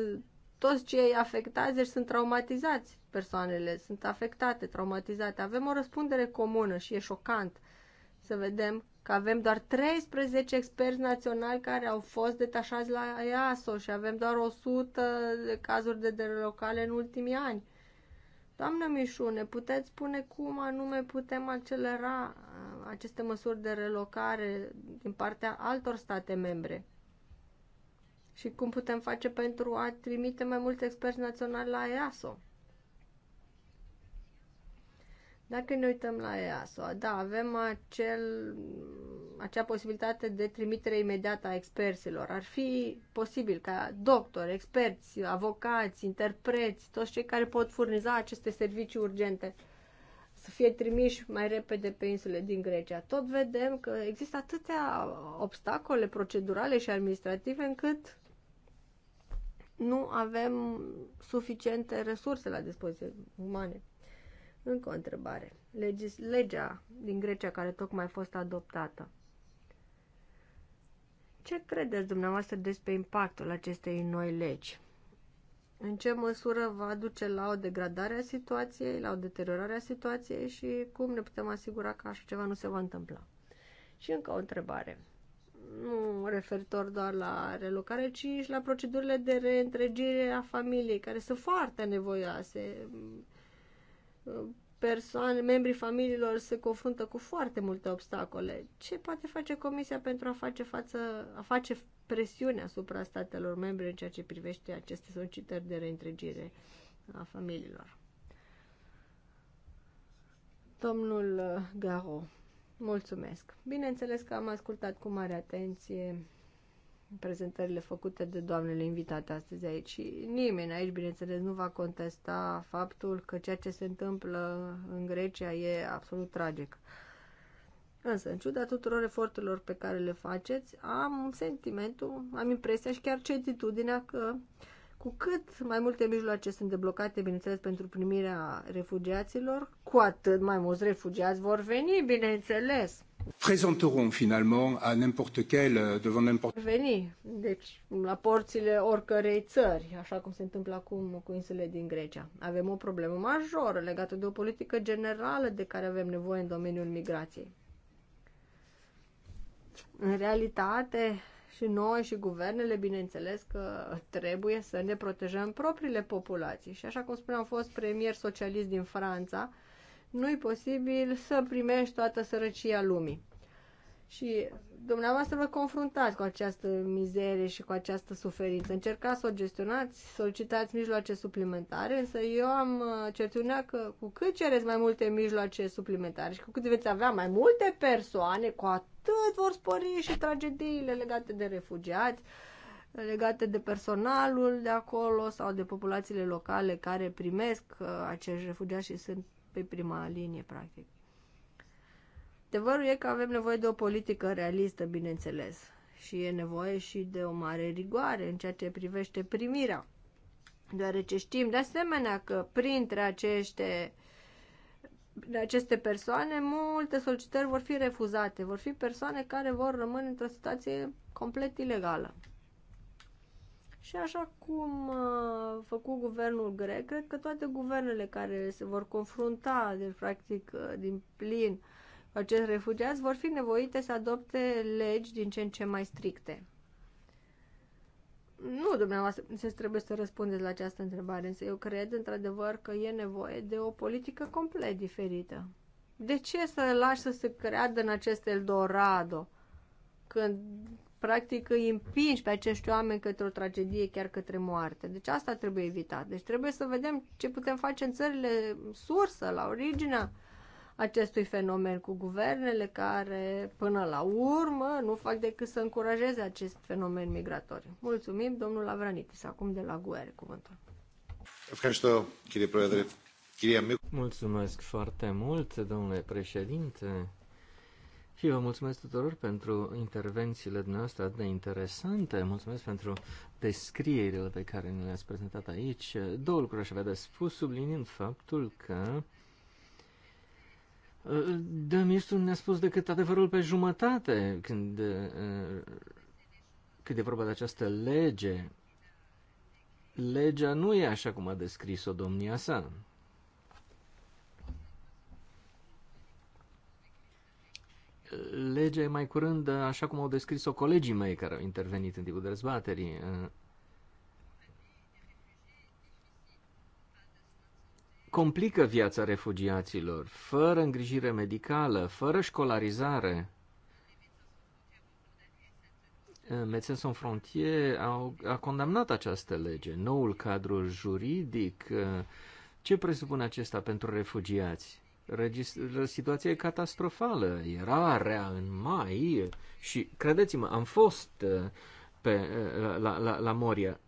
toți cei afectați deci sunt traumatizați, persoanele sunt afectate, traumatizate. Avem o răspundere comună și e șocant să vedem că avem doar 13 experți naționali care au fost detașați la EASO și avem doar 100 de cazuri de derelocale în ultimii ani. Doamnă Mișu, ne puteți spune cum anume putem accelera uh, aceste măsuri de relocare din partea altor state membre? Și cum putem face pentru a trimite mai mulți experți naționali la EASO? Dacă ne uităm la EASO, da, avem acel, acea posibilitate de trimitere imediată a experților. Ar fi posibil ca doctori, experți, avocați, interpreți, toți cei care pot furniza aceste servicii urgente să fie trimiși mai repede pe insule din Grecia. Tot vedem că există atâtea obstacole procedurale și administrative încât nu avem suficiente resurse la dispoziție umane. Încă o întrebare. Legis legea din Grecia care tocmai a fost adoptată. Ce credeți dumneavoastră despre impactul acestei noi legi? În ce măsură va duce la o degradare a situației, la o deteriorare a situației și cum ne putem asigura că așa ceva nu se va întâmpla? Și încă o întrebare. Nu referitor doar la relocare, ci și la procedurile de reîntregire a familiei, care sunt foarte nevoioase persoane, membrii familiilor se confruntă cu foarte multe obstacole. Ce poate face Comisia pentru a face, față, a face presiune asupra statelor membre în ceea ce privește aceste solicitări de reîntregire a familiilor? Domnul Garo, mulțumesc. Bineînțeles că am ascultat cu mare atenție prezentările făcute de doamnele invitate astăzi aici și nimeni aici, bineînțeles, nu va contesta faptul că ceea ce se întâmplă în Grecia e absolut tragic. Însă, în ciuda tuturor eforturilor pe care le faceți, am sentimentul, am impresia și chiar certitudinea că cu cât mai multe mijloace sunt deblocate, bineînțeles, pentru primirea refugiaților, cu atât mai mulți refugiați vor veni, bineînțeles prezenteront finalement a n'importe quel, euh, devant n'importe veni, deci la porțile oricărei țări, așa cum se întâmplă acum cu insulele din Grecia. Avem o problemă majoră legată de o politică generală de care avem nevoie în domeniul migrației. În realitate, și noi și guvernele, bineînțeles că trebuie să ne protejăm propriile populații. Și așa cum spuneam, am fost premier socialist din Franța, nu-i posibil să primești toată sărăcia lumii. Și dumneavoastră vă confruntați cu această mizerie și cu această suferință. Încercați să o gestionați, solicitați mijloace suplimentare, însă eu am uh, certiunea că cu cât cereți mai multe mijloace suplimentare și cu cât veți avea mai multe persoane, cu atât vor spori și tragediile legate de refugiați, legate de personalul de acolo sau de populațiile locale care primesc uh, acești refugiați și sunt pe prima linie, practic. Adevărul e că avem nevoie de o politică realistă, bineînțeles, și e nevoie și de o mare rigoare în ceea ce privește primirea, deoarece știm de asemenea că printre aceste de aceste persoane, multe solicitări vor fi refuzate. Vor fi persoane care vor rămâne într-o situație complet ilegală. Și așa cum uh, a făcut guvernul grec, cred că toate guvernele care se vor confrunta, de practic, uh, din plin cu acești refugiați, vor fi nevoite să adopte legi din ce în ce mai stricte. Nu, dumneavoastră, se trebuie să răspundeți la această întrebare, însă eu cred, într-adevăr, că e nevoie de o politică complet diferită. De ce să lași să se creadă în acest Eldorado? Când practic îi împingi pe acești oameni către o tragedie, chiar către moarte. Deci asta trebuie evitat. Deci trebuie să vedem ce putem face în țările sursă, la originea acestui fenomen cu guvernele care până la urmă nu fac decât să încurajeze acest fenomen migratoriu. Mulțumim, domnul Avranitis, acum de la GUER, cuvântul. Mulțumesc foarte mult, domnule președinte. Și vă mulțumesc tuturor pentru intervențiile dumneavoastră atât de interesante. Mulțumesc pentru descrierile pe care ne le-ați prezentat aici. Două lucruri aș avea de spus, subliniind faptul că uh, Dămistul ne-a spus decât adevărul pe jumătate când, uh, când e vorba de această lege. Legea nu e așa cum a descris-o domnia sa. legea e mai curând, așa cum au descris-o colegii mei care au intervenit în timpul dezbaterii. Uh, complică viața refugiaților, fără îngrijire medicală, fără școlarizare. Uh, Médecins Sans Frontier au, a condamnat această lege, noul cadru juridic. Uh, Ce presupune acesta pentru refugiați? situația e catastrofală. Era rea în mai și, credeți-mă, am fost uh, pe, uh, la, la, la Moria.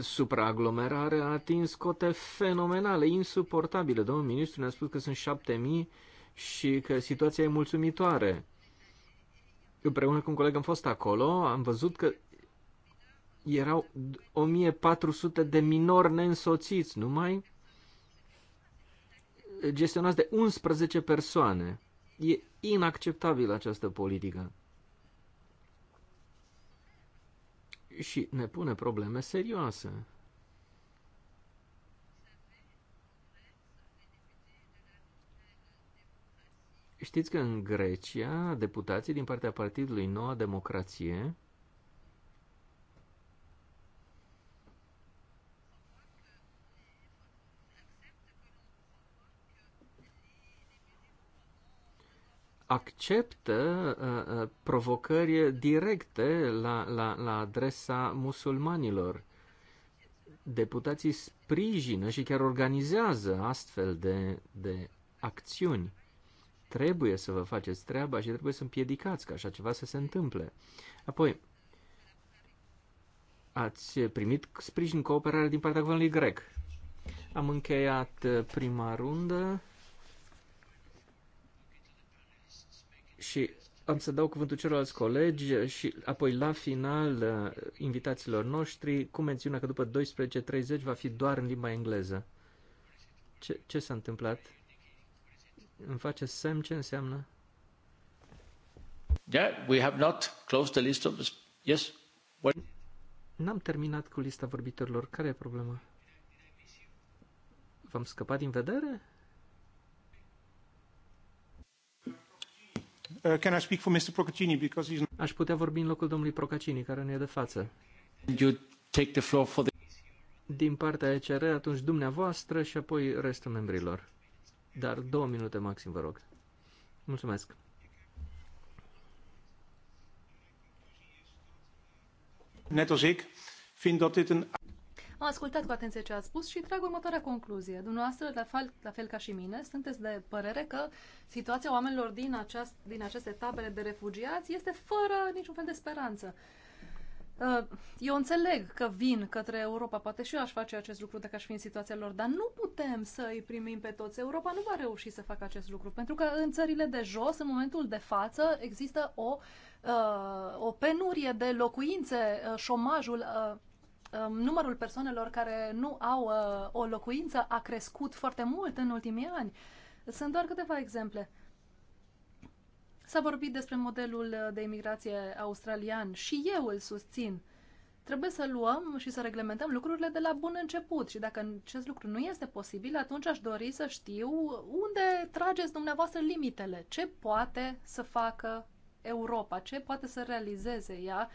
Supraaglomerarea a atins cote fenomenale, insuportabile. Domnul ministru ne-a spus că sunt șapte mii și că situația e mulțumitoare. Împreună cu un coleg am fost acolo, am văzut că erau 1400 de minori neînsoțiți numai, gestionați de 11 persoane. E inacceptabilă această politică. Și ne pune probleme serioase. Știți că în Grecia, deputații din partea Partidului Noua Democrație acceptă uh, uh, provocări directe la, la, la adresa musulmanilor. Deputații sprijină și chiar organizează astfel de, de acțiuni. Trebuie să vă faceți treaba și trebuie să împiedicați ca așa ceva să se întâmple. Apoi, ați primit sprijin cooperare din partea guvernului grec. Am încheiat prima rundă. și am să dau cuvântul celorlalți colegi și apoi la final uh, invitațiilor noștri cu mențiunea că după 12.30 va fi doar în limba engleză. Ce, ce s-a întâmplat? Îmi face semn ce înseamnă? Yeah, we have not closed the list of... Yes? What? N-am terminat cu lista vorbitorilor. Care e problema? V-am scăpat din vedere? Uh, can I speak for Mr. Procaccini because he's... Aș putea vorbi în locul domnului Procaccini, care nu e de față. You take the floor for the... Din partea ECR, atunci dumneavoastră și apoi restul membrilor. Dar două minute maxim, vă rog. Mulțumesc. Net als ik vind dat dit een... Am ascultat cu atenție ce ați spus și trag următoarea concluzie. Dumneavoastră, la fel, la fel ca și mine, sunteți de părere că situația oamenilor din, aceast, din aceste tabere de refugiați este fără niciun fel de speranță. Uh, eu înțeleg că vin către Europa, poate și eu aș face acest lucru dacă aș fi în situația lor, dar nu putem să îi primim pe toți. Europa nu va reuși să facă acest lucru, pentru că în țările de jos, în momentul de față, există o, uh, o penurie de locuințe, uh, șomajul Um, numărul persoanelor care nu au uh, o locuință a crescut foarte mult în ultimii ani. Sunt doar câteva exemple. S-a vorbit despre modelul uh, de imigrație australian și eu îl susțin. Trebuie să luăm și să reglementăm lucrurile de la bun început și dacă acest lucru nu este posibil, atunci aș dori să știu unde trageți dumneavoastră limitele, ce poate să facă Europa, ce poate să realizeze ea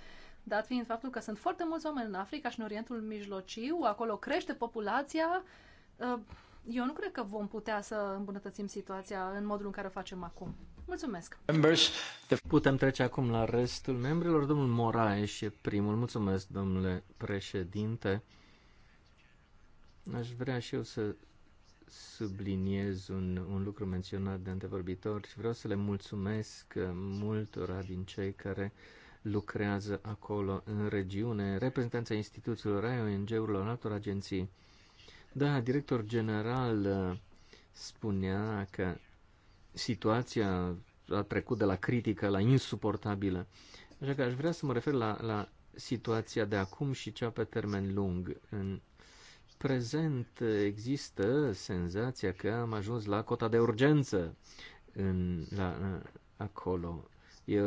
dat fiind faptul că sunt foarte mulți oameni în Africa și în Orientul Mijlociu, acolo crește populația, uh, eu nu cred că vom putea să îmbunătățim situația în modul în care o facem acum. Mulțumesc! Members, putem trece acum la restul membrilor. Domnul Moraes e primul. Mulțumesc, domnule președinte. Aș vrea și eu să subliniez un, un lucru menționat de antevorbitor și vreau să le mulțumesc uh, multora din cei care uh, lucrează acolo, în regiune, reprezentanța instituțiilor RAI, ONG-urilor, altor agenții. Da, director general uh, spunea că situația a trecut de la critică la insuportabilă. Așa că aș vrea să mă refer la, la situația de acum și cea pe termen lung. În prezent există senzația că am ajuns la cota de urgență în, la, uh, acolo. E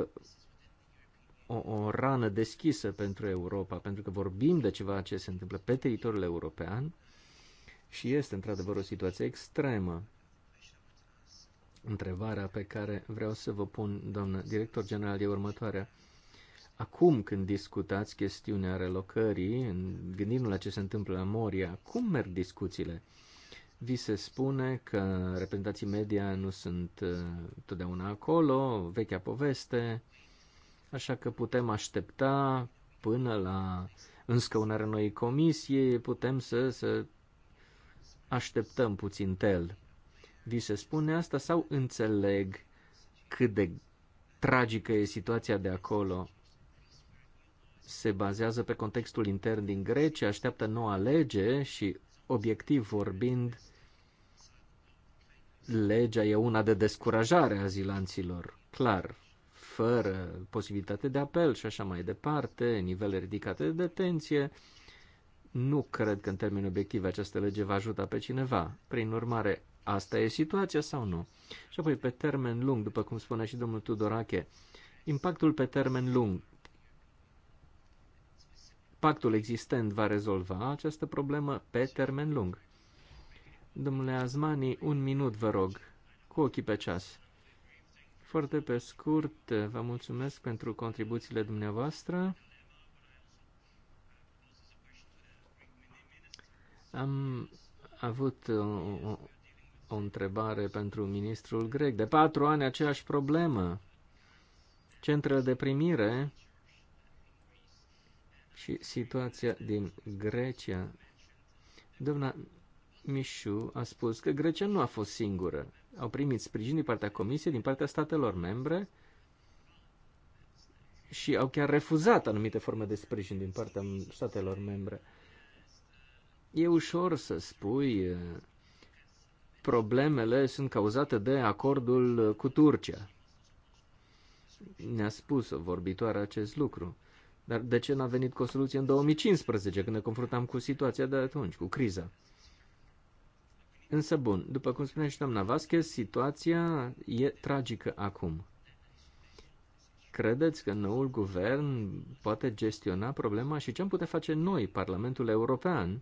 o, o rană deschisă pentru Europa, pentru că vorbim de ceva ce se întâmplă pe teritoriul european și este într-adevăr o situație extremă. Întrebarea pe care vreau să vă pun, doamnă director general, e următoarea. Acum când discutați chestiunea relocării, gândindu la ce se întâmplă la Moria, cum merg discuțiile? Vi se spune că reprezentații media nu sunt uh, totdeauna acolo, vechea poveste, Așa că putem aștepta până la înscăunarea noii comisie, putem să, să așteptăm puțin tel. Vi se spune asta sau înțeleg cât de tragică e situația de acolo? Se bazează pe contextul intern din Grecia, așteaptă noua lege și, obiectiv vorbind, legea e una de descurajare a zilanților, clar fără posibilitate de apel și așa mai departe, nivele ridicate de detenție. Nu cred că în termeni obiective această lege va ajuta pe cineva. Prin urmare, asta e situația sau nu? Și apoi, pe termen lung, după cum spune și domnul Tudorache, impactul pe termen lung. Pactul existent va rezolva această problemă pe termen lung. Domnule Azmani, un minut vă rog, cu ochii pe ceas. Foarte pe scurt, vă mulțumesc pentru contribuțiile dumneavoastră. Am avut o, o întrebare pentru ministrul grec. De patru ani aceeași problemă. Centrele de primire și situația din Grecia. Doamna Mișu a spus că Grecia nu a fost singură au primit sprijin din partea Comisiei, din partea statelor membre și au chiar refuzat anumite forme de sprijin din partea statelor membre. E ușor să spui problemele sunt cauzate de acordul cu Turcia. Ne-a spus o vorbitoare acest lucru. Dar de ce n-a venit cu o soluție în 2015, când ne confruntam cu situația de atunci, cu criza? Însă, bun, după cum spune și doamna Vasquez, situația e tragică acum. Credeți că noul guvern poate gestiona problema și ce am putea face noi, Parlamentul European,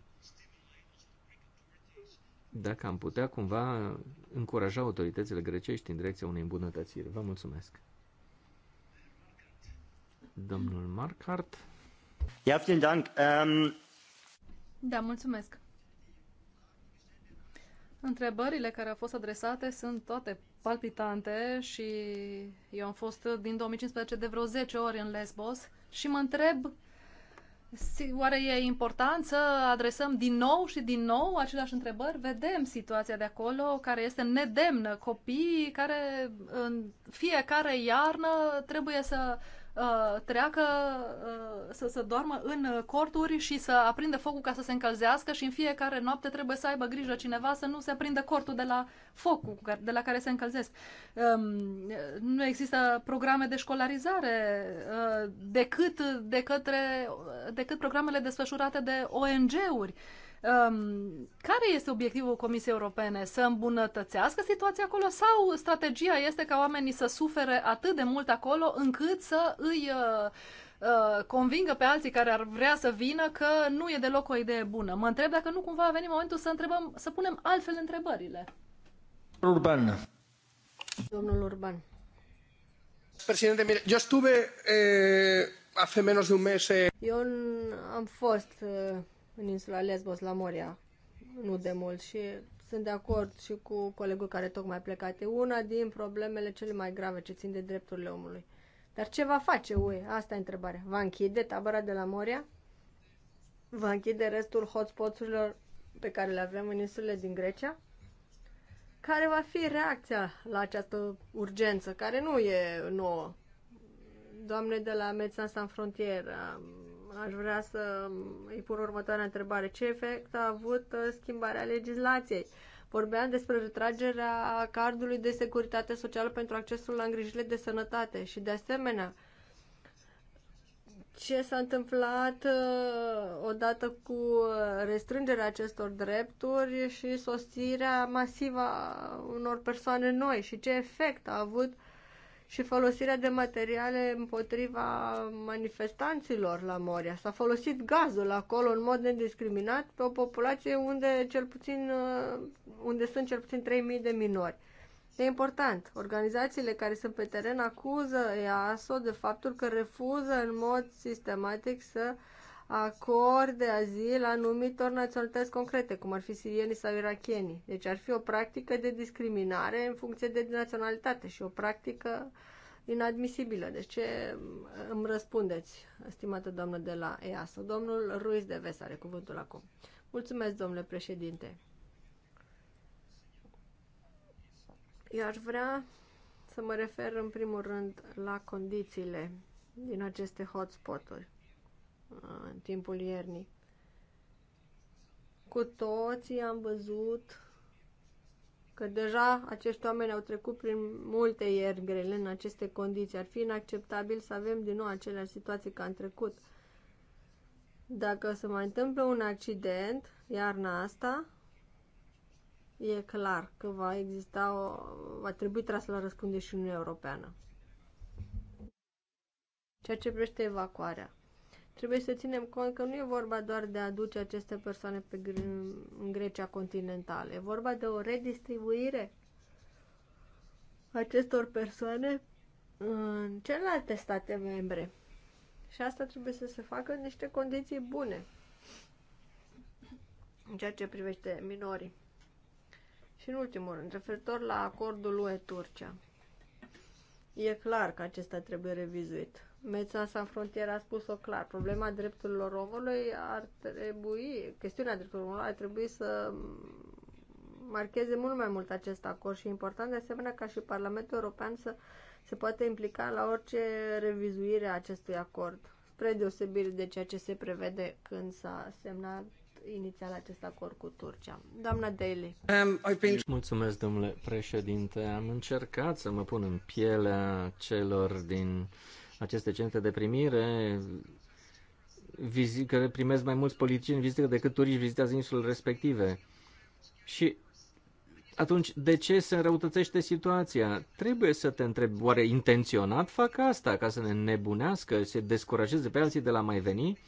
dacă am putea cumva încuraja autoritățile grecești în direcția unei îmbunătățiri? Vă mulțumesc. Domnul Markart. Ja, vielen Dank. Um... Da, mulțumesc. Întrebările care au fost adresate sunt toate palpitante și eu am fost din 2015 de vreo 10 ori în Lesbos și mă întreb oare e important să adresăm din nou și din nou aceleași întrebări? Vedem situația de acolo care este nedemnă. Copiii care în fiecare iarnă trebuie să Uh, treacă, uh, să, să doarmă în corturi și să aprindă focul ca să se încălzească și în fiecare noapte trebuie să aibă grijă cineva să nu se aprindă cortul de la focul de la care se încălzesc. Um, nu există programe de școlarizare uh, decât, de către, uh, decât programele desfășurate de ONG-uri. Uh, Ehm, care este obiectivul Comisiei Europene? Să îmbunătățească situația acolo sau strategia este ca oamenii să sufere atât de mult acolo încât să îi eh, eh, convingă pe alții care ar vrea să vină că nu e deloc o idee bună. Mă întreb dacă nu cumva a venit momentul să întrebăm, să punem altfel întrebările. Urban. Domnul Urban. Președinte, mire, eu estuve eh, hace menos de un mes. Eh... Eu am fost eh în insula Lesbos, la Moria, nu de mult și sunt de acord și cu colegul care tocmai plecat. E una din problemele cele mai grave ce țin de drepturile omului. Dar ce va face UE? Asta e întrebarea. Va închide tabăra de la Moria? Va închide restul hotspoturilor pe care le avem în insulele din Grecia? Care va fi reacția la această urgență, care nu e nouă? Doamne de la Medecins Sans Frontier, aș vrea să îi pun următoarea întrebare. Ce efect a avut uh, schimbarea legislației? Vorbeam despre retragerea cardului de securitate socială pentru accesul la îngrijirile de sănătate și, de asemenea, ce s-a întâmplat uh, odată cu uh, restrângerea acestor drepturi și sosirea masivă a unor persoane noi și ce efect a avut uh, și folosirea de materiale împotriva manifestanților la Moria. S-a folosit gazul acolo în mod nediscriminat pe o populație unde, cel puțin, uh, unde sunt cel puțin 3.000 de minori. E important. Organizațiile care sunt pe teren acuză EASO de faptul că refuză în mod sistematic să uh, acorde azil anumitor naționalități concrete, cum ar fi sirienii sau irachienii. Deci ar fi o practică de discriminare în funcție de naționalitate și o practică inadmisibilă. Deci ce îmi răspundeți, stimată doamnă de la EASO? Domnul Ruiz de Ves are cuvântul acum. Mulțumesc, domnule președinte. Eu aș vrea să mă refer în primul rând la condițiile din aceste hotspoturi. uri în timpul iernii. Cu toții am văzut că deja acești oameni au trecut prin multe ieri grele în aceste condiții. Ar fi inacceptabil să avem din nou aceleași situații ca în trecut. Dacă se mai întâmplă un accident iarna asta, e clar că va exista o, va trebui tras la răspunde și Uniunea Europeană. Ceea ce privește evacuarea. Trebuie să ținem cont că nu e vorba doar de a aduce aceste persoane pe Gre- în Grecia continentală, e vorba de o redistribuire acestor persoane în celelalte state membre. Și asta trebuie să se facă în niște condiții bune în ceea ce privește minorii. Și în ultimul rând, referitor la acordul UE-Turcia. E clar că acesta trebuie revizuit. Meța San Frontier a spus-o clar. Problema drepturilor omului ar trebui, chestiunea drepturilor omului ar trebui să marcheze mult mai mult acest acord și e important de asemenea ca și Parlamentul European să se poate implica la orice revizuire a acestui acord, spre deosebire de ceea ce se prevede când s-a semnat inițial acest acord cu Turcia. Doamna Daly. Um, Mulțumesc, domnule președinte. Am încercat să mă pun în pielea celor din uh, aceste centre de primire că primesc mai mulți politicieni vizită decât turiști vizitează insulele respective. Și atunci, de ce se înrăutățește situația? Trebuie să te întrebi, oare intenționat fac asta ca să ne nebunească, să descurajeze pe alții de la mai veni?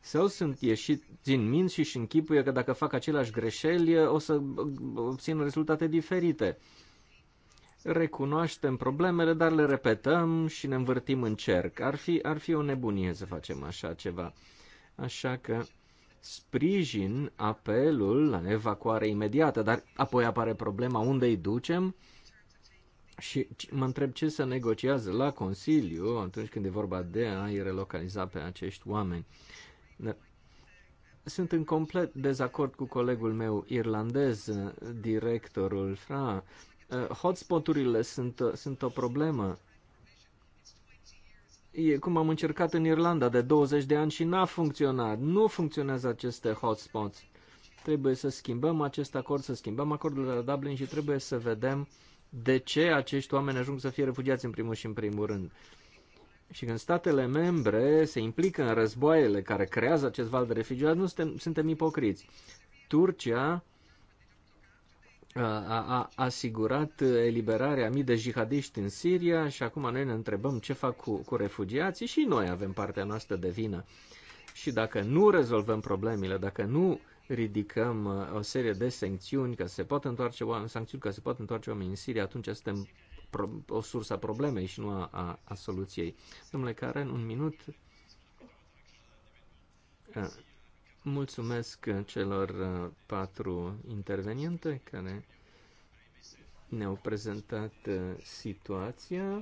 Sau sunt ieșit din minți și își închipuie că dacă fac aceleași greșeli o să obțin rezultate diferite? recunoaștem problemele, dar le repetăm și ne învârtim în cerc. Ar fi, ar fi o nebunie să facem așa ceva. Așa că sprijin apelul la evacuare imediată, dar apoi apare problema unde îi ducem și mă întreb ce se negociază la Consiliu atunci când e vorba de a-i relocaliza pe acești oameni. Sunt în complet dezacord cu colegul meu irlandez, directorul FRA. Eh, hotspoturile sunt, eh, sunt o problemă. E cum am încercat în Irlanda de 20 de ani și n-a funcționat. Nu funcționează aceste hotspots. Trebuie să schimbăm acest acord, să schimbăm acordul de la Dublin și trebuie să vedem de ce acești oameni ajung să fie refugiați în primul și în primul rând. Și când statele membre se implică în războaiele care creează acest val de refugiați, nu suntem, suntem ipocriți. Turcia a asigurat eliberarea mii de jihadiști în Siria și acum noi ne întrebăm ce fac cu, cu refugiații și noi avem partea noastră de vină. Și dacă nu rezolvăm problemele, dacă nu ridicăm uh, o serie de sancțiuni că se pot întoarce oameni, sancțiuni că se pot întoarce oameni în Siria, atunci suntem o sursă a problemei și nu a, a, a soluției. Domnule Karen, un minut. Uh, Mulțumesc celor uh, patru interveniente care ne-au prezentat uh, situația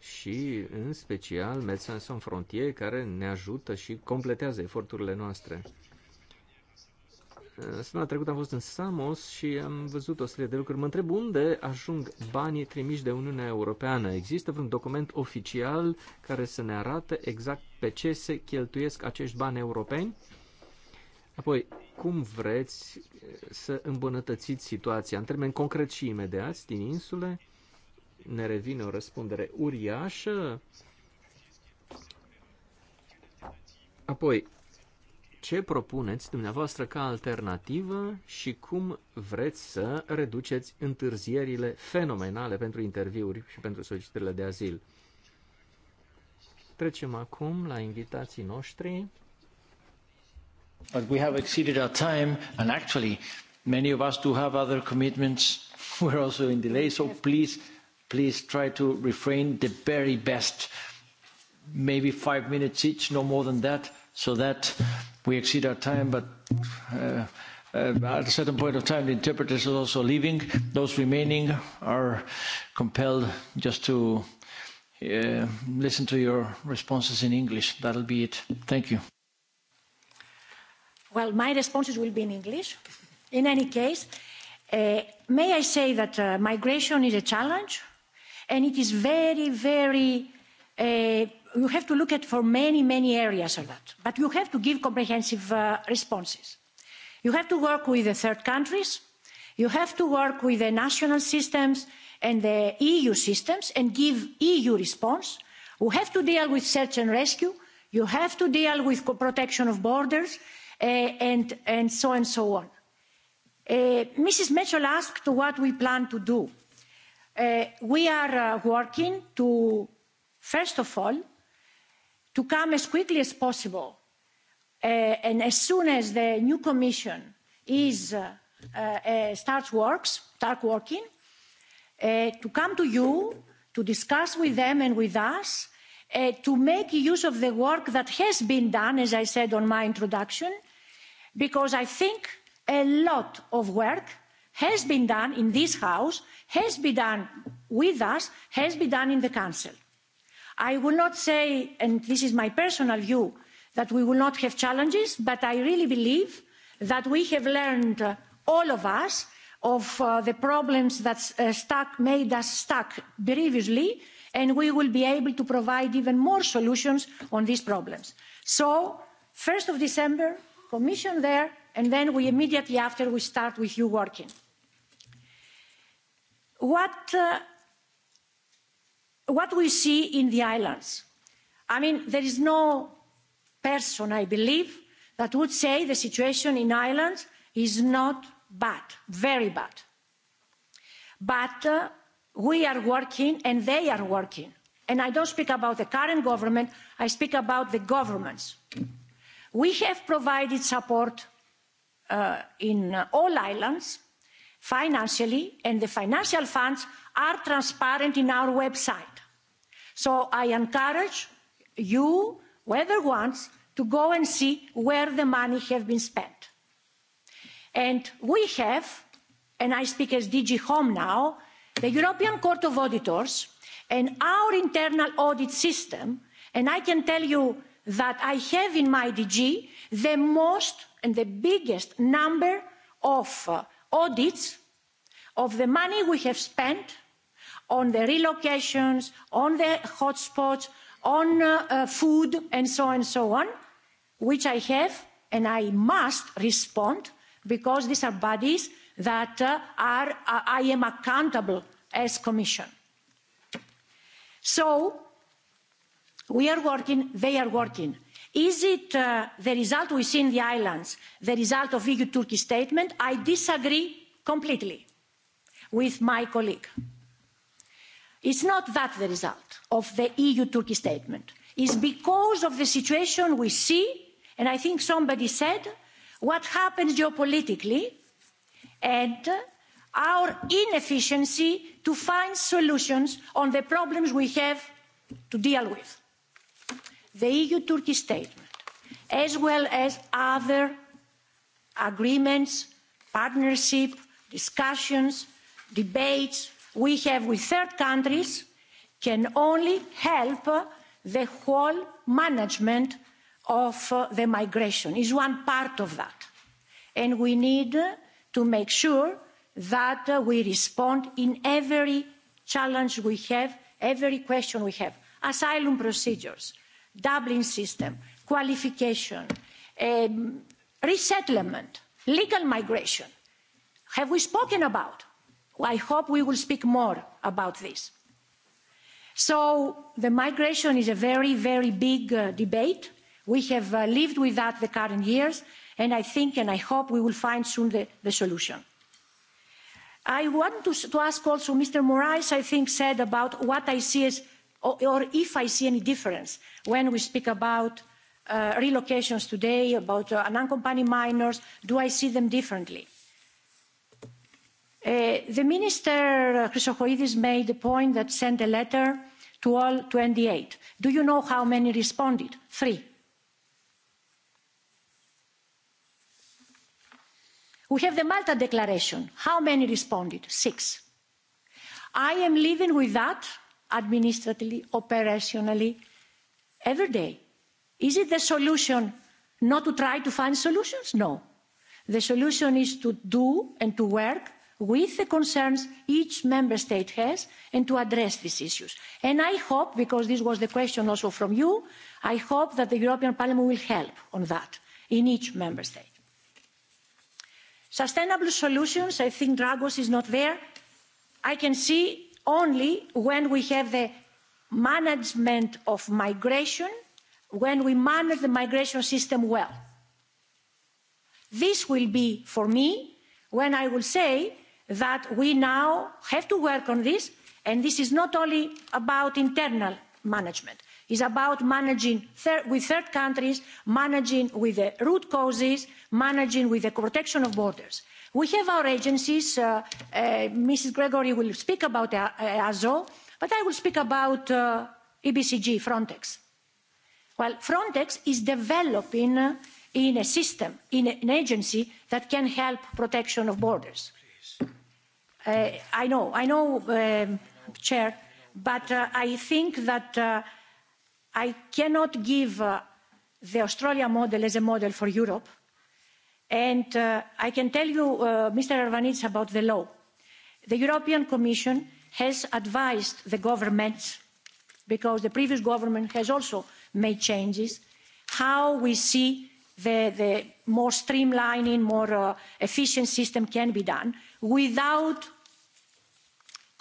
și, în special, Médecins Sans Frontier, care ne ajută și completează eforturile noastre. Săptămâna trecută am fost în Samos și am văzut o serie de lucruri. Mă întreb unde ajung banii trimiși de Uniunea Europeană. Există vreun document oficial care să ne arate exact pe ce se cheltuiesc acești bani europeni? Apoi, cum vreți eh, să îmbunătățiți situația în termeni concret și imediați din insule? Ne revine o răspundere uriașă. Apoi, ce propuneți dumneavoastră ca alternativă și cum vreți să reduceți întârzierile fenomenale pentru interviuri și pentru solicitările de azil. Trecem acum la invitații noștri. But we have exceeded our time and actually many of us do have other commitments. We're also in delay, so please, please try to refrain the very best. Maybe five minutes each, no more than that so that we exceed our time, but uh, uh at a certain point of time, the interpreters are also leaving. Those remaining are compelled just to uh, listen to your responses in English. That'll be it. Thank you. Well, my responses will be in English. In any case, uh, may I say that uh, migration is a challenge, and it is very, very uh, you have to look at for many, many areas of that. But you have to give comprehensive uh, responses. You have to work with the third countries. You have to work with the national systems and the EU systems and give EU response. You have to deal with search and rescue. You have to deal with protection of borders uh, and, and so and so on. Uh, Mrs. Mitchell asked what we plan to do. Uh, we are uh, working to, first of all, to come as quickly as possible uh, and as soon as the new commission is, uh, uh, uh starts works, start working, uh, to come to you, to discuss with them and with us, uh, to make use of the work that has been done, as I said on my introduction, because I think a lot of work has been done in this House, has been done with us, has been done in the Council i will not say and this is my personal view that we will not have challenges but i really believe that we have learned uh, all of us of uh, the problems that uh, made us stuck previously and we will be able to provide even more solutions on these problems. so first of december commission there and then we immediately after we start with you working. what what we see in the islands i mean there is no person i believe that would say the situation in ireland is not bad very bad but uh, we are working and they are working and i don't speak about the current government i speak about the governments we have provided support uh, in uh, all islands financially and the financial funds are transparent in our website. So I encourage you, whoever wants, to go and see where the money has been spent. And we have, and I speak as DG Home now, the European Court of Auditors and our internal audit system, and I can tell you that I have in my DG the most and the biggest number of uh, audits of the money we have spent on the relocations, on the hotspots, on uh, uh, food, and so on and so on, which I have and I must respond because these are bodies that uh, are, I am accountable as Commission. So we are working, they are working. Is it uh, the result we see in the islands, the result of EU-Turkey statement? I disagree completely with my colleague it's not that the result of the eu turkey statement it's because of the situation we see and i think somebody said what happens geopolitically and our inefficiency to find solutions on the problems we have to deal with. the eu turkey statement as well as other agreements partnership discussions debates we have with third countries can only help the whole management of uh, the migration is one part of that and we need to make sure that uh, we respond in every challenge we have every question we have asylum procedures dublin system qualification um, resettlement legal migration have we spoken about? i hope we will speak more about this. so the migration is a very very big uh, debate. we have uh, lived with that the current years and i think and i hope we will find soon the, solution. i want to, ask also mr moraes i think said about what i see as or, if i see any difference when we speak about uh, relocations today about unaccompanied minors do i see them differently? Uh, the minister uh, Chrysochoidis made the point that sent a letter to all 28. Do you know how many responded? Three. We have the Malta Declaration. How many responded? Six. I am living with that administratively, operationally, every day. Is it the solution not to try to find solutions? No. The solution is to do and to work with the concerns each member state has and to address these issues. And i hope because this was the question also from you i hope that the european parliament will help on that in each member state. sustainable solutions i think dragos is not there i can see only when we have the management of migration when we manage the migration system well. this will be for me when i will say that we now have to work on this and this is not only about internal management it's about managing with third countries managing with the root causes managing with the protection of borders. we have our agencies uh, uh, mrs gregory will speak about easo but i will speak about uh, ebcg frontex. well frontex is developing in a system in an agency that can help protection of borders Uh, I know, I know, um, Chair, but uh, I think that uh, I cannot give uh, the Australia model as a model for Europe. And uh, I can tell you, uh, Mr. Arvanits, about the law. The European Commission has advised the governments, because the previous government has also made changes, how we see the, the more streamlining, more uh, efficient system can be done without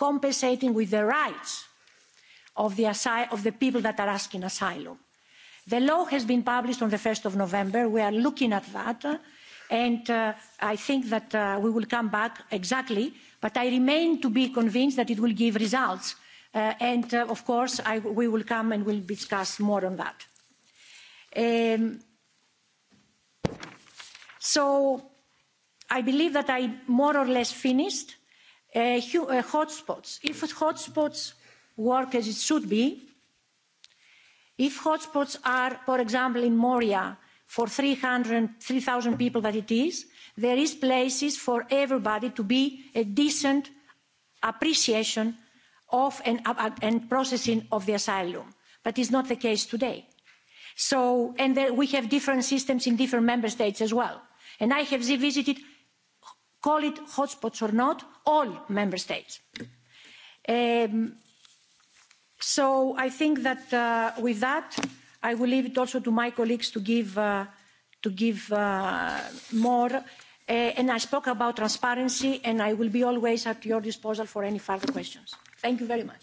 compensating with the rights of the, of the people that are asking asylum. The law has been published on the 1st of November. We are looking at that. And uh, I think that uh, we will come back exactly. But I remain to be convinced that it will give results. Uh, and uh, of course, I, we will come and we'll discuss more on that. Um, so I believe that I more or less finished hotspots. If hotspots work as it should be, if hotspots are, for example, in Moria, for 3,000 people that it is, there is places for everybody to be a decent appreciation of and, uh, and processing of the asylum. But it's not the case today. So, and there, we have different systems in different member states as well. And I have visited call it hotspots or not all member states. Um, so i think that uh, with that i will leave it also to my colleagues to give, uh, to give uh, more uh, and i spoke about transparency and i will be always at your disposal for any further questions. thank you very much.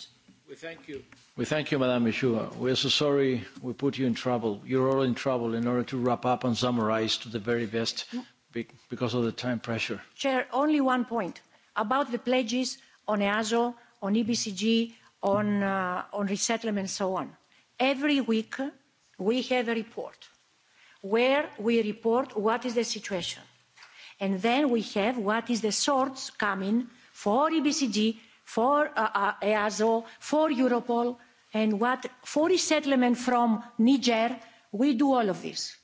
we thank you. We thank you, Madam Michoud. are so sorry we put you in trouble. You're all in trouble in order to wrap up and summarize to the very best because of the time pressure. Chair, only one point about the pledges on EASO, on EBCG, on, uh, on resettlement and so on. Every week we have a report where we report what is the situation. And then we have what is the source coming for EBCG, for uh, uh, EASO, for Europol, and what for resettlement from Niger. We do all of this.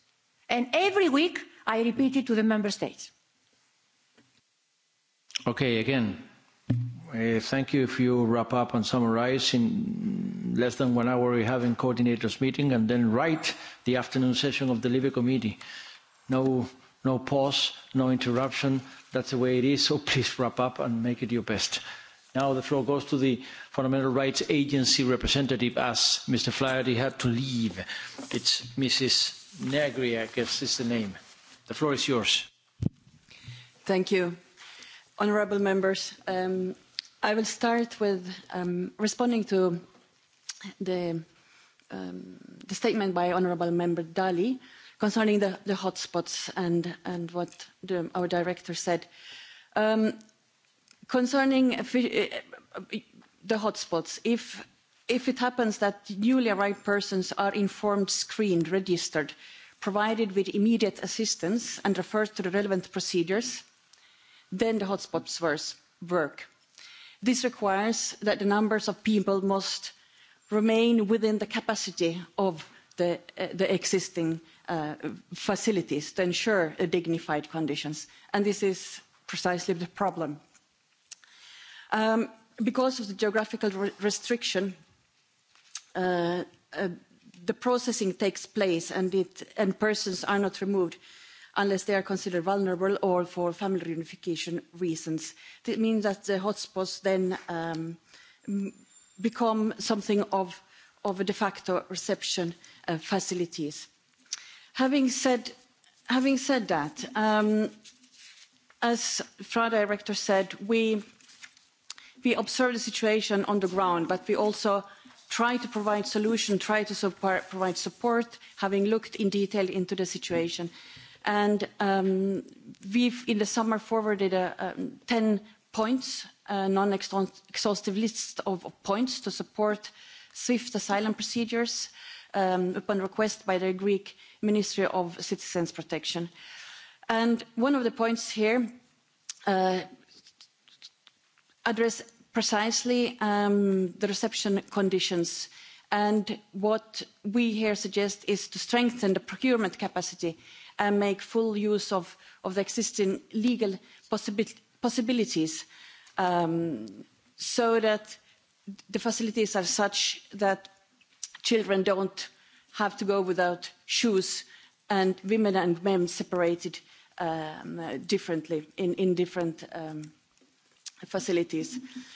And every week I repeat it to the member states. Okay, again, uh, thank you if you wrap up and summarize. In less than one hour, we have a coordinators meeting and then right the afternoon session of the LIBE committee. No, no pause, no interruption. That's the way it is. So please wrap up and make it your best. Now the floor goes to the Fundamental Rights Agency representative as Mr. Flaherty had to leave. It's Mrs. Negri, I guess is the name. The floor is yours. Thank you. Honourable members, um, I will start with um, responding to the, um, statement by Honourable Member Dali concerning the, hotspots and, what our director said. concerning eh, eh, the hotspots, if it happens that newly arrived persons are informed, screened, registered, provided with immediate assistance and referred to the relevant procedures then the hotspots work. this requires that the numbers of people must remain within the capacity of the, uh, the existing uh, facilities to ensure dignified conditions and this is precisely the problem. Um, because of the geographical re restriction uh, uh the processing takes place and, persons are not removed unless they are considered vulnerable or for family reunification reasons. This means that the hotspots then um, become something of, a de facto reception uh, facilities. Having said, that, um, as FRA director said, we observe the situation on the ground, but we also try to provide solutions, try to provide support, having looked in detail into the situation. And um, we've, in the summer, forwarded a, a um, 10 points, a non-exhaustive list of points to support swift asylum procedures um, upon request by the Greek Ministry of Citizens Protection. And one of the points here uh, address precisely um, the reception conditions and what we here suggest is to strengthen the procurement capacity and make full use of, of the existing legal possibi possibilities um, so that the facilities are such that children don't have to go without shoes and women and men separated um, differently in, in different um, facilities. Mm -hmm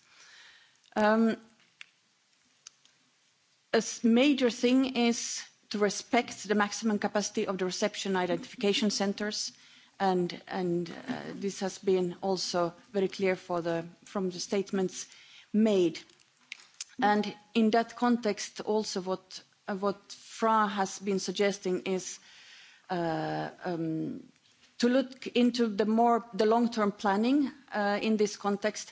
Um, a major thing is to respect the maximum capacity of the reception identification centres and, and uh, this has been also very clear the, from the statements made. And in that context also what, uh, what fra has been suggesting is uh, um, to look into the more the long term planning in this context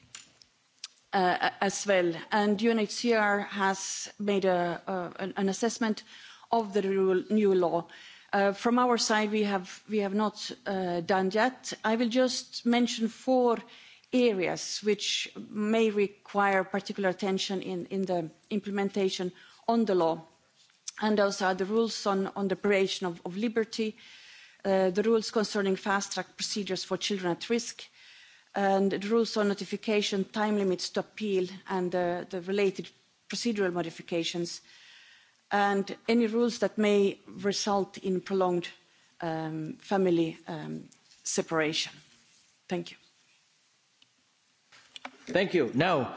Uh, as well. And UNHCR has made an, assessment of the new law. Uh, from our side, we have, not uh, done yet. I will just mention four areas which may require particular attention in, the implementation of the law. And those are the rules on, deprivation the of, of liberty, the rules concerning fast-track procedures for children at risk, and it rules on notification time limits to appeal and the related procedural modifications and any rules that may result in prolonged um, family um, separation. Thank you. Thank you. Now,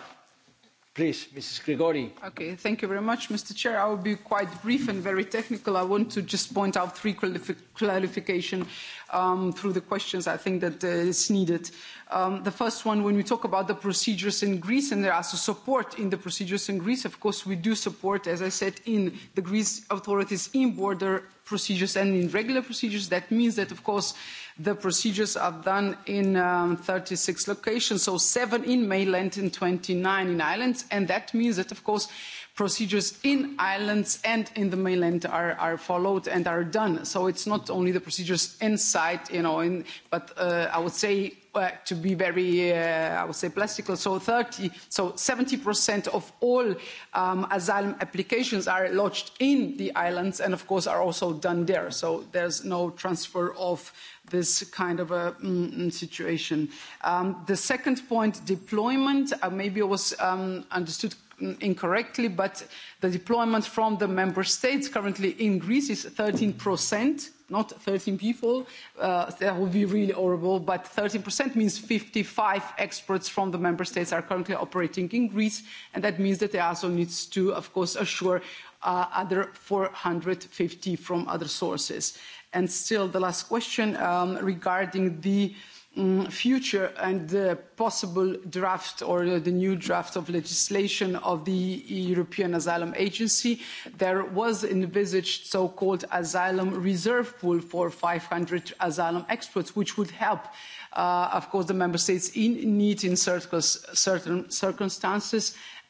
Please, Mrs. Grigori. Okay, thank you very much, Mr. Chair. I will be quite brief and very technical. I want to just point out three clarifi clarification um, through the questions I think that uh, is needed. Um, the first one, when we talk about the procedures in Greece and there are also support in the procedures in Greece, of course, we do support, as I said, in the Greece authorities in border procedures and in regular procedures. That means that, of course, The procedures are done in um, 36 locations, so seven in mainland and 29 in islands. And that means that, of course, procedures in islands and in the mainland are, are followed and are done. So it's not only the procedures inside, you know, in, but uh, I would say uh, to be very, uh, I would say, plastic, So 30, so 70% of all um, asylum applications are lodged in the islands and, of course, are also done there. So there's no transfer of this kind of a mm, mm, situation. Um, the second point, deployment, uh, maybe it was um, understood mm, incorrectly, but the deployment from the member states currently in Greece is 13%, not 13 people. Uh, that would be really horrible, but 13% means 55 experts from the member states are currently operating in Greece, and that means that EASO needs to, of course, assure uh, other 450 from other sources. And still, the last question um, regarding the um, future and the possible draft or the new draft of legislation of the European Asylum Agency. There was envisaged so-called asylum reserve pool for 500 asylum experts, which would help uh, of course, the member states in need in certain circumstances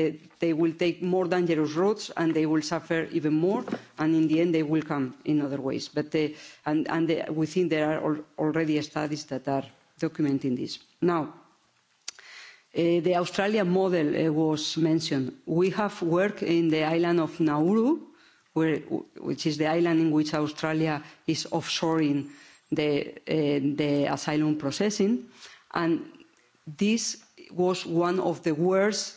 they, will take more dangerous roads and they will suffer even more and in the end they will come in other ways. But uh, and, we think there are already studies that are documenting this. Now, uh, the Australian model uh, was mentioned. We have worked in the island of Nauru, which is the island in which Australia is offshoring the, the asylum processing. And this was one of the worst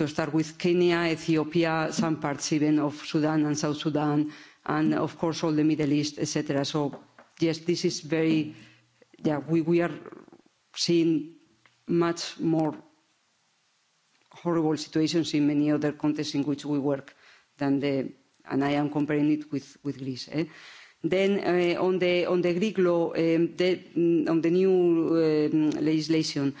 to start with Kenya, Ethiopia, some parts even of Sudan and South Sudan, and of course all the Middle East, etc. So yes, this is very, yeah, we, we are seeing much more horrible situations in many other contexts in which we work than the, and I am comparing it with, with Greece. Eh? Then uh, on, the, on the Greek law, um, the, mm, on the new um, legislation, uh,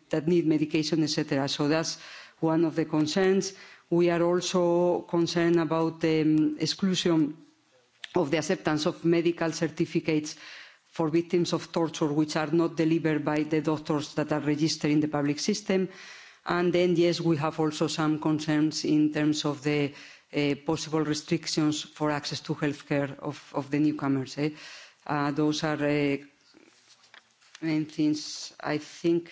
that need medication, etc. So that's one of the concerns. We are also concerned about the um, exclusion of the acceptance of medical certificates for victims of torture which are not delivered by the doctors that are registered in the public system. And then, yes, we have also some concerns in terms of the uh, possible restrictions for access to healthcare of, of the newcomers. Eh? Uh, those are uh, main things, I think